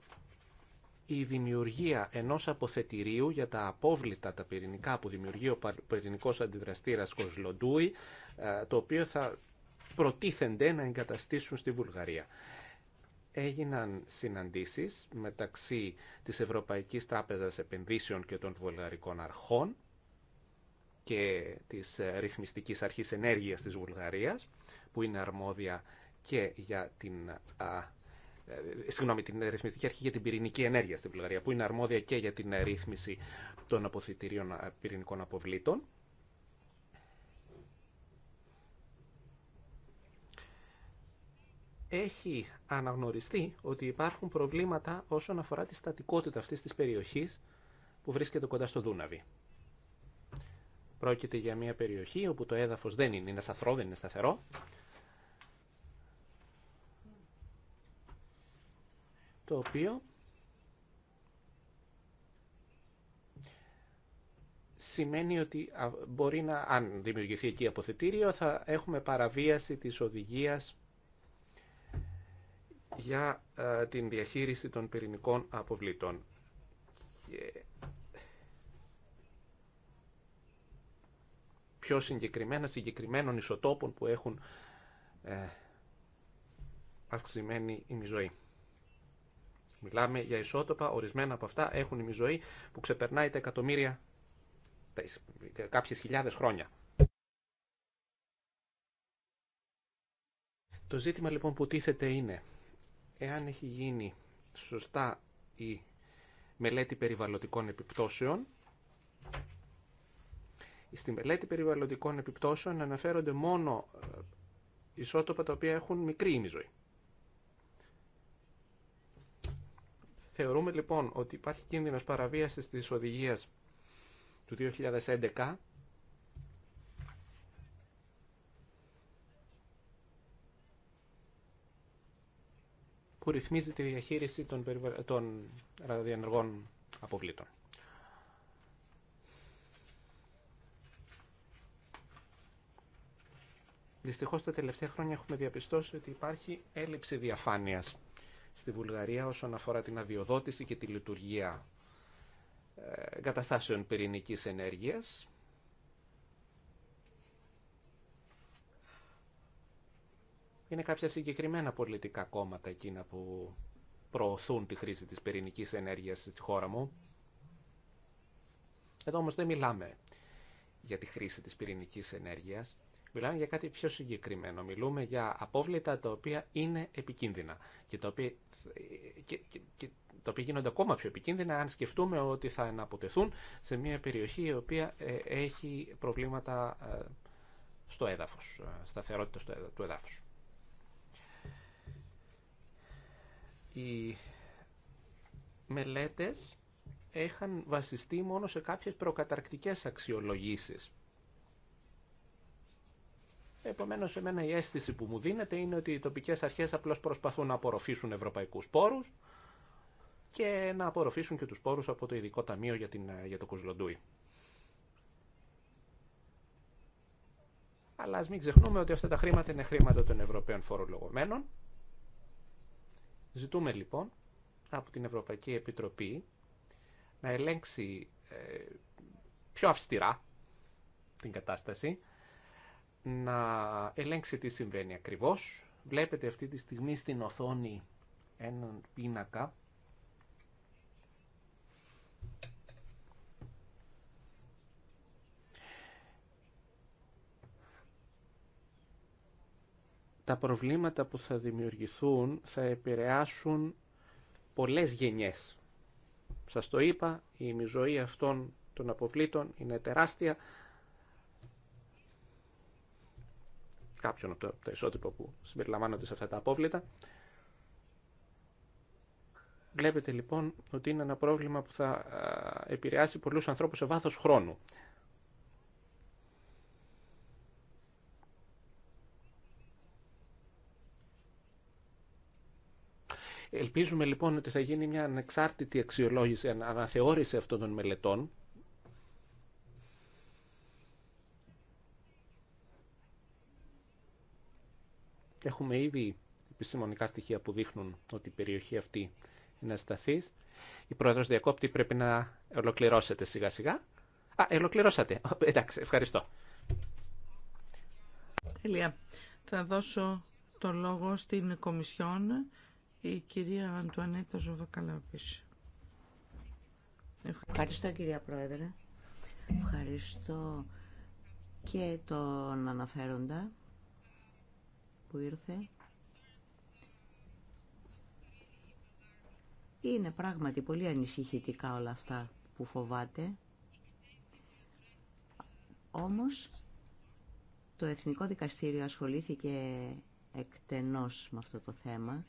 η δημιουργία ενός αποθετηρίου για τα απόβλητα τα πυρηνικά που δημιουργεί ο πυρηνικός αντιδραστήρας Κοσλοντούι, ε, το οποίο θα προτίθενται να εγκαταστήσουν στη Βουλγαρία. Έγιναν συναντήσεις μεταξύ της Ευρωπαϊκής Τράπεζας Επενδύσεων και των Βουλγαρικών Αρχών και της ε, Ρυθμιστικής Αρχής Ενέργειας της Βουλγαρίας, που είναι αρμόδια και για την ε, συγγνώμη, την ε, ρυθμιστική αρχή για την πυρηνική ενέργεια στην Βουλγαρία, που είναι αρμόδια και για την ε, ρύθμιση των αποθητηρίων πυρηνικών αποβλήτων. Έχει αναγνωριστεί ότι υπάρχουν προβλήματα όσον αφορά τη στατικότητα αυτής της περιοχής που βρίσκεται κοντά στο Δούναβι. Πρόκειται για μια περιοχή όπου το έδαφος δεν είναι, είναι σαθρό, δεν είναι σταθερό το οποίο σημαίνει ότι μπορεί να, αν δημιουργηθεί εκεί αποθετήριο, θα έχουμε παραβίαση της οδηγίας για την διαχείριση των πυρηνικών αποβλήτων. Και... Πιο συγκεκριμένα, συγκεκριμένων ισοτόπων που έχουν ε, αυξημένη ημιζωή. Μιλάμε για ισότοπα, ορισμένα από αυτά έχουν η ζωή που ξεπερνάει τα εκατομμύρια, κάποιες χιλιάδες χρόνια. Το ζήτημα λοιπόν που τίθεται είναι, εάν έχει γίνει σωστά η μελέτη περιβαλλοντικών επιπτώσεων, στη μελέτη περιβαλλοντικών επιπτώσεων αναφέρονται μόνο ε, ισότοπα τα οποία έχουν μικρή ημιζωή. Θεωρούμε λοιπόν ότι υπάρχει κίνδυνος παραβίασης της οδηγίας του 2011 που ρυθμίζει τη διαχείριση των, περιβα... των ραδιενεργών αποβλήτων. Δυστυχώς τα τελευταία χρόνια έχουμε διαπιστώσει ότι υπάρχει έλλειψη διαφάνειας στη Βουλγαρία όσον αφορά την αδειοδότηση και τη λειτουργία ε, εγκαταστάσεων πυρηνικής ενέργειας. Είναι κάποια συγκεκριμένα πολιτικά κόμματα εκείνα που προωθούν τη χρήση της πυρηνικής ενέργειας στη χώρα μου. Εδώ όμως δεν μιλάμε για τη χρήση της πυρηνικής ενέργειας. Μιλάμε για κάτι πιο συγκεκριμένο. Μιλούμε για απόβλητα τα οποία είναι επικίνδυνα και τα οποία, και, γίνονται ακόμα πιο επικίνδυνα αν σκεφτούμε ότι θα αναποτεθούν σε μια περιοχή η οποία ε, έχει προβλήματα ε, στο έδαφος, ε, σταθερότητα στο, του έδαφους. Οι μελέτες είχαν βασιστεί μόνο σε κάποιες προκαταρκτικές αξιολογήσεις Επομένω, εμένα η αίσθηση που μου δίνεται είναι ότι οι τοπικέ αρχέ απλώ προσπαθούν να απορροφήσουν ευρωπαϊκού πόρου και να απορροφήσουν και του πόρου από το ειδικό ταμείο για, την, για το Κουσλοντούι. Αλλά α μην ξεχνούμε ότι αυτά τα χρήματα είναι χρήματα των Ευρωπαίων φορολογωμένων. Ζητούμε λοιπόν από την Ευρωπαϊκή Επιτροπή να ελέγξει ε, πιο αυστηρά την κατάσταση να ελέγξει τι συμβαίνει ακριβώς. Βλέπετε αυτή τη στιγμή στην οθόνη έναν πίνακα τα προβλήματα που θα δημιουργηθούν θα επηρεάσουν πολλές γενιές. Σας το είπα, η ζωή αυτών των αποβλήτων είναι τεράστια κάποιον από τα ισότυπα που συμπεριλαμβάνονται σε αυτά τα απόβλητα. Βλέπετε λοιπόν ότι είναι ένα πρόβλημα που θα επηρεάσει πολλούς ανθρώπους σε βάθος χρόνου. Ελπίζουμε λοιπόν ότι θα γίνει μια ανεξάρτητη αξιολόγηση, αναθεώρηση αυτών των μελετών Έχουμε ήδη επιστημονικά στοιχεία που δείχνουν ότι η περιοχή αυτή είναι ασταθής. Η πρόεδρο διακόπτη πρέπει να ολοκληρώσετε σιγά σιγά. Α, ε, ολοκληρώσατε. Εντάξει, ευχαριστώ. Τέλεια. Θα δώσω το λόγο στην Κομισιόν η κυρία Αντουανέτα Ζωβακαλάπης. Ευχαριστώ κυρία Πρόεδρε. Ευχαριστώ και τον αναφέροντα που ήρθε. Είναι πράγματι πολύ ανησυχητικά όλα αυτά που φοβάται. Όμως το Εθνικό Δικαστήριο ασχολήθηκε εκτενώς με αυτό το θέμα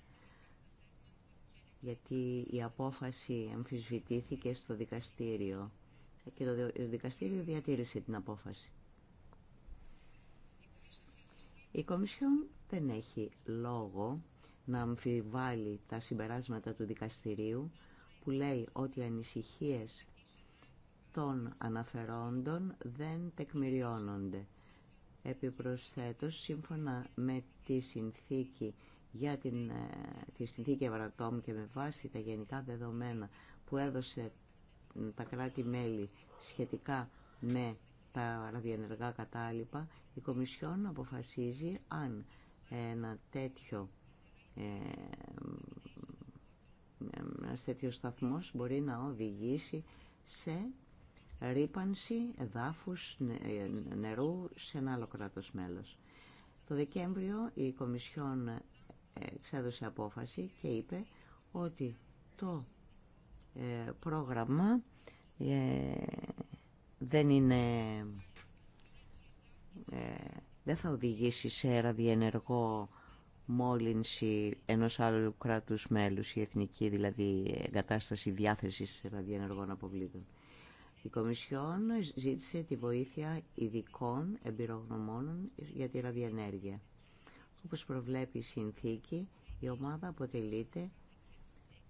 γιατί η απόφαση εμφισβητήθηκε στο δικαστήριο και το δικαστήριο διατήρησε την απόφαση. Η Κομισιόν δεν έχει λόγο να αμφιβάλλει τα συμπεράσματα του δικαστηρίου που λέει ότι οι ανησυχίες των αναφερόντων δεν τεκμηριώνονται. Επιπροσθέτως, σύμφωνα με τη συνθήκη για την, ε, τη συνθήκη Ευρατόμ και με βάση τα γενικά δεδομένα που έδωσε τα κράτη-μέλη σχετικά με τα ραδιενεργά κατάλοιπα, η Κομισιόν αποφασίζει αν ένα τέτοιο ε, ένα σταθμός μπορεί να οδηγήσει σε ρήπανση δάφους ε, νερού σε ένα άλλο κράτος μέλος. Το Δεκέμβριο η Κομισιόν εξέδωσε απόφαση και είπε ότι το ε, πρόγραμμα δεν είναι... Ε, δεν θα οδηγήσει σε ραδιενεργό μόλυνση ενός άλλου κράτους μέλους, η εθνική δηλαδή εγκατάσταση διάθεσης ραδιενεργών αποβλήτων. Η Κομισιόν ζήτησε τη βοήθεια ειδικών εμπειρογνωμόνων για τη ραδιενέργεια. Όπως προβλέπει η συνθήκη, η ομάδα αποτελείται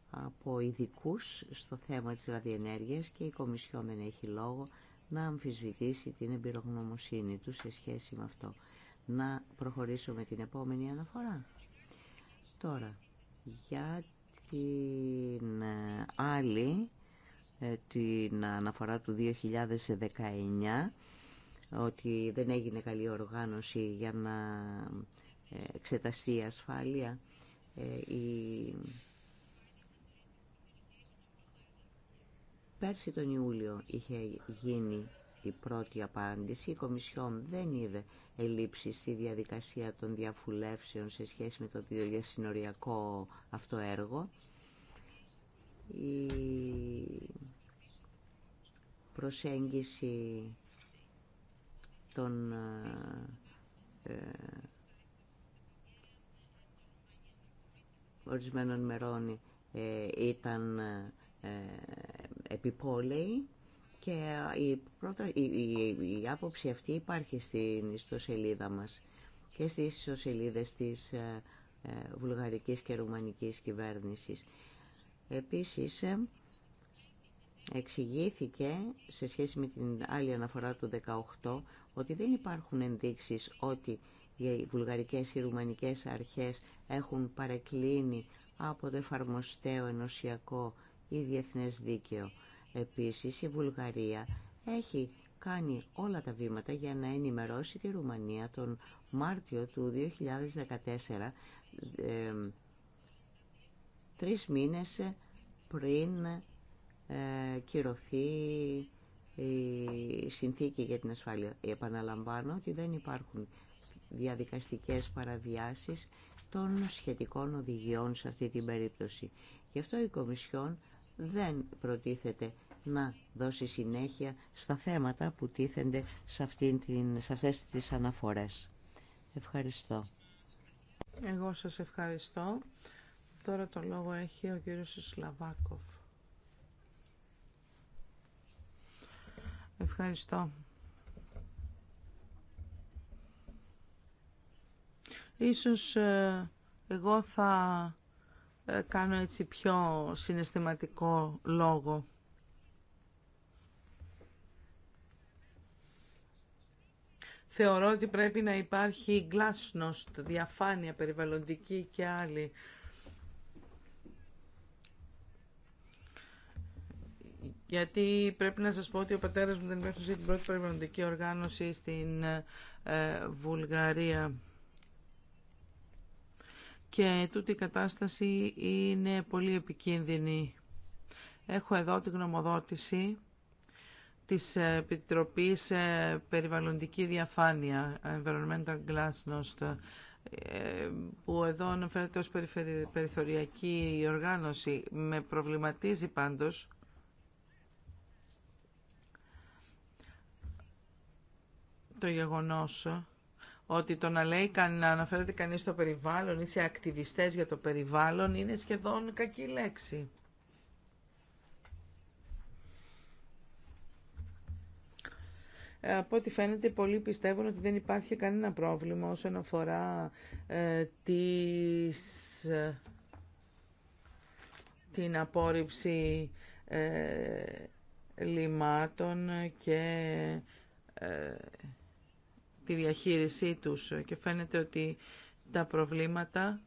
από ειδικού στο θέμα της ραδιενέργειας και η Κομισιόν δεν έχει λόγο να αμφισβητήσει την εμπειρογνωμοσύνη του σε σχέση με αυτό. Να προχωρήσουμε την επόμενη αναφορά. Τώρα, για την ε, άλλη, ε, την αναφορά του 2019, ότι δεν έγινε καλή οργάνωση για να ε, εξεταστεί η ασφάλεια, η Πέρσι τον Ιούλιο είχε γίνει η πρώτη απάντηση. Η Κομισιόν δεν είδε ελλείψη στη διαδικασία των διαφουλεύσεων σε σχέση με το διασυνοριακό αυτό έργο. Η προσέγγιση των ε, ορισμένων μερών ε, ήταν ε, επιπόλαιοι και ε, η, πρώτα, η, η, άποψη αυτή υπάρχει στην ιστοσελίδα μας και στις ιστοσελίδες της ε, βουλγαρικής και ρουμανικής κυβέρνησης. Επίσης, εξηγήθηκε σε σχέση με την άλλη αναφορά του 18 ότι δεν υπάρχουν ενδείξεις ότι οι βουλγαρικές ή ρουμανικές αρχές έχουν παρεκκλίνει από το εφαρμοστέο ενωσιακό ή διεθνές δίκαιο. Επίσης, η Βουλγαρία έχει κάνει όλα τα βήματα για να ενημερώσει τη Ρουμανία τον Μάρτιο του 2014, ε, τρεις μήνες πριν ε, κυρωθεί η συνθήκη για την ασφάλεια. Επαναλαμβάνω ότι δεν υπάρχουν διαδικαστικές παραβιάσεις των σχετικών οδηγιών σε αυτή την περίπτωση. Γι' αυτό η Κομισιόν δεν προτίθεται να δώσει συνέχεια στα θέματα που τίθενται σε, αυτήν την, σε αυτές τις αναφορές. Ευχαριστώ. Εγώ σας ευχαριστώ. Τώρα το λόγο έχει ο κύριος Σλαβάκοφ. Ευχαριστώ. Ίσως ε, εγώ θα ε, κάνω έτσι πιο συναισθηματικό λόγο. Θεωρώ ότι πρέπει να υπάρχει γκλάσνοστ, διαφάνεια περιβαλλοντική και άλλη. Γιατί πρέπει να σας πω ότι ο πατέρας μου δεν υπέφερε την πρώτη περιβαλλοντική οργάνωση στην ε, Βουλγαρία και τούτη η κατάσταση είναι πολύ επικίνδυνη. Έχω εδώ τη γνωμοδότηση της Επιτροπής ε, Περιβαλλοντική Διαφάνεια, Environmental Glasnost, ε, που εδώ αναφέρεται ως περιθωριακή οργάνωση. Με προβληματίζει πάντως το γεγονός ότι το να λέει να αναφέρεται κανείς στο περιβάλλον ή σε ακτιβιστές για το περιβάλλον είναι σχεδόν κακή λέξη. Από ό,τι φαίνεται πολλοί πιστεύουν ότι δεν υπάρχει κανένα πρόβλημα όσον αφορά ε, τις, ε, την απόρριψη ε, λιμάτων και ε, τη διαχείρισή τους και φαίνεται ότι τα προβλήματα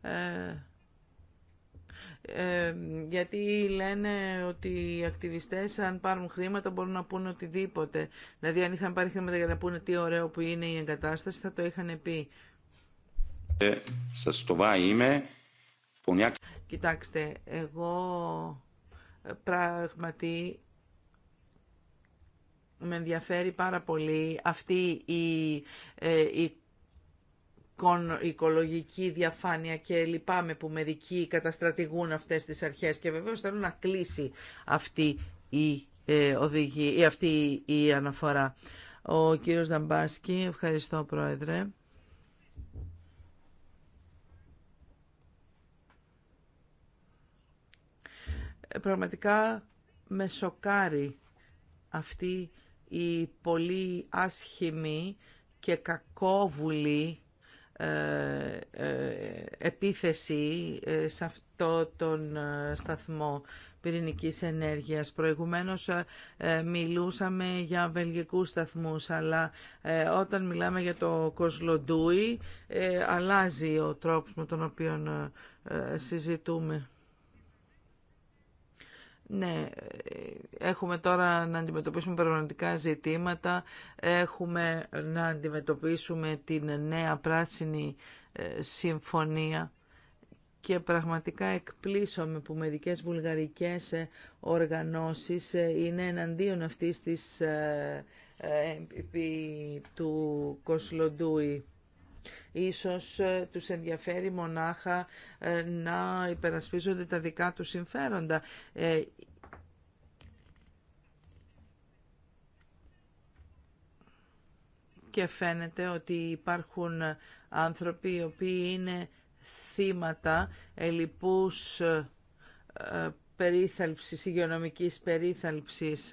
ε, ε, γιατί λένε ότι οι ακτιβιστές αν πάρουν χρήματα μπορούν να πούνε οτιδήποτε. Δηλαδή αν είχαν πάρει χρήματα για να πούνε τι ωραίο που είναι η εγκατάσταση θα το είχαν πει. Ε, σας το βάει είμαι. Κοιτάξτε, εγώ Πράγματι, με ενδιαφέρει πάρα πολύ αυτή ε, η, οικολογική διαφάνεια και λυπάμαι που μερικοί καταστρατηγούν αυτές τις αρχές και βεβαίως θέλω να κλείσει αυτή η, ε, οδηγή, ε, αυτή η αναφορά. Ο κύριος Δαμπάσκη, ευχαριστώ πρόεδρε. πραγματικά με σοκάρει αυτή η πολύ άσχημη και κακόβουλη ε, ε, επίθεση ε, σε αυτό τον σταθμό πυρηνικής ενέργειας. Προηγουμένως μιλούσαμε για βελγικούς σταθμούς, αλλά όταν μιλάμε για το Κοσλοντούι αλλάζει ο τρόπος με τον οποίο συζητούμε. Ναι, ε, έχουμε τώρα να αντιμετωπίσουμε περιβαλλοντικά ζητήματα, έχουμε να αντιμετωπίσουμε την νέα πράσινη ε, συμφωνία και πραγματικά εκπλήσωμε που μερικές βουλγαρικές ε, οργανώσεις είναι εναντίον αυτής της, του Κοσλοντούι. Ίσως ε, τους ενδιαφέρει μονάχα ε, να υπερασπίζονται τα δικά τους συμφέροντα. Ε, και φαίνεται ότι υπάρχουν άνθρωποι οι οποίοι είναι θύματα ελλειπούς περίθαλψης, υγειονομικής περίθαλψης.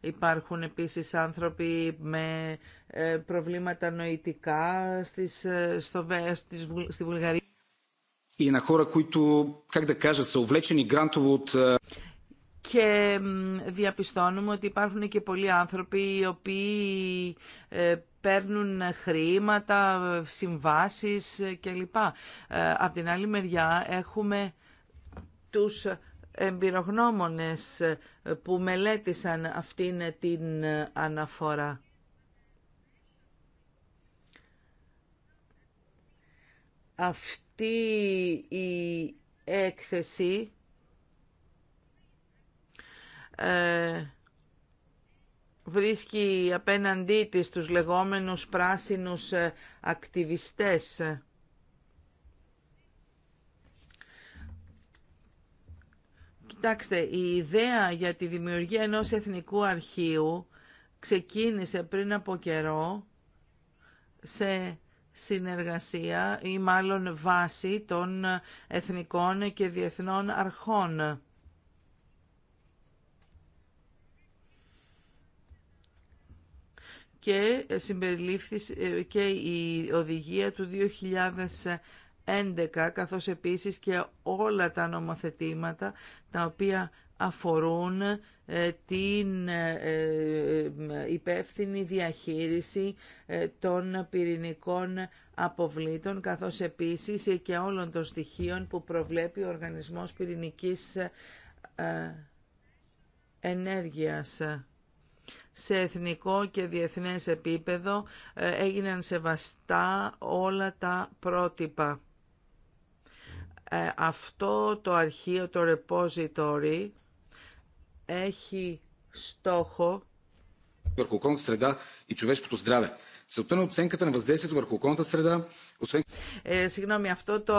Υπάρχουν επίσης άνθρωποι με ε, προβλήματα νοητικά στις, ε, στο, στις, στη Βουλγαρία. Είναι χώρα που, και διαπιστώνουμε ότι υπάρχουν και πολλοί άνθρωποι οι οποίοι ε, παίρνουν χρήματα, συμβάσεις κλπ. Από την άλλη μεριά έχουμε τους εμπειρογνώμονες ε, που μελέτησαν αυτήν την ε, αναφορά. Αυτή η έκθεση ε, βρίσκει απέναντί της τους λεγόμενους πράσινους ε, ακτιβιστές. Κοιτάξτε, η ιδέα για τη δημιουργία ενός εθνικού αρχείου ξεκίνησε πριν από καιρό σε συνεργασία ή μάλλον βάση των εθνικών και διεθνών αρχών. και συμπεριλήφθη ε, και η οδηγία του 11 καθώς επίσης και όλα τα νομοθετήματα τα οποία αφορούν ε, την ε, ε, υπεύθυνη διαχείριση των πυρηνικών αποβλήτων καθώς επίσης και όλων των στοιχείων που προβλέπει ο Οργανισμός Πυρηνικής Ενέργειας. Σε εθνικό και διεθνές επίπεδο έγιναν σεβαστά όλα τα πρότυπα. Ε, αυτό το αρχείο, το repository, έχει στόχο върху околната среда и човешкото здраве. Целта на оценката на въздействието върху околната среда, освен... Ε, συγγνώμη, αυτό το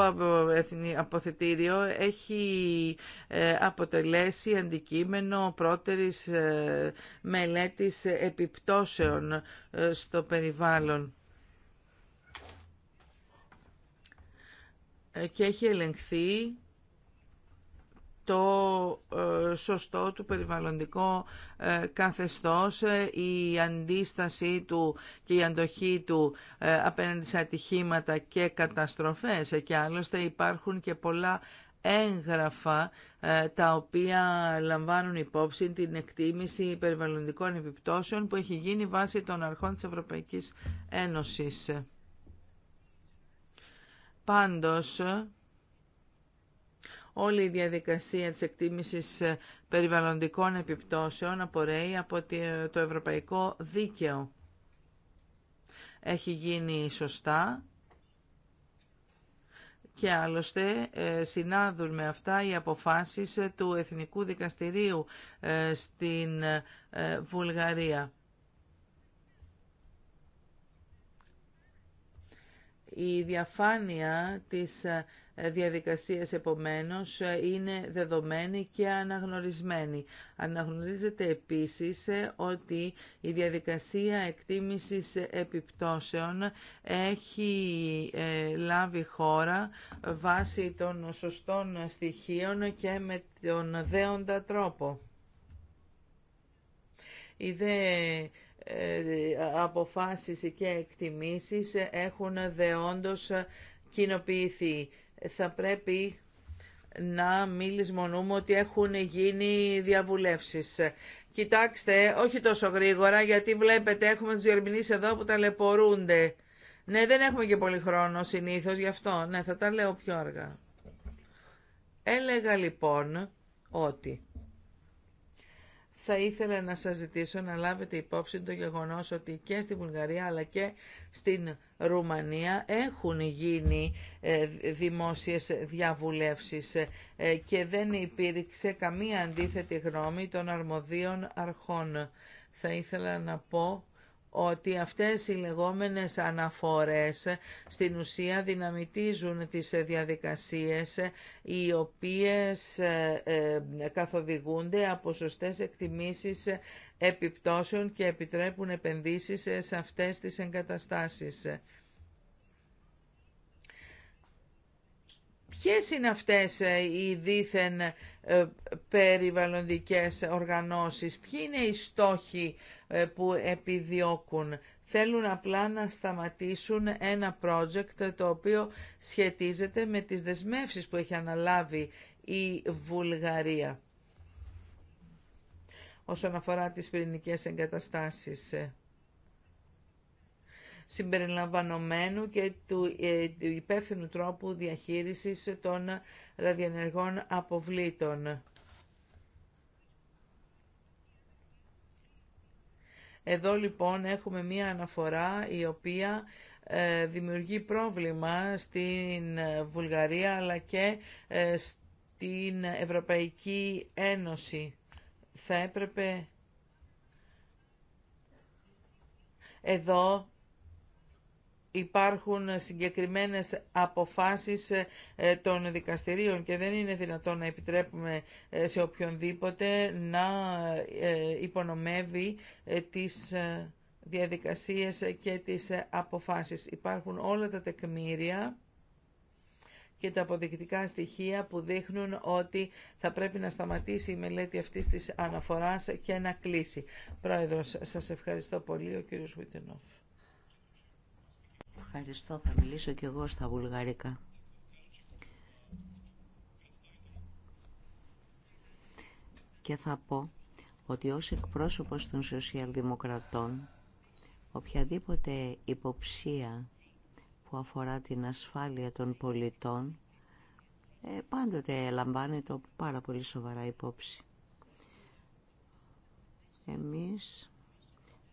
αποθετήριο έχει ε, αποτελέσει αντικείμενο πρώτερης ε, μελέτης επιπτώσεων στο περιβάλλον. Ε, και έχει ελεγχθεί το ε, σωστό του περιβαλλοντικό ε, καθεστώς, η αντίστασή του και η αντοχή του απέναντι σε ατυχήματα και καταστροφές. Και άλλωστε υπάρχουν και πολλά έγγραφα τα οποία λαμβάνουν υπόψη την εκτίμηση περιβαλλοντικών επιπτώσεων που έχει γίνει βάσει των αρχών της Ευρωπαϊκής Ένωσης. Πάντως, όλη η διαδικασία της εκτίμησης περιβαλλοντικών επιπτώσεων απορρέει από το ευρωπαϊκό δίκαιο. Έχει γίνει σωστά και άλλωστε ε, συνάδουν με αυτά οι αποφάσεις του Εθνικού Δικαστηρίου ε, στην ε, Βουλγαρία. Η διαφάνεια της ε, διαδικασίας επομένως ε, είναι δεδομένη και αναγνωρισμένη. Αναγνωρίζεται επίσης ε, ότι η διαδικασία εκτίμησης επιπτώσεων έχει λάβει χώρα βάσει των σωστών στοιχείων και με τον δέοντα τρόπο. Η δε ε, αποφάσεις και εκτιμήσεις έχουν δεόντως κοινοποιηθεί. Θα πρέπει να μην λησμονούμε ότι έχουν γίνει διαβουλεύσεις. Κοιτάξτε, όχι τόσο γρήγορα, γιατί βλέπετε έχουμε τους διερμηνείς εδώ που ταλαιπωρούνται. Ναι, δεν έχουμε και πολύ χρόνο συνήθως γι' αυτό. Ναι, θα τα λέω πιο αργά. Έλεγα λοιπόν ότι θα ήθελα να σας ζητήσω να λάβετε υπόψη το γεγονός ότι και στη Βουλγαρία αλλά και στην Ρουμανία έχουν γίνει ε, δημόσιες διαβουλεύσεις ε, και δεν υπήρξε καμία αντίθετη γνώμη των αρμοδίων αρχών. Θα ήθελα να πω ότι αυτές οι λεγόμενες αναφορές στην ουσία δυναμητίζουν τις διαδικασίες οι οποίες ε, ε, καθοδηγούνται από σωστές εκτιμήσεις επιπτώσεων και επιτρέπουν επενδύσεις σε αυτές τις εγκαταστάσεις. Ποιες είναι αυτές ε, οι δήθεν ε, περιβαλλοντικές οργανώσεις. Ποιοι είναι οι στόχοι ε, που επιδιώκουν. Θέλουν απλά να σταματήσουν ένα project το οποίο σχετίζεται με τις δεσμεύσεις που έχει αναλάβει η Βουλγαρία όσον αφορά τις πυρηνικές εγκαταστάσεις συμπεριλαμβανομένου και ε, του υπεύθυνου τρόπου διαχείρισης των ραδιενεργών αποβλήτων. Εδώ λοιπόν έχουμε μία αναφορά η οποία ε, δημιουργεί πρόβλημα στην Βουλγαρία αλλά και ε, στην Ευρωπαϊκή Ένωση. Θα έπρεπε εδώ υπάρχουν συγκεκριμένες αποφάσεις ε, των δικαστηρίων και δεν είναι δυνατόν να επιτρέπουμε ε, σε οποιονδήποτε να ε, υπονομεύει τις διαδικασίες και τις αποφάσεις. Υπάρχουν όλα τα τεκμήρια και τα αποδεικτικά στοιχεία που δείχνουν ότι θα πρέπει να σταματήσει η μελέτη αυτής της αναφοράς και να κλείσει. Πρόεδρος, σας ευχαριστώ πολύ, ο κύριος Ευχαριστώ. Θα μιλήσω και εγώ στα βουλγαρικά. Και θα πω ότι ως εκπρόσωπος των σοσιαλδημοκρατών οποιαδήποτε υποψία που αφορά την ασφάλεια των πολιτών ε, πάντοτε λαμβάνεται πάρα πολύ σοβαρά υπόψη. Εμείς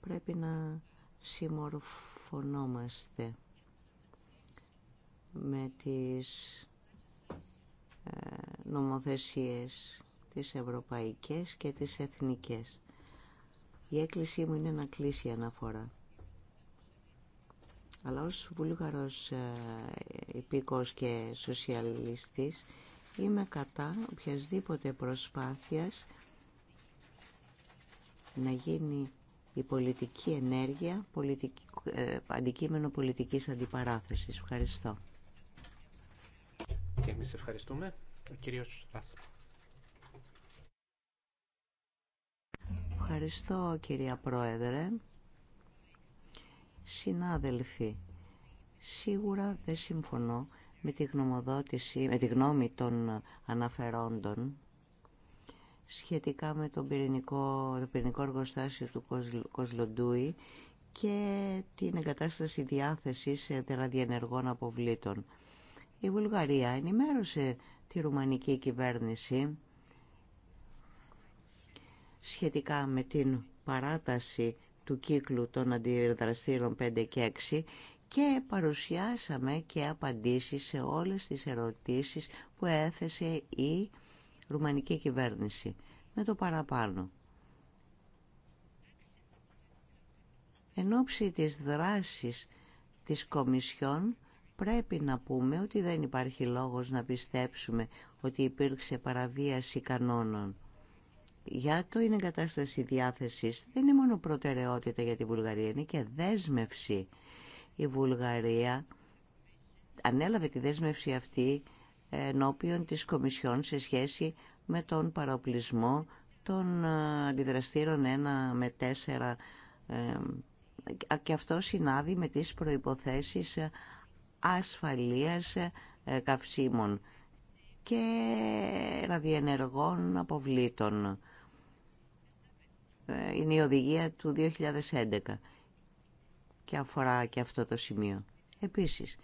πρέπει να συμμορφωνόμαστε με τις ε, νομοθεσίες τις ευρωπαϊκές και τις εθνικές. Η έκκλησή μου είναι να κλείσει η αναφορά. Αλλά ως βουλγαρός ε, υπήκος και σοσιαλιστής είμαι κατά οποιασδήποτε προσπάθειας να γίνει η πολιτική ενέργεια ε, αντικείμενο πολιτικής αντιπαράθεσης. Ευχαριστώ ευχαριστούμε. Ο κύριος Ευχαριστώ κυρία Πρόεδρε. Συνάδελφοι, σίγουρα δεν συμφωνώ με τη, γνωμοδότηση, με τη γνώμη των αναφερόντων σχετικά με τον πυρηνικό, το πυρηνικό εργοστάσιο του Κοσλοντούι και την εγκατάσταση διάθεσης ραδιενεργών αποβλήτων. Η Βουλγαρία ενημέρωσε τη ρουμανική κυβέρνηση σχετικά με την παράταση του κύκλου των αντιδραστήρων 5 και 6 και παρουσιάσαμε και απαντήσεις σε όλες τις ερωτήσεις που έθεσε η ρουμανική κυβέρνηση με το παραπάνω. Εν ώψη της δράσης της Κομισιόν πρέπει να πούμε ότι δεν υπάρχει λόγος να πιστέψουμε ότι υπήρξε παραβίαση κανόνων. Για το είναι κατάσταση διάθεσης δεν είναι μόνο προτεραιότητα για τη Βουλγαρία, είναι και δέσμευση. Η Βουλγαρία ανέλαβε τη δέσμευση αυτή ενώπιον της Κομισιόν σε σχέση με τον παροπλισμό των ε, αντιδραστήρων 1 με 4 ε, και αυτό συνάδει με τις προϋποθέσεις ασφαλείας ε, ε, καυσίμων και ραδιενεργών αποβλήτων. Ε, είναι η οδηγία του 2011 και αφορά και αυτό το σημείο. Επίσης,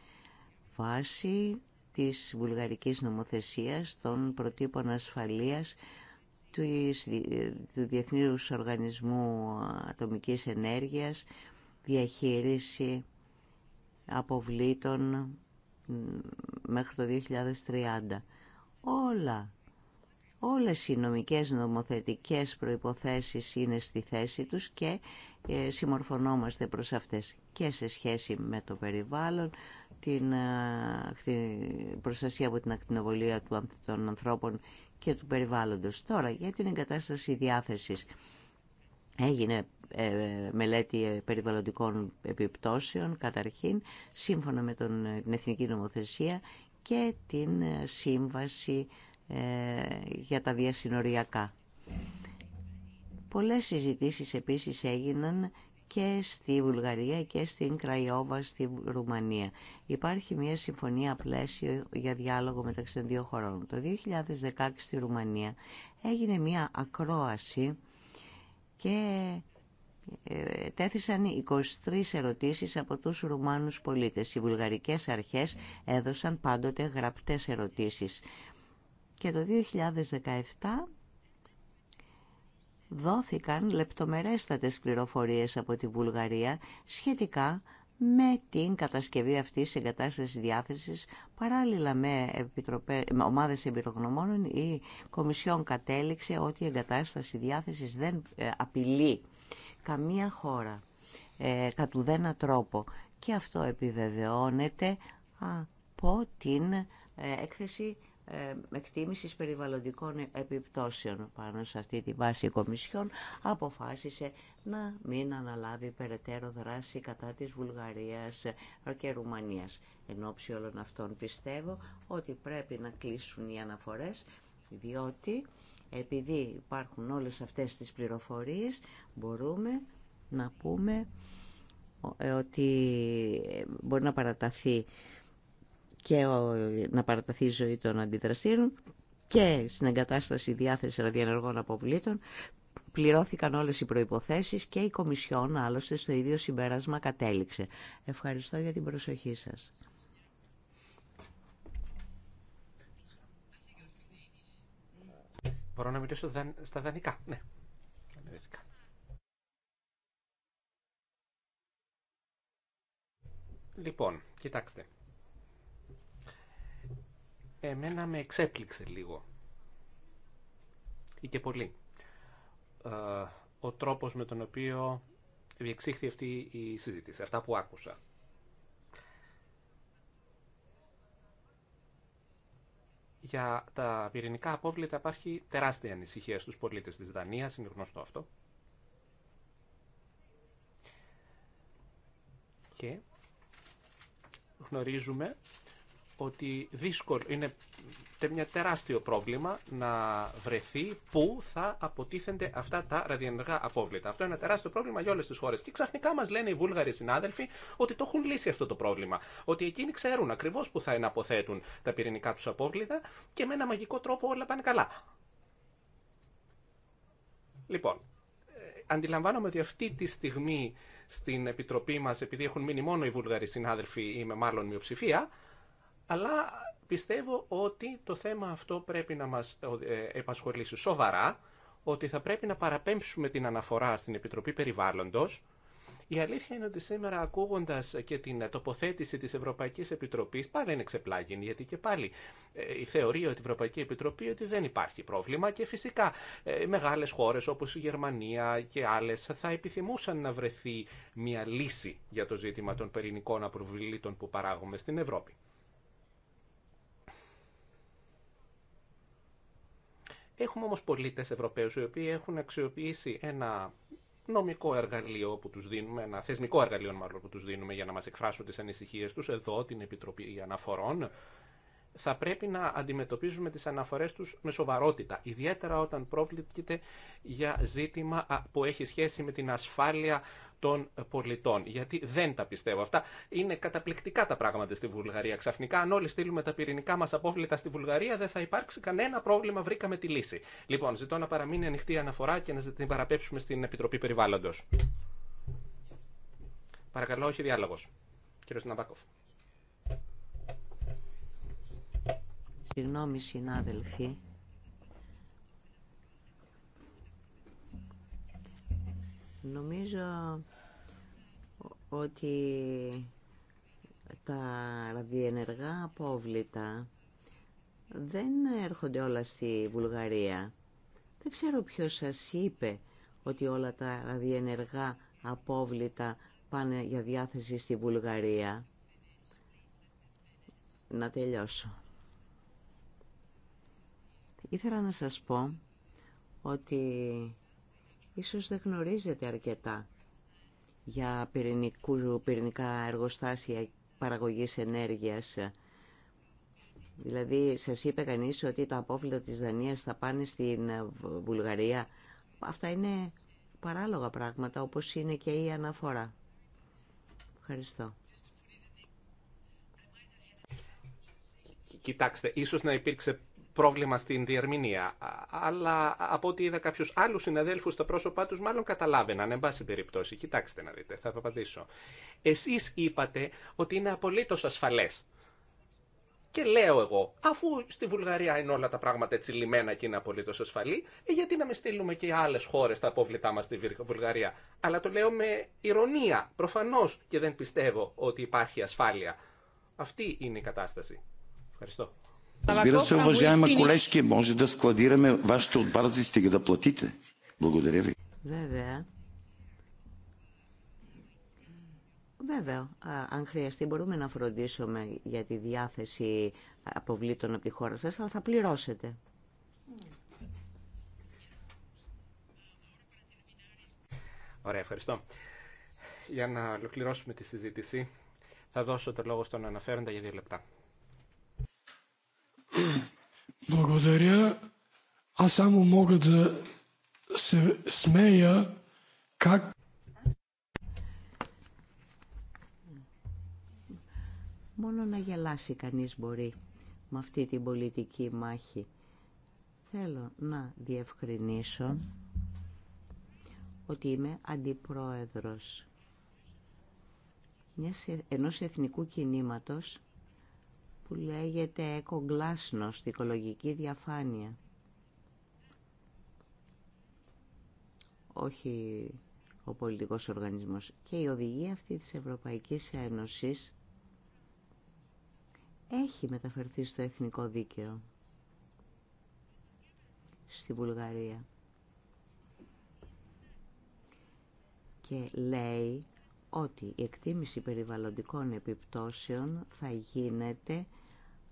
βάση της βουλγαρικής νομοθεσίας των προτύπων ασφαλείας του Διεθνούς Οργανισμού Ατομικής Ενέργειας, διαχείριση αποβλήτων μέχρι το 2030. Όλα, όλες οι νομικές νομοθετικές προϋποθέσεις είναι στη θέση τους και ε, συμμορφωνόμαστε προς αυτές και σε σχέση με το περιβάλλον, την ε, προστασία από την ακτινοβολία των ανθρώπων και του περιβάλλοντος. Τώρα για την εγκατάσταση διάθεσης έγινε ε, μελέτη περιβαλλοντικών επιπτώσεων καταρχήν σύμφωνα με τον, την Εθνική Νομοθεσία και την ε, Σύμβαση ε, για τα διασυνοριακά. Πολλές συζητήσεις επίσης έγιναν και στη Βουλγαρία και στην Κραϊόβα, στη Ρουμανία. Υπάρχει μια συμφωνία πλαίσιο για διάλογο μεταξύ των δύο χωρών. Το 2016 στη Ρουμανία έγινε μια ακρόαση και τέθησαν 23 ερωτήσεις από τους Ρουμάνους πολίτες. Οι βουλγαρικές αρχές έδωσαν πάντοτε γραπτές ερωτήσεις. Και το 2017 δόθηκαν λεπτομερέστατες πληροφορίες από τη Βουλγαρία σχετικά με την κατασκευή αυτής της εγκατάστασης διάθεσης παράλληλα με, επιτροπέ, με ομάδες εμπειρογνωμόνων η Κομισιόν κατέληξε ότι η εγκατάσταση διάθεσης δεν ε, απειλεί καμία χώρα, ε, κατ' ουδένα τρόπο. Και αυτό επιβεβαιώνεται από την ε, έκθεση ε, εκτίμησης περιβαλλοντικών επιπτώσεων πάνω σε αυτή τη βάση η αποφάσισε να μην αναλάβει περαιτέρω δράση κατά της Βουλγαρίας και Ρουμανίας. Εν ώψη όλων αυτών πιστεύω ότι πρέπει να κλείσουν οι αναφορές διότι επειδή υπάρχουν όλες αυτές τις πληροφορίες, μπορούμε να πούμε ε, ότι ε, μπορεί να παραταθεί και να παραταθεί η ζωή των αντιδραστήρων και στην εγκατάσταση διάθεση ραδιενεργών αποβλήτων πληρώθηκαν όλες οι προϋποθέσεις και η Κομισιόν άλλωστε στο ίδιο συμπέρασμα κατέληξε. Ευχαριστώ για την προσοχή σας. Μπορώ να μιλήσω στα δανεικά. Ναι. Λοιπόν, κοιτάξτε. Εμένα με εξέπληξε λίγο ή και πολύ ε, ο τρόπος με τον οποίο διεξήχθη αυτή η συζήτηση, αυτά που άκουσα. για τα πυρηνικά απόβλητα υπάρχει τεράστια ανησυχία στους πολίτες της Δανίας, είναι γνωστό αυτό. Και γνωρίζουμε ότι δύσκολο, είναι μια τεράστιο πρόβλημα να βρεθεί πού θα αποτίθενται αυτά τα ραδιενεργά απόβλητα. Αυτό είναι ένα τεράστιο πρόβλημα για όλε τι χώρε. Και ξαφνικά μα λένε οι Βούλγαροι συνάδελφοι ότι το έχουν λύσει αυτό το πρόβλημα. Ότι εκείνοι ξέρουν ακριβώ πού θα εναποθέτουν τα πυρηνικά του απόβλητα και με ένα μαγικό τρόπο όλα πάνε καλά. Λοιπόν, ε, αντιλαμβάνομαι ότι αυτή τη στιγμή στην Επιτροπή μας, επειδή έχουν μείνει μόνο οι Βούλγαροι συνάδελφοι, ή με μάλλον μειοψηφία, αλλά Πιστεύω ότι το θέμα αυτό πρέπει να μας ε, ε, επασχολήσει σοβαρά, ότι θα πρέπει να παραπέμψουμε την αναφορά στην Επιτροπή Περιβάλλοντος. Η αλήθεια είναι ότι σήμερα ακούγοντας και την τοποθέτηση της Ευρωπαϊκής Επιτροπής, πάλι είναι ξεπλάγινη, γιατί και πάλι ε, η θεωρία ότι η Ευρωπαϊκή Επιτροπή ότι δεν υπάρχει πρόβλημα και φυσικά μεγάλες χώρες όπως η Γερμανία και άλλες θα επιθυμούσαν να βρεθεί μια λύση για το ζήτημα των πυρηνικών απροβλήτων που παράγουμε στην Ευρώπη. Έχουμε όμως πολίτες Ευρωπαίους οι οποίοι έχουν αξιοποιήσει ένα νομικό εργαλείο που τους δίνουμε, ένα θεσμικό εργαλείο μάλλον που τους δίνουμε για να μας εκφράσουν τις ανησυχίες τους εδώ, την Επιτροπή Αναφορών, θα πρέπει να αντιμετωπίζουμε τις αναφορές τους με σοβαρότητα, ιδιαίτερα όταν πρόκειται για ζήτημα που έχει σχέση με την ασφάλεια των πολιτών. Γιατί δεν τα πιστεύω αυτά. Είναι καταπληκτικά τα πράγματα στη Βουλγαρία. Ξαφνικά, αν όλοι στείλουμε τα πυρηνικά μα απόβλητα στη Βουλγαρία, δεν θα υπάρξει κανένα πρόβλημα. Βρήκαμε τη λύση. Λοιπόν, ζητώ να παραμείνει ανοιχτή η αναφορά και να την παραπέψουμε στην Επιτροπή Περιβάλλοντο. Παρακαλώ, όχι διάλογο. Κύριο Ναμπάκοφ. Συγγνώμη, συνάδελφοι. Νομίζω ότι τα ραδιενεργά απόβλητα δεν έρχονται όλα στη Βουλγαρία. Δεν ξέρω ποιος σας είπε ότι όλα τα ραδιενεργά απόβλητα πάνε για διάθεση στη Βουλγαρία. Να τελειώσω. Ήθελα να σας πω ότι Ίσως δεν γνωρίζετε αρκετά για πυρηνικού, πυρηνικά εργοστάσια παραγωγής ενέργειας. Δηλαδή, σας είπε κανείς ότι τα απόβλητα της Δανίας θα πάνε στην Βουλγαρία. Αυτά είναι παράλογα πράγματα, όπως είναι και η αναφορά. Ευχαριστώ. Κοιτάξτε, ίσως να υπήρξε πρόβλημα στην διερμηνία. Αλλά από ό,τι είδα κάποιου άλλου συναδέλφου, τα πρόσωπά του μάλλον καταλάβαιναν, εν πάση περιπτώσει. Κοιτάξτε να δείτε, θα απαντήσω. Εσεί είπατε ότι είναι απολύτω ασφαλέ. Και λέω εγώ, αφού στη Βουλγαρία είναι όλα τα πράγματα έτσι λιμένα και είναι απολύτω ασφαλή, ε, γιατί να με στείλουμε και άλλε χώρε τα απόβλητά μα στη Βουλγαρία. Αλλά το λέω με ηρωνία, προφανώ και δεν πιστεύω ότι υπάρχει ασφάλεια. Αυτή είναι η κατάσταση. Ευχαριστώ. Разбира се, колежки, може да складираме вашите стига да платите. Благодаря ви. Βέβαια. Βέβαια, αν χρειαστεί μπορούμε να φροντίσουμε για τη διάθεση αποβλήτων από τη χώρα σας, αλλά θα πληρώσετε. Ωραία, ευχαριστώ. Για να ολοκληρώσουμε τη συζήτηση, θα δώσω το λόγο στον αναφέροντα για δύο λεπτά. Благодаря. Μόνο να γελάσει κανείς μπορεί με αυτή την πολιτική μάχη. Θέλω να διευκρινίσω ότι είμαι αντιπρόεδρος ενός εθνικού κινήματος που λέγεται τη οικολογική διαφάνεια. Όχι ο πολιτικός οργανισμός. Και η οδηγία αυτή της Ευρωπαϊκής Ένωσης έχει μεταφερθεί στο εθνικό δίκαιο στη Βουλγαρία. Και λέει ότι η εκτίμηση περιβαλλοντικών επιπτώσεων θα γίνεται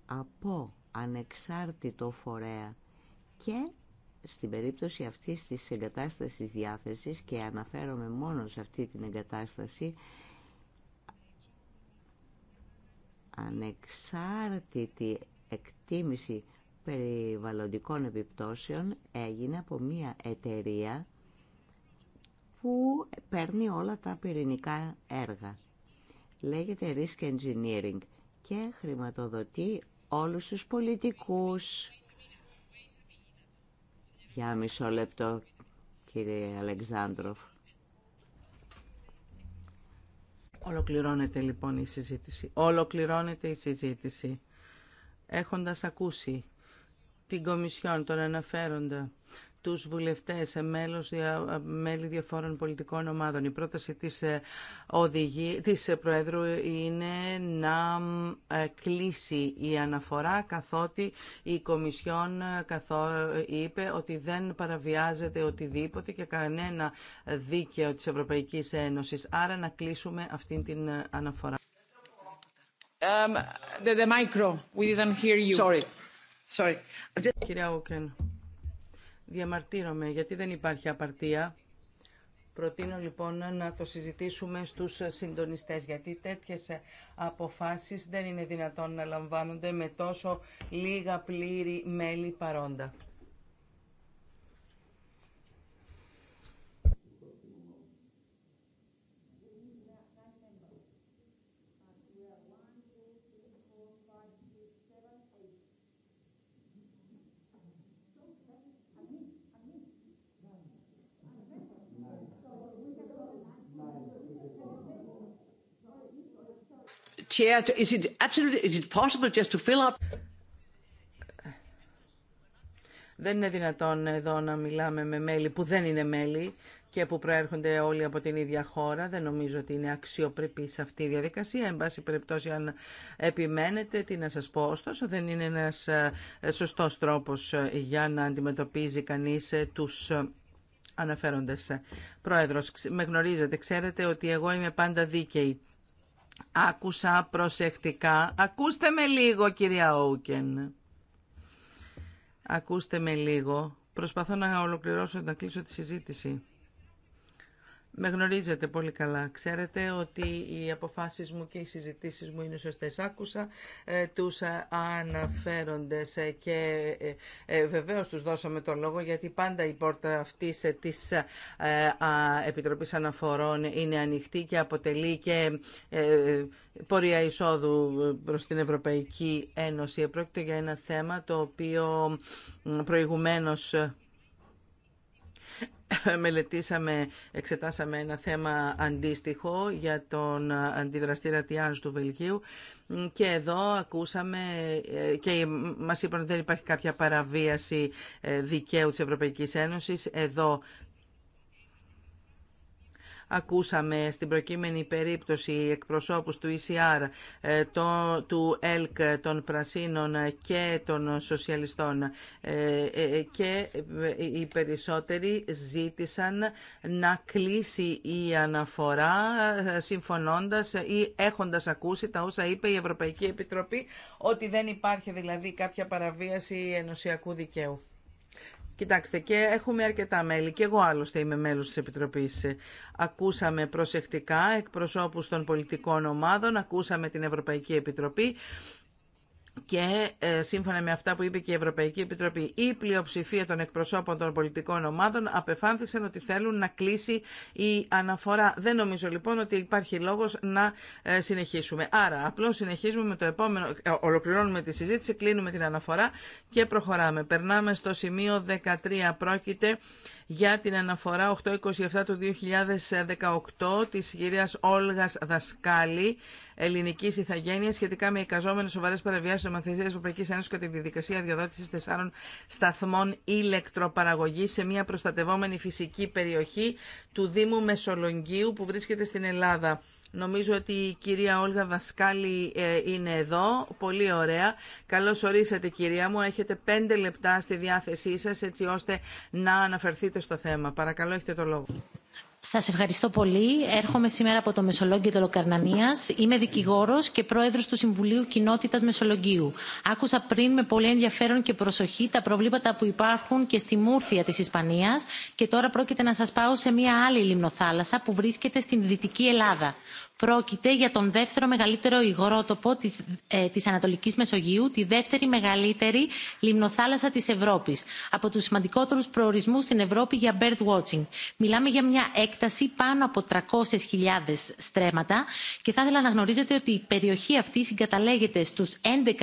από ανεξάρτητο φορέα και στην περίπτωση αυτής της εγκατάστασης διάθεσης και αναφέρομαι μόνο σε αυτή την εγκατάσταση ανεξάρτητη εκτίμηση περιβαλλοντικών επιπτώσεων έγινε από μια εταιρεία που παίρνει όλα τα πυρηνικά έργα. Λέγεται Risk Engineering και χρηματοδοτεί όλους τους πολιτικούς. Για μισό λεπτό, κύριε Αλεξάνδροφ. Ολοκληρώνεται λοιπόν η συζήτηση. Ολοκληρώνεται η συζήτηση. Έχοντας ακούσει την Κομισιόν, τον αναφέροντα τους βουλευτές, ε, μέλος, ε, ε, μέλη διαφόρων πολιτικών ομάδων. Η πρόταση της, οδηγή, της Προέδρου είναι να κλείσει η αναφορά καθότι η Κομισιόν καθό, είπε ότι δεν παραβιάζεται οτιδήποτε και κανένα δίκαιο της Ευρωπαϊκής Ένωσης. Άρα να κλείσουμε αυτή την αναφορά. Um, the, micro. We didn't Sorry. Sorry. Διαμαρτύρομαι γιατί δεν υπάρχει απαρτία. Προτείνω λοιπόν να το συζητήσουμε στους συντονιστές, γιατί τέτοιες αποφάσεις δεν είναι δυνατόν να λαμβάνονται με τόσο λίγα πλήρη μέλη παρόντα. Δεν είναι δυνατόν εδώ να μιλάμε με μέλη που δεν είναι μέλη και που προέρχονται όλοι από την ίδια χώρα. Δεν νομίζω ότι είναι αξιοπρεπή σε αυτή η διαδικασία. Εν πάση περιπτώσει, αν επιμένετε, τι να σας πω. Ωστόσο, δεν είναι ένας ε, σωστός τρόπος ε, για να αντιμετωπίζει κανείς ε, τους αναφέροντες. Πρόεδρος, με γνωρίζετε, ξέρετε ότι εγώ είμαι πάντα δίκαιη. Άκουσα προσεκτικά. Ακούστε με λίγο, κυρία Όουκεν. Ακούστε με λίγο. Προσπαθώ να ολοκληρώσω, να κλείσω τη συζήτηση. Με γνωρίζετε πολύ καλά. Ξέρετε ότι οι αποφάσεις μου και οι συζητήσεις μου είναι σωστές. Άκουσα ε, τους ε, αναφέροντες ε, και ε, ε, βεβαίως τους δώσαμε το λόγο γιατί πάντα η πόρτα αυτής της Επιτροπής Αναφορών είναι ανοιχτή και αποτελεί και πορεία εισόδου προς την Ευρωπαϊκή Ένωση. Επρόκειτο για ένα θέμα το οποίο προηγουμένως μελετήσαμε, εξετάσαμε ένα θέμα αντίστοιχο για τον αντιδραστήρα Τιάνς του Βελγίου και εδώ ακούσαμε και μας είπαν ότι δεν υπάρχει κάποια παραβίαση ε, δικαίου της Ευρωπαϊκής Ένωσης. Εδώ Ακούσαμε στην προκείμενη περίπτωση εκπροσώπους του ECR, ε, το, του ΕΛΚ, των Πρασίνων και των Σοσιαλιστών ε, ε, και οι περισσότεροι ζήτησαν να κλείσει η αναφορά συμφωνώντας ή έχοντας ακούσει τα όσα είπε η Ευρωπαϊκή Επιτροπή ότι δεν υπάρχει δηλαδή κάποια παραβίαση ενωσιακού δικαίου. Κοιτάξτε, και έχουμε αρκετά μέλη. Και εγώ άλλωστε είμαι μέλο τη επιτροπή. Ακούσαμε προσεκτικά εκπροσώπους των πολιτικών ομάδων, ακούσαμε την Ευρωπαϊκή Επιτροπή και ε, σύμφωνα με αυτά που είπε και η Ευρωπαϊκή Επιτροπή, η πλειοψηφία των εκπροσώπων των πολιτικών ομάδων απεφάνθησαν ότι θέλουν να κλείσει η αναφορά. Δεν νομίζω λοιπόν ότι υπάρχει λόγος να ε, συνεχίσουμε. Άρα, απλώς συνεχίζουμε με το επόμενο, ε, ολοκληρώνουμε τη συζήτηση, κλείνουμε την αναφορά και προχωράμε. Περνάμε στο σημείο 13. Πρόκειται για την αναφορά 827 του 2018 της κυρίας Όλγας Δασκάλη, ελληνική ηθαγένεια, σχετικά με εικαζόμενε σοβαρέ παραβιάσεις των μαθησία Ευρωπαϊκή Ένωση κατά τη διαδικασία διαδότηση τεσσάρων σταθμών ηλεκτροπαραγωγή σε μια προστατευόμενη φυσική περιοχή του Δήμου Μεσολογγίου που βρίσκεται στην Ελλάδα. Νομίζω ότι η κυρία Όλγα Βασκάλη ε, είναι εδώ. Πολύ ωραία. Καλώς ορίσατε κυρία μου. Έχετε πέντε λεπτά στη διάθεσή σας έτσι ώστε να αναφερθείτε στο θέμα. Παρακαλώ έχετε το λόγο. Σα ευχαριστώ πολύ. Έρχομαι σήμερα από το Μεσολόγγιο Λοκαρνανίας. Είμαι δικηγόρο και πρόεδρο του Συμβουλίου Κοινότητα Μεσολογγίου. Άκουσα πριν με πολύ ενδιαφέρον και προσοχή τα προβλήματα που υπάρχουν και στη Μούρθια τη Ισπανία και τώρα πρόκειται να σα πάω σε μια άλλη λιμνοθάλασσα που βρίσκεται στην Δυτική Ελλάδα. Πρόκειται για τον δεύτερο μεγαλύτερο υγρότοπο ε, της, Ανατολικής Μεσογείου, τη δεύτερη μεγαλύτερη λιμνοθάλασσα της Ευρώπης, από τους σημαντικότερους προορισμούς στην Ευρώπη για bird watching. Μιλάμε για μια έκταση πάνω από 300.000 στρέμματα και θα ήθελα να γνωρίζετε ότι η περιοχή αυτή συγκαταλέγεται στους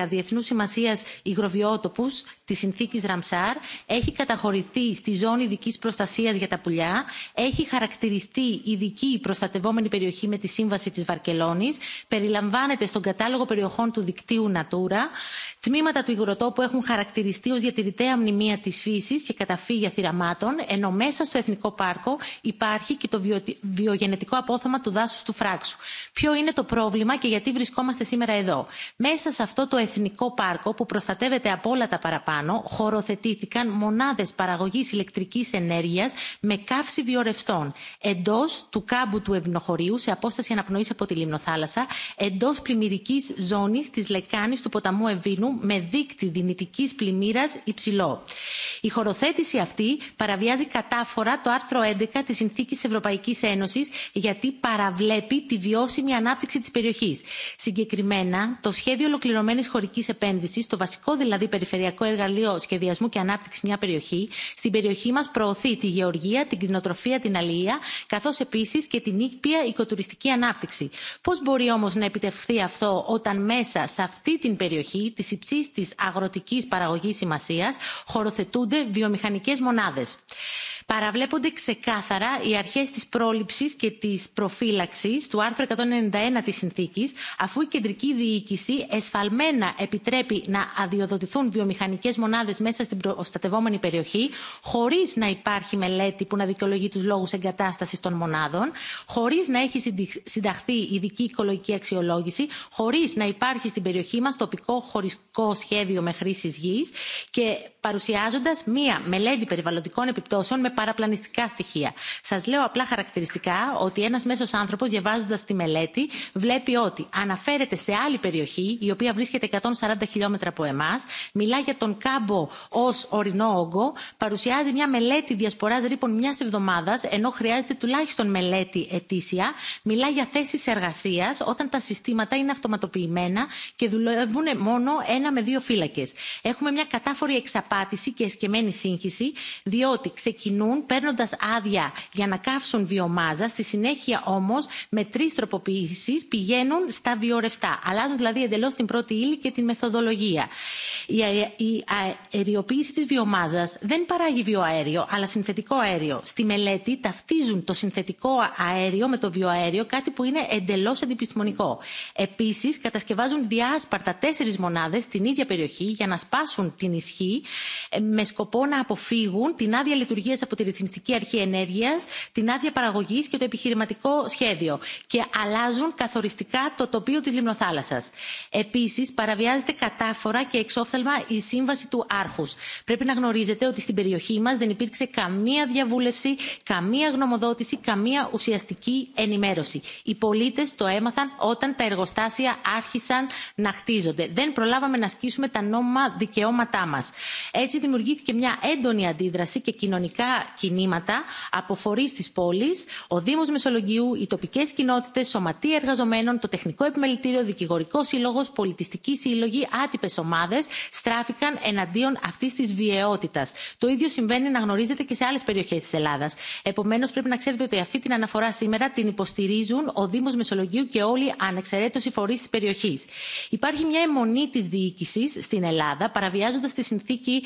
11 διεθνούς σημασίας υγροβιότοπους της συνθήκης Ραμσάρ, έχει καταχωρηθεί στη ζώνη ειδική προστασίας για τα πουλιά, έχει χαρακτηριστεί ειδική προστατευόμενη περιοχή με τη σύμβαση Τη της Βαρκελόνης, περιλαμβάνεται στον κατάλογο περιοχών του δικτύου Natura, τμήματα του υγροτόπου έχουν χαρακτηριστεί ως διατηρητέα μνημεία της φύσης και καταφύγια θυραμάτων, ενώ μέσα στο Εθνικό Πάρκο υπάρχει και το βιογενετικό απόθεμα του δάσους του Φράξου. Ποιο είναι το πρόβλημα και γιατί βρισκόμαστε σήμερα εδώ. Μέσα σε αυτό το Εθνικό Πάρκο που προστατεύεται από όλα τα παραπάνω, χωροθετήθηκαν μονάδες παραγωγής ηλεκτρικής ενέργειας με καύση βιορευστών εντός του κάμπου του Ευνοχωρίου σε απόσταση αναπνευστικής αναπνοής από τη Λιμνοθάλασσα εντός πλημμυρικής ζώνης της λεκάνης του ποταμού Εβίνου με δίκτυ δυνητικής πλημμύρας υψηλό. Η χωροθέτηση αυτή παραβιάζει κατάφορα το άρθρο 11 της Συνθήκης Ευρωπαϊκής Ένωσης γιατί παραβλέπει τη βιώσιμη ανάπτυξη της περιοχής. Συγκεκριμένα, το σχέδιο ολοκληρωμένης χωρικής επένδυσης, το βασικό δηλαδή περιφερειακό εργαλείο σχεδιασμού και ανάπτυξη μια περιοχή, στην περιοχή μας προωθεί τη γεωργία, την κτηνοτροφία, την αλληλεία, καθώς επίσης και την ήπια οικοτουριστική ανάπτυξη ανάπτυξη. Πώς μπορεί όμως να επιτευχθεί αυτό όταν μέσα σε αυτή την περιοχή της της αγροτικής παραγωγής σημασίας χωροθετούνται βιομηχανικές μονάδες παραβλέπονται ξεκάθαρα οι αρχές της πρόληψης και της προφύλαξης του άρθρου 191 της συνθήκης αφού η κεντρική διοίκηση εσφαλμένα επιτρέπει να αδειοδοτηθούν βιομηχανικές μονάδες μέσα στην προστατευόμενη περιοχή χωρίς να υπάρχει μελέτη που να δικαιολογεί τους λόγους εγκατάστασης των μονάδων χωρίς να έχει συνταχθεί ειδική οικολογική αξιολόγηση χωρίς να υπάρχει στην περιοχή μας τοπικό χωριστικό σχέδιο με χρήση γης και παρουσιάζοντας μία μελέτη περιβαλλοντικών επιπτώσεων με παραπλανητικά στοιχεία. Σας λέω απλά χαρακτηριστικά ότι ένας μέσος άνθρωπος διαβάζοντας τη μελέτη βλέπει ότι αναφέρεται σε άλλη περιοχή η οποία βρίσκεται 140 χιλιόμετρα από εμάς, μιλά για τον κάμπο ως ορεινό όγκο, παρουσιάζει μια μελέτη διασποράς ρήπων μιας εβδομάδας ενώ χρειάζεται τουλάχιστον μελέτη ετήσια, μιλά για θέσεις εργασίας όταν τα συστήματα είναι αυτοματοποιημένα και δουλεύουν μόνο ένα με δύο φύλακες. Έχουμε μια κατάφορη εξαπάτηση απάτηση και εσκεμμένη σύγχυση, διότι ξεκινούν παίρνοντα άδεια για να καύσουν βιομάζα, στη συνέχεια όμω με τρει τροποποιήσει πηγαίνουν στα βιορευστά. Αλλάζουν δηλαδή εντελώ την πρώτη ύλη και την μεθοδολογία. Η, η αεριοποίηση τη βιομάζα δεν παράγει βιοαέριο, αλλά συνθετικό αέριο. Στη μελέτη ταυτίζουν το συνθετικό αέριο με το βιοαέριο, κάτι που είναι εντελώ αντιπιστημονικό. Επίση, κατασκευάζουν διάσπαρτα τέσσερι μονάδε στην ίδια περιοχή για να σπάσουν την ισχύ ε, με σκοπό να αποφύγουν την άδεια λειτουργία από τη Ρυθμιστική Αρχή Ενέργεια, την άδεια παραγωγή και το επιχειρηματικό σχέδιο και αλλάζουν καθοριστικά το τοπίο τη λιμνοθάλασσα. Επίση, παραβιάζεται κατάφορα και εξόφθαλμα η σύμβαση του Άρχου. Πρέπει να γνωρίζετε ότι στην περιοχή μα δεν υπήρξε καμία διαβούλευση, καμία γνωμοδότηση, καμία ουσιαστική ενημέρωση. Οι πολίτε το έμαθαν όταν τα εργοστάσια άρχισαν να χτίζονται. Δεν προλάβαμε να ασκήσουμε τα νόμιμα δικαιώματά μα. Έτσι δημιουργήθηκε μια έντονη αντίδραση και κοινωνικά κινήματα από φορεί τη πόλη, ο Δήμο Μεσολογγιού, οι τοπικέ κοινότητε, σωματεία εργαζομένων, το τεχνικό επιμελητήριο, δικηγορικό σύλλογο, πολιτιστικοί σύλλογοι, άτυπε ομάδε στράφηκαν εναντίον αυτή τη βιαιότητα. Το ίδιο συμβαίνει να γνωρίζετε και σε άλλε περιοχέ τη Ελλάδα. Επομένω, πρέπει να ξέρετε ότι αυτή την αναφορά σήμερα την υποστηρίζουν ο Δήμο Μεσολογγίου και όλοι ανεξαιρέτω οι φορεί τη περιοχή. Υπάρχει μια αιμονή τη διοίκηση στην Ελλάδα, παραβιάζοντα τη συνθήκη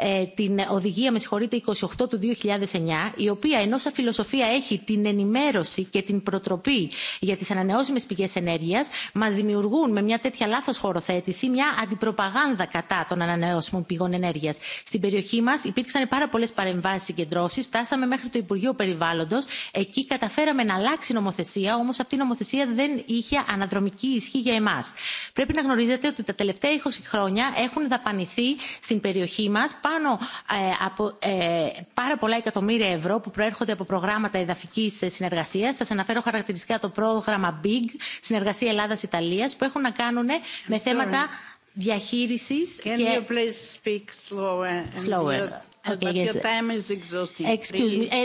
ε, την οδηγία, με συγχωρείτε, 28 του 2009, η οποία ενώ σαν φιλοσοφία έχει την ενημέρωση και την προτροπή για τις ανανεώσιμες πηγές ενέργειας, μας δημιουργούν με μια τέτοια λάθος χωροθέτηση μια αντιπροπαγάνδα κατά των ανανεώσιμων πηγών ενέργειας. Στην περιοχή μας υπήρξαν πάρα πολλέ παρεμβάσεις συγκεντρώσεις, φτάσαμε μέχρι το Υπουργείο Περιβάλλοντος, εκεί καταφέραμε να αλλάξει νομοθεσία, όμως αυτή η νομοθεσία δεν είχε αναδρομική ισχύ για εμάς. Πρέπει να γνωρίζετε ότι τα τελευταία 20 χρόνια έχουν δαπανηθεί στην περιοχή περιοχή μας πάνω ε, από ε, πάρα πολλά εκατομμύρια ευρώ που προέρχονται από προγράμματα εδαφικής ε, συνεργασίας. Σας αναφέρω χαρακτηριστικά το πρόγραμμα BIG, Συνεργασία Ελλάδας-Ιταλίας, που έχουν να κάνουν με θέματα διαχείρισης και...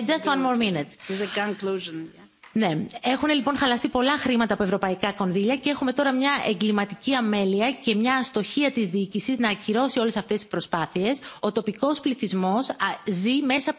just one more minute. Ναι. Έχουν λοιπόν χαλαστεί πολλά χρήματα από ευρωπαϊκά κονδύλια και έχουμε τώρα μια εγκληματική αμέλεια και μια αστοχία τη διοίκηση να ακυρώσει όλε αυτέ τι προσπάθειε. Ο τοπικό πληθυσμό ζει μέσα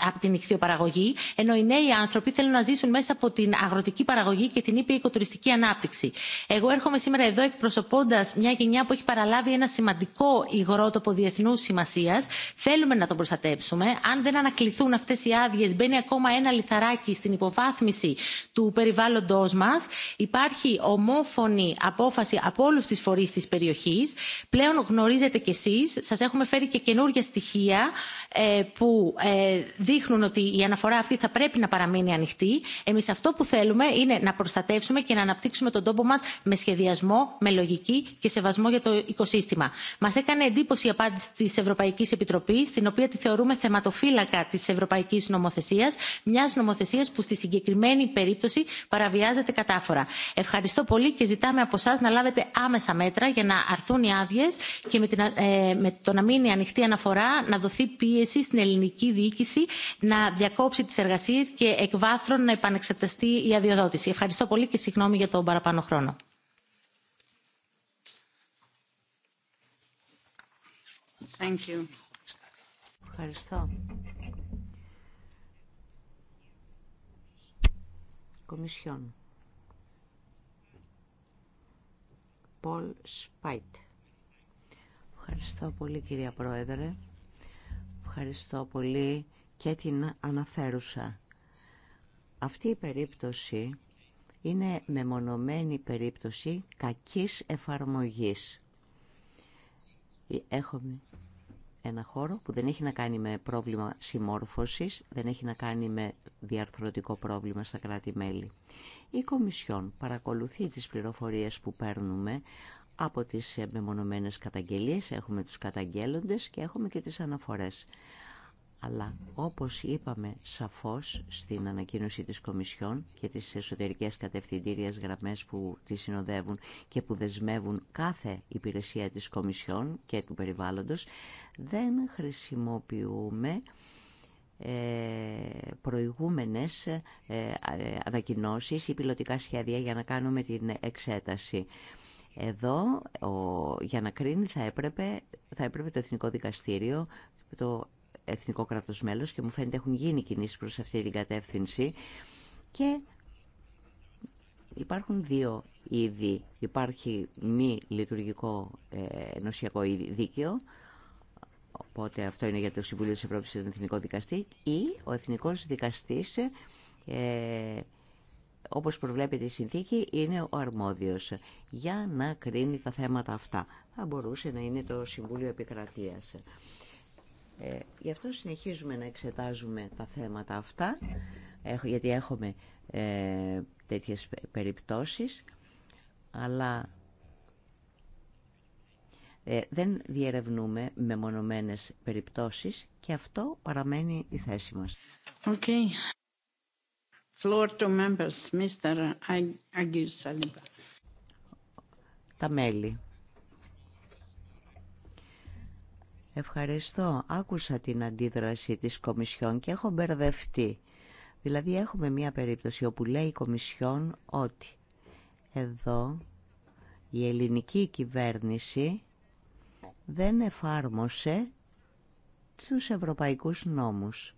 από την, ιχθυοπαραγωγή ενώ οι νέοι άνθρωποι θέλουν να ζήσουν μέσα από την αγροτική παραγωγή και την ήπια οικοτουριστική ανάπτυξη. Εγώ έρχομαι σήμερα εδώ εκπροσωπώντα μια γενιά που έχει παραλάβει ένα σημαντικό υγρότοπο διεθνού σημασία. Θέλουμε να τον προστατέψουμε. Αν δεν ανακληθούν αυτέ οι άδειε, μπαίνει ακόμα ένα λιθαράκι στην υποβάθμιση του περιβάλλοντός μας. Υπάρχει ομόφωνη απόφαση από όλους τις φορείς της περιοχής. Πλέον γνωρίζετε κι εσείς, σας έχουμε φέρει και καινούργια στοιχεία ε, που ε, δείχνουν ότι η αναφορά αυτή θα πρέπει να παραμείνει ανοιχτή. Εμείς αυτό που θέλουμε είναι να προστατεύσουμε και να αναπτύξουμε τον τόπο μας με σχεδιασμό, με λογική και σεβασμό για το οικοσύστημα. Μας έκανε εντύπωση η απάντηση της Ευρωπαϊκής Επιτροπής, την οποία τη θεωρούμε θεματοφύλακα της Ευρωπαϊκής Νομοθεσίας, μιας νομοθεσίας που στη συγκεκριμένη περίπτωση παραβιάζεται κατάφορα. Ευχαριστώ πολύ και ζητάμε από εσά να λάβετε άμεσα μέτρα για να αρθούν οι άδειε και ε, με, το να μείνει ανοιχτή αναφορά να δοθεί πίεση στην ελληνική διοίκηση να διακόψει τι εργασίε και εκ βάθρων να επανεξεταστεί η αδειοδότηση. Ευχαριστώ πολύ και συγγνώμη για τον παραπάνω χρόνο. Κομισιόν. Πολ Σπάιτ. Ευχαριστώ πολύ κυρία Πρόεδρε. Ευχαριστώ πολύ και την αναφέρουσα. Αυτή η περίπτωση είναι μεμονωμένη περίπτωση κακής εφαρμογής. Έχουμε ένα χώρο που δεν έχει να κάνει με πρόβλημα συμμόρφωσης, δεν έχει να κάνει με διαρθρωτικό πρόβλημα στα κράτη-μέλη. Η Κομισιόν παρακολουθεί τις πληροφορίες που παίρνουμε από τις μεμονωμένες καταγγελίες, έχουμε τους καταγγέλλοντες και έχουμε και τις αναφορές. Αλλά όπως είπαμε σαφώς στην ανακοίνωση της Κομισιόν και τις εσωτερικές κατευθυντήριες γραμμές που τη συνοδεύουν και που δεσμεύουν κάθε υπηρεσία της Κομισιόν και του περιβάλλοντος, δεν χρησιμοποιούμε ε, προηγούμενες ε, ανακοινώσεις ή πιλωτικά σχέδια για να κάνουμε την εξέταση. Εδώ, για να κρίνει, θα έπρεπε, θα έπρεπε το Εθνικό Δικαστήριο, το Εθνικό Κράτος Μέλος και μου φαίνεται έχουν γίνει κινήσεις προς αυτή την κατεύθυνση και υπάρχουν δύο είδη. Υπάρχει μη λειτουργικό ε, νοσιακό δίκαιο Οπότε αυτό είναι για το Συμβούλιο της Ευρώπης τον Εθνικό Δικαστή ή ο Εθνικός Δικαστής ε, όπως προβλέπεται η συνθήκη είναι ο αρμόδιος για να κρίνει τα θέματα αυτά. Θα μπορούσε να είναι το Συμβούλιο Επικρατείας. Ε, γι' αυτό συνεχίζουμε να εξετάζουμε τα θέματα αυτά γιατί έχουμε ε, τέτοιες περιπτώσεις αλλά ε, δεν διερευνούμε μεμονωμένες περιπτώσεις και αυτό παραμένει η θέση μας. Okay. Floor to members, Mr. Τα μέλη. Ευχαριστώ. Άκουσα την αντίδραση της Κομισιόν και έχω μπερδευτεί. Δηλαδή έχουμε μία περίπτωση όπου λέει η Κομισιόν ότι εδώ η ελληνική κυβέρνηση δεν εφάρμοσε τους ευρωπαϊκούς νόμους.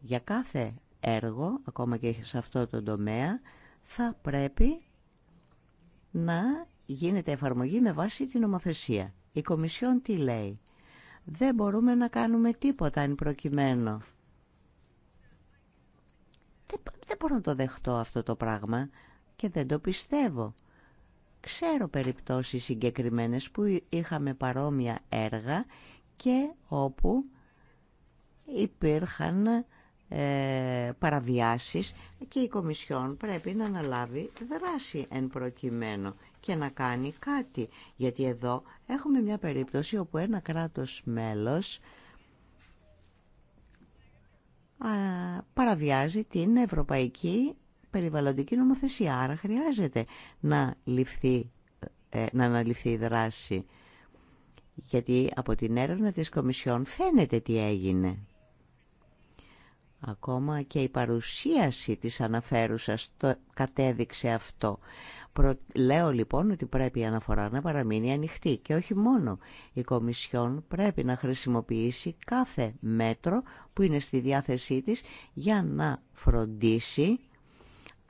Για κάθε έργο, ακόμα και σε αυτό το τομέα, θα πρέπει να γίνεται εφαρμογή με βάση την νομοθεσία. Η Κομισιόν τι λέει. Δεν μπορούμε να κάνουμε τίποτα αν προκειμένου. Δεν μπορώ να το δεχτώ αυτό το πράγμα και δεν το πιστεύω. Ξέρω περιπτώσεις συγκεκριμένες που είχαμε παρόμοια έργα και όπου υπήρχαν ε, παραβιάσεις και η Κομισιόν πρέπει να αναλάβει δράση εν προκειμένου και να κάνει κάτι. Γιατί εδώ έχουμε μια περίπτωση όπου ένα κράτος μέλος παραβιάζει την ευρωπαϊκή περιβαλλοντική νομοθεσία. Άρα χρειάζεται να, ληφθεί, ε, να αναλυφθεί η δράση. Γιατί από την έρευνα της Κομισιόν φαίνεται τι έγινε. Ακόμα και η παρουσίαση της αναφέρουσας το κατέδειξε αυτό. Λέω λοιπόν ότι πρέπει η αναφορά να παραμείνει ανοιχτή και όχι μόνο. Η Κομισιόν πρέπει να χρησιμοποιήσει κάθε μέτρο που είναι στη διάθεσή της για να φροντίσει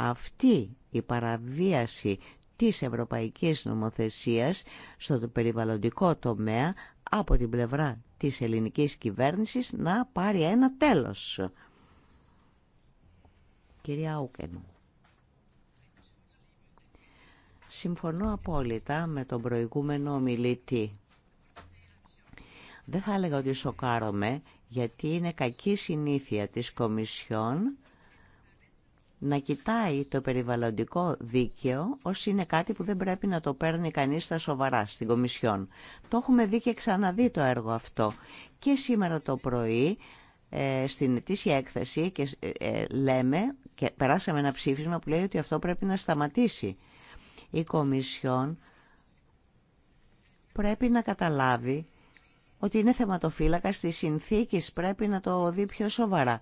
αυτή η παραβίαση της ευρωπαϊκής νομοθεσίας στο περιβαλλοντικό τομέα από την πλευρά της ελληνικής κυβέρνησης να πάρει ένα τέλος. Κυρία Ούκεν. Συμφωνώ απόλυτα με τον προηγούμενο ομιλητή. Δεν θα έλεγα ότι σοκάρομαι, γιατί είναι κακή συνήθεια της Κομισιόν να κοιτάει το περιβαλλοντικό δίκαιο ως είναι κάτι που δεν πρέπει να το παίρνει κανείς στα σοβαρά στην Κομισιόν. Το έχουμε δει και ξαναδεί το έργο αυτό. Και σήμερα το πρωί ε, στην ετήσια έκθεση και, ε, λέμε και περάσαμε ένα ψήφισμα που λέει ότι αυτό πρέπει να σταματήσει. Η Κομισιόν πρέπει να καταλάβει ότι είναι θεματοφύλακα τη συνθήκη πρέπει να το δει πιο σοβαρά.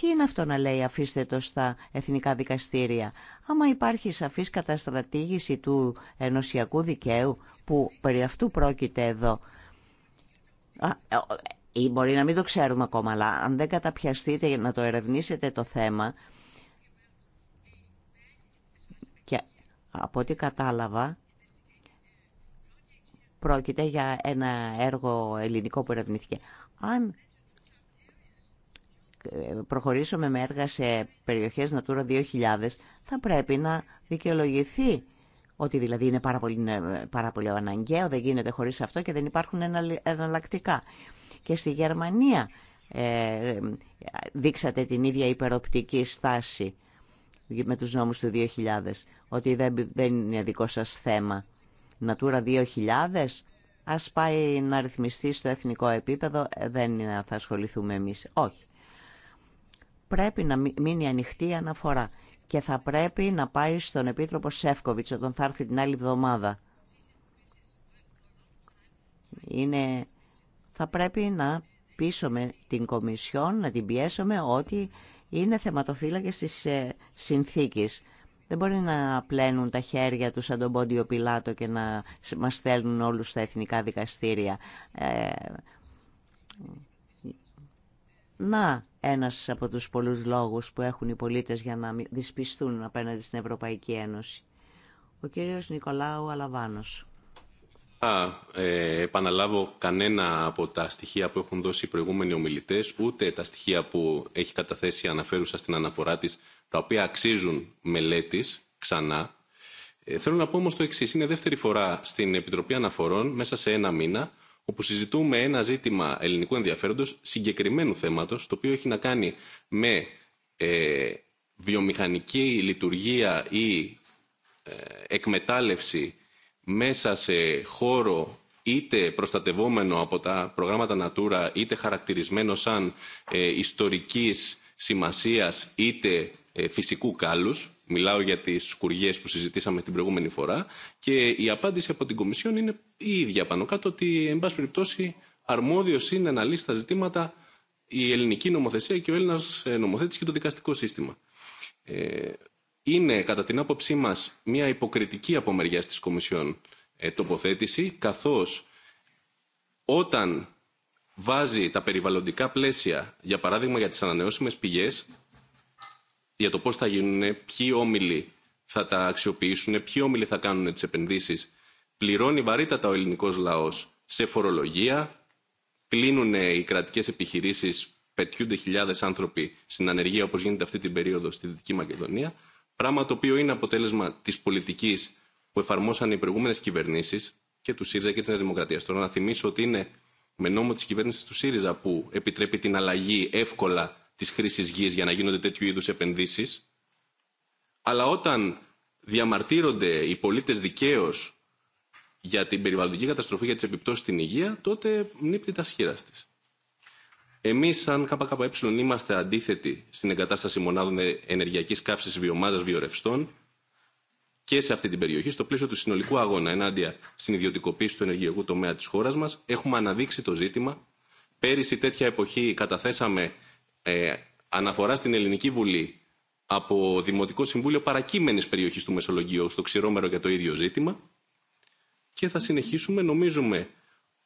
Τι είναι αυτό να λέει αφήστε το στα εθνικά δικαστήρια. Άμα υπάρχει σαφής καταστρατήγηση του ενωσιακού δικαίου που περί αυτού πρόκειται εδώ. Ε, ή μπορεί να μην το ξέρουμε ακόμα, αλλά αν δεν καταπιαστείτε να το ερευνήσετε το θέμα... Και από ό,τι κατάλαβα, πρόκειται για ένα έργο ελληνικό που ερευνήθηκε. Αν προχωρήσουμε με έργα σε περιοχές Natura 2000, θα πρέπει να δικαιολογηθεί ότι δηλαδή είναι ε, πάρα πολύ, αναγκαίο, δεν γίνεται χωρίς αυτό και δεν υπάρχουν εναλλακτικά. Και στη Γερμανία ε, δείξατε την ίδια υπεροπτική στάση με τους νόμους του 2000, ότι δεν, είναι δικό σας θέμα. Natura 2000, ας πάει να ρυθμιστεί στο εθνικό επίπεδο, ε, δεν θα ασχοληθούμε εμείς. Όχι πρέπει να μείνει ανοιχτή η αναφορά και θα πρέπει να πάει στον Επίτροπο Σεύκοβιτς όταν θα έρθει την άλλη εβδομάδα. Είναι... Θα πρέπει να πείσουμε την Κομισιόν, να την πιέσουμε ότι είναι θεματοφύλακες της ε, συνθήκης. Δεν μπορεί να πλένουν τα χέρια τους σαν τον Πόντιο Πιλάτο και να μας στέλνουν όλους στα εθνικά δικαστήρια. Ε, να ένας από τους πολλούς λόγους που έχουν οι πολίτες για να δυσπιστούν απέναντι στην Ευρωπαϊκή Ένωση. Ο κύριος Νικολάου Αλαβάνος. Ε, επαναλάβω κανένα από τα στοιχεία που έχουν δώσει οι προηγούμενοι ομιλητές, ούτε τα στοιχεία που έχει καταθέσει αναφέρουσα στην αναφορά της, τα οποία αξίζουν μελέτης ξανά. Ε, θέλω να πω όμως το εξή Είναι δεύτερη φορά στην Επιτροπή Αναφορών, μέσα σε ένα μήνα, όπου συζητούμε ένα ζήτημα ελληνικού ενδιαφέροντος, συγκεκριμένου θέματος, το οποίο έχει να κάνει με ε, βιομηχανική λειτουργία ή ε, εκμετάλλευση μέσα σε χώρο είτε προστατευόμενο από τα προγράμματα Natura, είτε χαρακτηρισμένο σαν ε, ιστορικής σημασίας, είτε ε, φυσικού κάλους Μιλάω για τις σκουριές που συζητήσαμε την προηγούμενη φορά και η απάντηση από την Κομισιόν είναι η ίδια πάνω κάτω ότι εν πάση περιπτώσει αρμόδιος είναι να λύσει τα ζητήματα η ελληνική νομοθεσία και ο Έλληνας ε, νομοθέτης και το δικαστικό σύστημα. Ε, είναι κατά την άποψή μας μια υποκριτική από μεριάς της Κομισιόν ε, τοποθέτηση καθώς όταν βάζει τα περιβαλλοντικά πλαίσια για παράδειγμα για τις ανανεώσιμες πηγές για το πώς θα γίνουν, ποιοι όμιλοι θα τα αξιοποιήσουν, ποιοι όμιλοι θα κάνουν τις επενδύσεις. Πληρώνει βαρύτατα ο ελληνικός λαός σε φορολογία, κλείνουν οι κρατικές επιχειρήσεις, πετιούνται χιλιάδες άνθρωποι στην ανεργία όπως γίνεται αυτή την περίοδο στη Δυτική Μακεδονία, πράγμα το οποίο είναι αποτέλεσμα της πολιτικής που εφαρμόσαν οι προηγούμενες κυβερνήσεις και του ΣΥΡΙΖΑ και της Νέας Δημοκρατίας. Τώρα να θυμίσω ότι είναι με νόμο της κυβέρνησης του ΣΥΡΙΖΑ που επιτρέπει την αλλαγή εύκολα της χρήσης γης για να γίνονται τέτοιου είδους επενδύσεις. Αλλά όταν διαμαρτύρονται οι πολίτες δικαίω για την περιβαλλοντική καταστροφή, για τις επιπτώσεις στην υγεία, τότε μνήπτει τα σχήρα τη. Εμείς σαν ΚΚΕ είμαστε αντίθετοι στην εγκατάσταση μονάδων ενεργειακής κάψης βιομάζας βιορευστών και σε αυτή την περιοχή, στο πλαίσιο του συνολικού αγώνα ενάντια στην ιδιωτικοποίηση του ενεργειακού τομέα της χώρας μας, έχουμε αναδείξει το ζήτημα. Πέρυσι τέτοια εποχή καταθέσαμε ε, αναφορά στην Ελληνική Βουλή από Δημοτικό Συμβούλιο παρακείμενης περιοχής του Μεσολογγίου στο Ξηρόμερο για το ίδιο ζήτημα και θα συνεχίσουμε. Νομίζουμε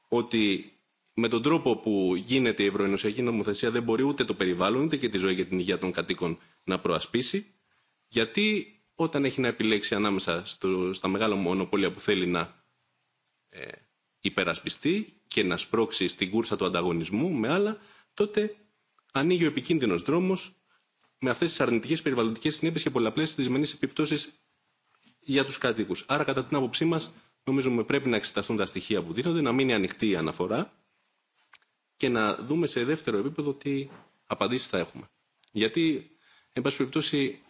ότι με τον τρόπο που γίνεται η ευρωενωσιακή νομοθεσία δεν μπορεί ούτε το περιβάλλον ούτε και τη ζωή και την υγεία των κατοίκων να προασπίσει γιατί όταν έχει να επιλέξει ανάμεσα στο, στα μεγάλα μονοπόλια που θέλει να ε, υπερασπιστεί και να σπρώξει στην κούρσα του ανταγωνισμού με άλλα τότε ανοίγει ο επικίνδυνο δρόμος με αυτές τις αρνητικές περιβαλλοντικές συνέπειε και πολλαπλέ δυσμενεί επιπτώσει για τους κατοίκους. Άρα κατά την άποψή μας νομίζουμε πρέπει να εξεταστούν τα στοιχεία που δίνονται, να μείνει ανοιχτή η αναφορά και να δούμε σε δεύτερο επίπεδο τι απαντήσει θα έχουμε. Γιατί, εν πάση περιπτώσει,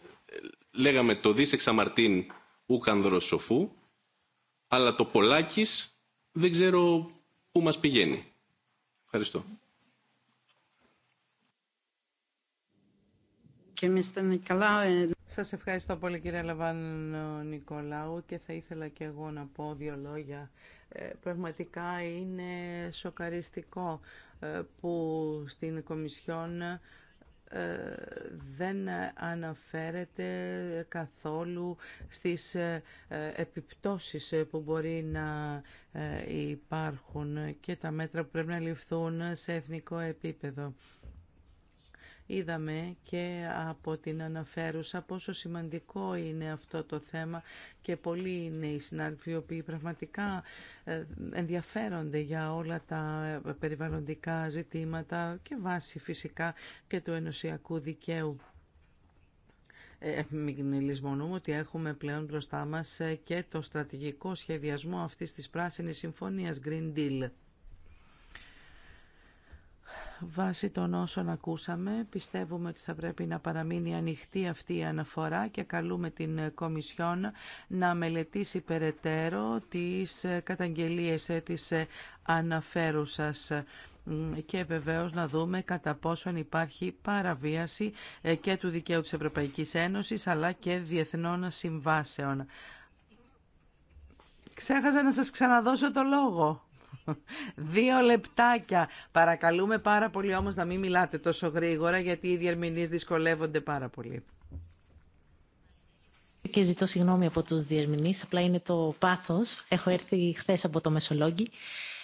λέγαμε το δίσεξα εξαμαρτίν ούκανδρο σοφού, αλλά το πολλάκι δεν ξέρω πού μα πηγαίνει. Ευχαριστώ. Σας ευχαριστώ πολύ κύριε Λαβάν Νικολάου και θα ήθελα και εγώ να πω δύο λόγια. Ε, πραγματικά είναι σοκαριστικό ε, που στην Κομισιόν ε, δεν αναφέρεται καθόλου στις επιπτώσεις που μπορεί να υπάρχουν και τα μέτρα που πρέπει να ληφθούν σε εθνικό επίπεδο. Είδαμε και από την αναφέρουσα πόσο σημαντικό είναι αυτό το θέμα και πολλοί είναι οι συνάδελφοι οι οποίοι πραγματικά ε, ενδιαφέρονται για όλα τα περιβαλλοντικά ζητήματα και βάση φυσικά και του ενωσιακού δικαίου. Ε, ε μην λησμονούμε ότι έχουμε πλέον μπροστά μας ε, και το στρατηγικό σχεδιασμό αυτής της πράσινης συμφωνίας Green Deal. Βάσει των όσων ακούσαμε, πιστεύουμε ότι θα πρέπει να παραμείνει ανοιχτή αυτή η αναφορά και καλούμε την Κομισιόν να μελετήσει περαιτέρω τις καταγγελίες της αναφέρουσας και βεβαίως να δούμε κατά πόσον υπάρχει παραβίαση και του δικαίου της Ευρωπαϊκής Ένωσης αλλά και διεθνών συμβάσεων. Ξέχασα να σας ξαναδώσω το λόγο. Δύο λεπτάκια. Παρακαλούμε πάρα πολύ όμως να μην μιλάτε τόσο γρήγορα γιατί οι διερμηνείς δυσκολεύονται πάρα πολύ. Και ζητώ συγγνώμη από τους διερμηνείς, απλά είναι το πάθος. Έχω έρθει χθες από το Μεσολόγγι.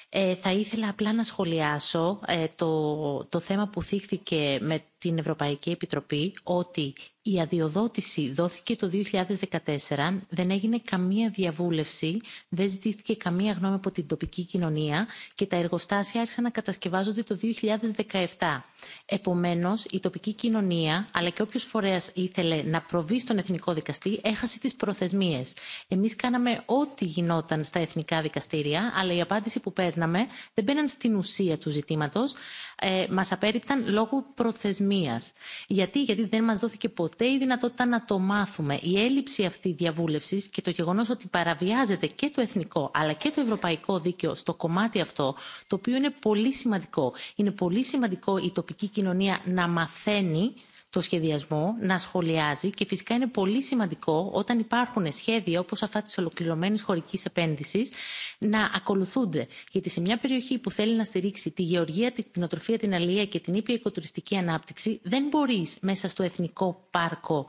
Ε, θα ήθελα απλά να σχολιάσω ε, το, το θέμα που θίχθηκε με την Ευρωπαϊκή Επιτροπή ότι η αδειοδότηση δόθηκε το 2014, δεν έγινε καμία διαβούλευση, δεν ζητήθηκε καμία γνώμη από την τοπική κοινωνία και τα εργοστάσια άρχισαν να κατασκευάζονται το 2017. Επομένως, η τοπική κοινωνία, αλλά και όποιος φορέας ήθελε να προβεί στον εθνικό δικαστή, έχασε τις προθεσμίες. Εμείς κάναμε ό,τι γινόταν στα εθνικά δικαστήρια, αλλά η απάντηση που παίρναμε δεν μπαίναν στην ουσία του ζητήματος, Μα ε, μας λόγω προθεσμίας. Γιατί, Γιατί δεν μας δόθηκε ποτέ ποτέ η δυνατότητα να το μάθουμε. Η έλλειψη αυτή διαβούλευση και το γεγονό ότι παραβιάζεται και το εθνικό αλλά και το ευρωπαϊκό δίκαιο στο κομμάτι αυτό, το οποίο είναι πολύ σημαντικό. Είναι πολύ σημαντικό η τοπική κοινωνία να μαθαίνει το σχεδιασμό, να σχολιάζει και φυσικά είναι πολύ σημαντικό όταν υπάρχουν σχέδια όπως αυτά της ολοκληρωμένη χωρική επένδυσης να ακολουθούνται. Γιατί σε μια περιοχή που θέλει να στηρίξει τη γεωργία, την κτηνοτροφία, την αλληλεία και την ήπια οικοτουριστική ανάπτυξη δεν μπορείς μέσα στο εθνικό πάρκο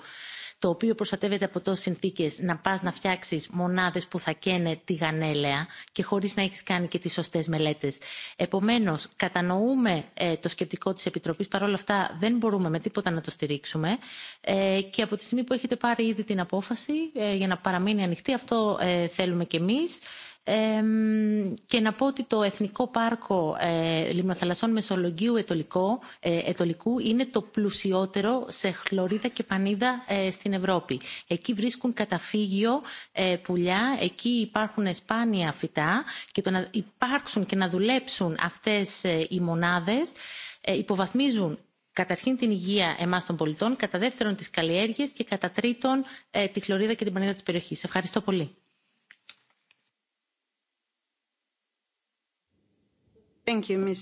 το οποίο προστατεύεται από τόσε συνθήκε να πας να φτιάξει μονάδες που θα καίνε τη γανέλαια και χωρίς να έχεις κάνει και τις σωστές μελέτες. Επομένως, κατανοούμε ε, το σκεπτικό της Επιτροπής, παρόλα αυτά δεν μπορούμε με τίποτα να το στηρίξουμε ε, και από τη στιγμή που έχετε πάρει ήδη την απόφαση ε, για να παραμείνει ανοιχτή, αυτό θέλουμε κι εμεί και να πω ότι το Εθνικό Πάρκο ε, Λιμνοθαλασσών Μεσολογγίου Ετολικού ε, είναι το πλουσιότερο σε χλωρίδα και πανίδα ε, στην Ευρώπη. Εκεί βρίσκουν καταφύγιο πουλιά, εκεί υπάρχουν σπάνια φυτά και το να υπάρξουν και να δουλέψουν αυτές οι μονάδες υποβαθμίζουν καταρχήν την υγεία εμάς των πολιτών, κατά δεύτερον τις καλλιέργειες και κατά τρίτον τη χλωρίδα και την πανίδα της περιοχής. Ευχαριστώ πολύ. Thank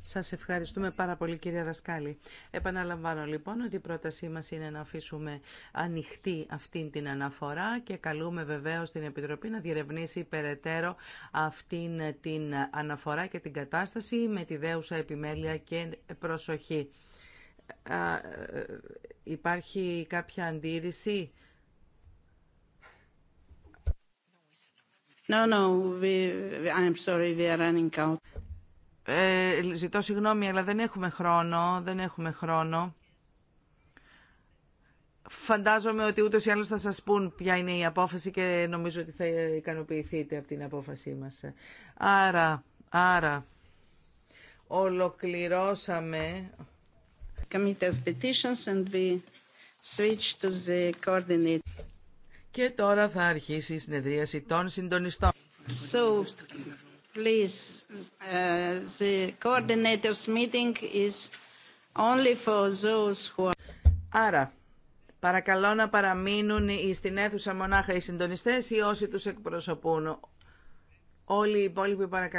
Σας ευχαριστούμε πάρα πολύ κυρία Δασκάλη. Επαναλαμβάνω λοιπόν ότι η πρότασή μας είναι να αφήσουμε ανοιχτή αυτή την αναφορά και καλούμε βεβαίως την Επιτροπή να διερευνήσει περαιτέρω αυτήν την αναφορά και την κατάσταση με τη δέουσα επιμέλεια και προσοχή. Ε, υπάρχει κάποια αντίρρηση. No, no, we, I'm sorry, we are running out. Ε, ζητώ συγγνώμη, αλλά δεν έχουμε χρόνο. Δεν έχουμε χρόνο. Φαντάζομαι ότι ούτως ή άλλως θα σας πούν ποια είναι η απόφαση και νομίζω ότι θα ικανοποιηθείτε από την απόφασή μας. Άρα, άρα, ολοκληρώσαμε... Committee of Petitions and we switch to the coordinate. Και τώρα θα αρχίσει η συνεδρίαση των συντονιστών. So, Άρα, παρακαλώ να παραμείνουν στην αίθουσα μονάχα οι συντονιστές ή όσοι τους εκπροσωπούν. Όλοι οι υπόλοιποι παρακαλώ.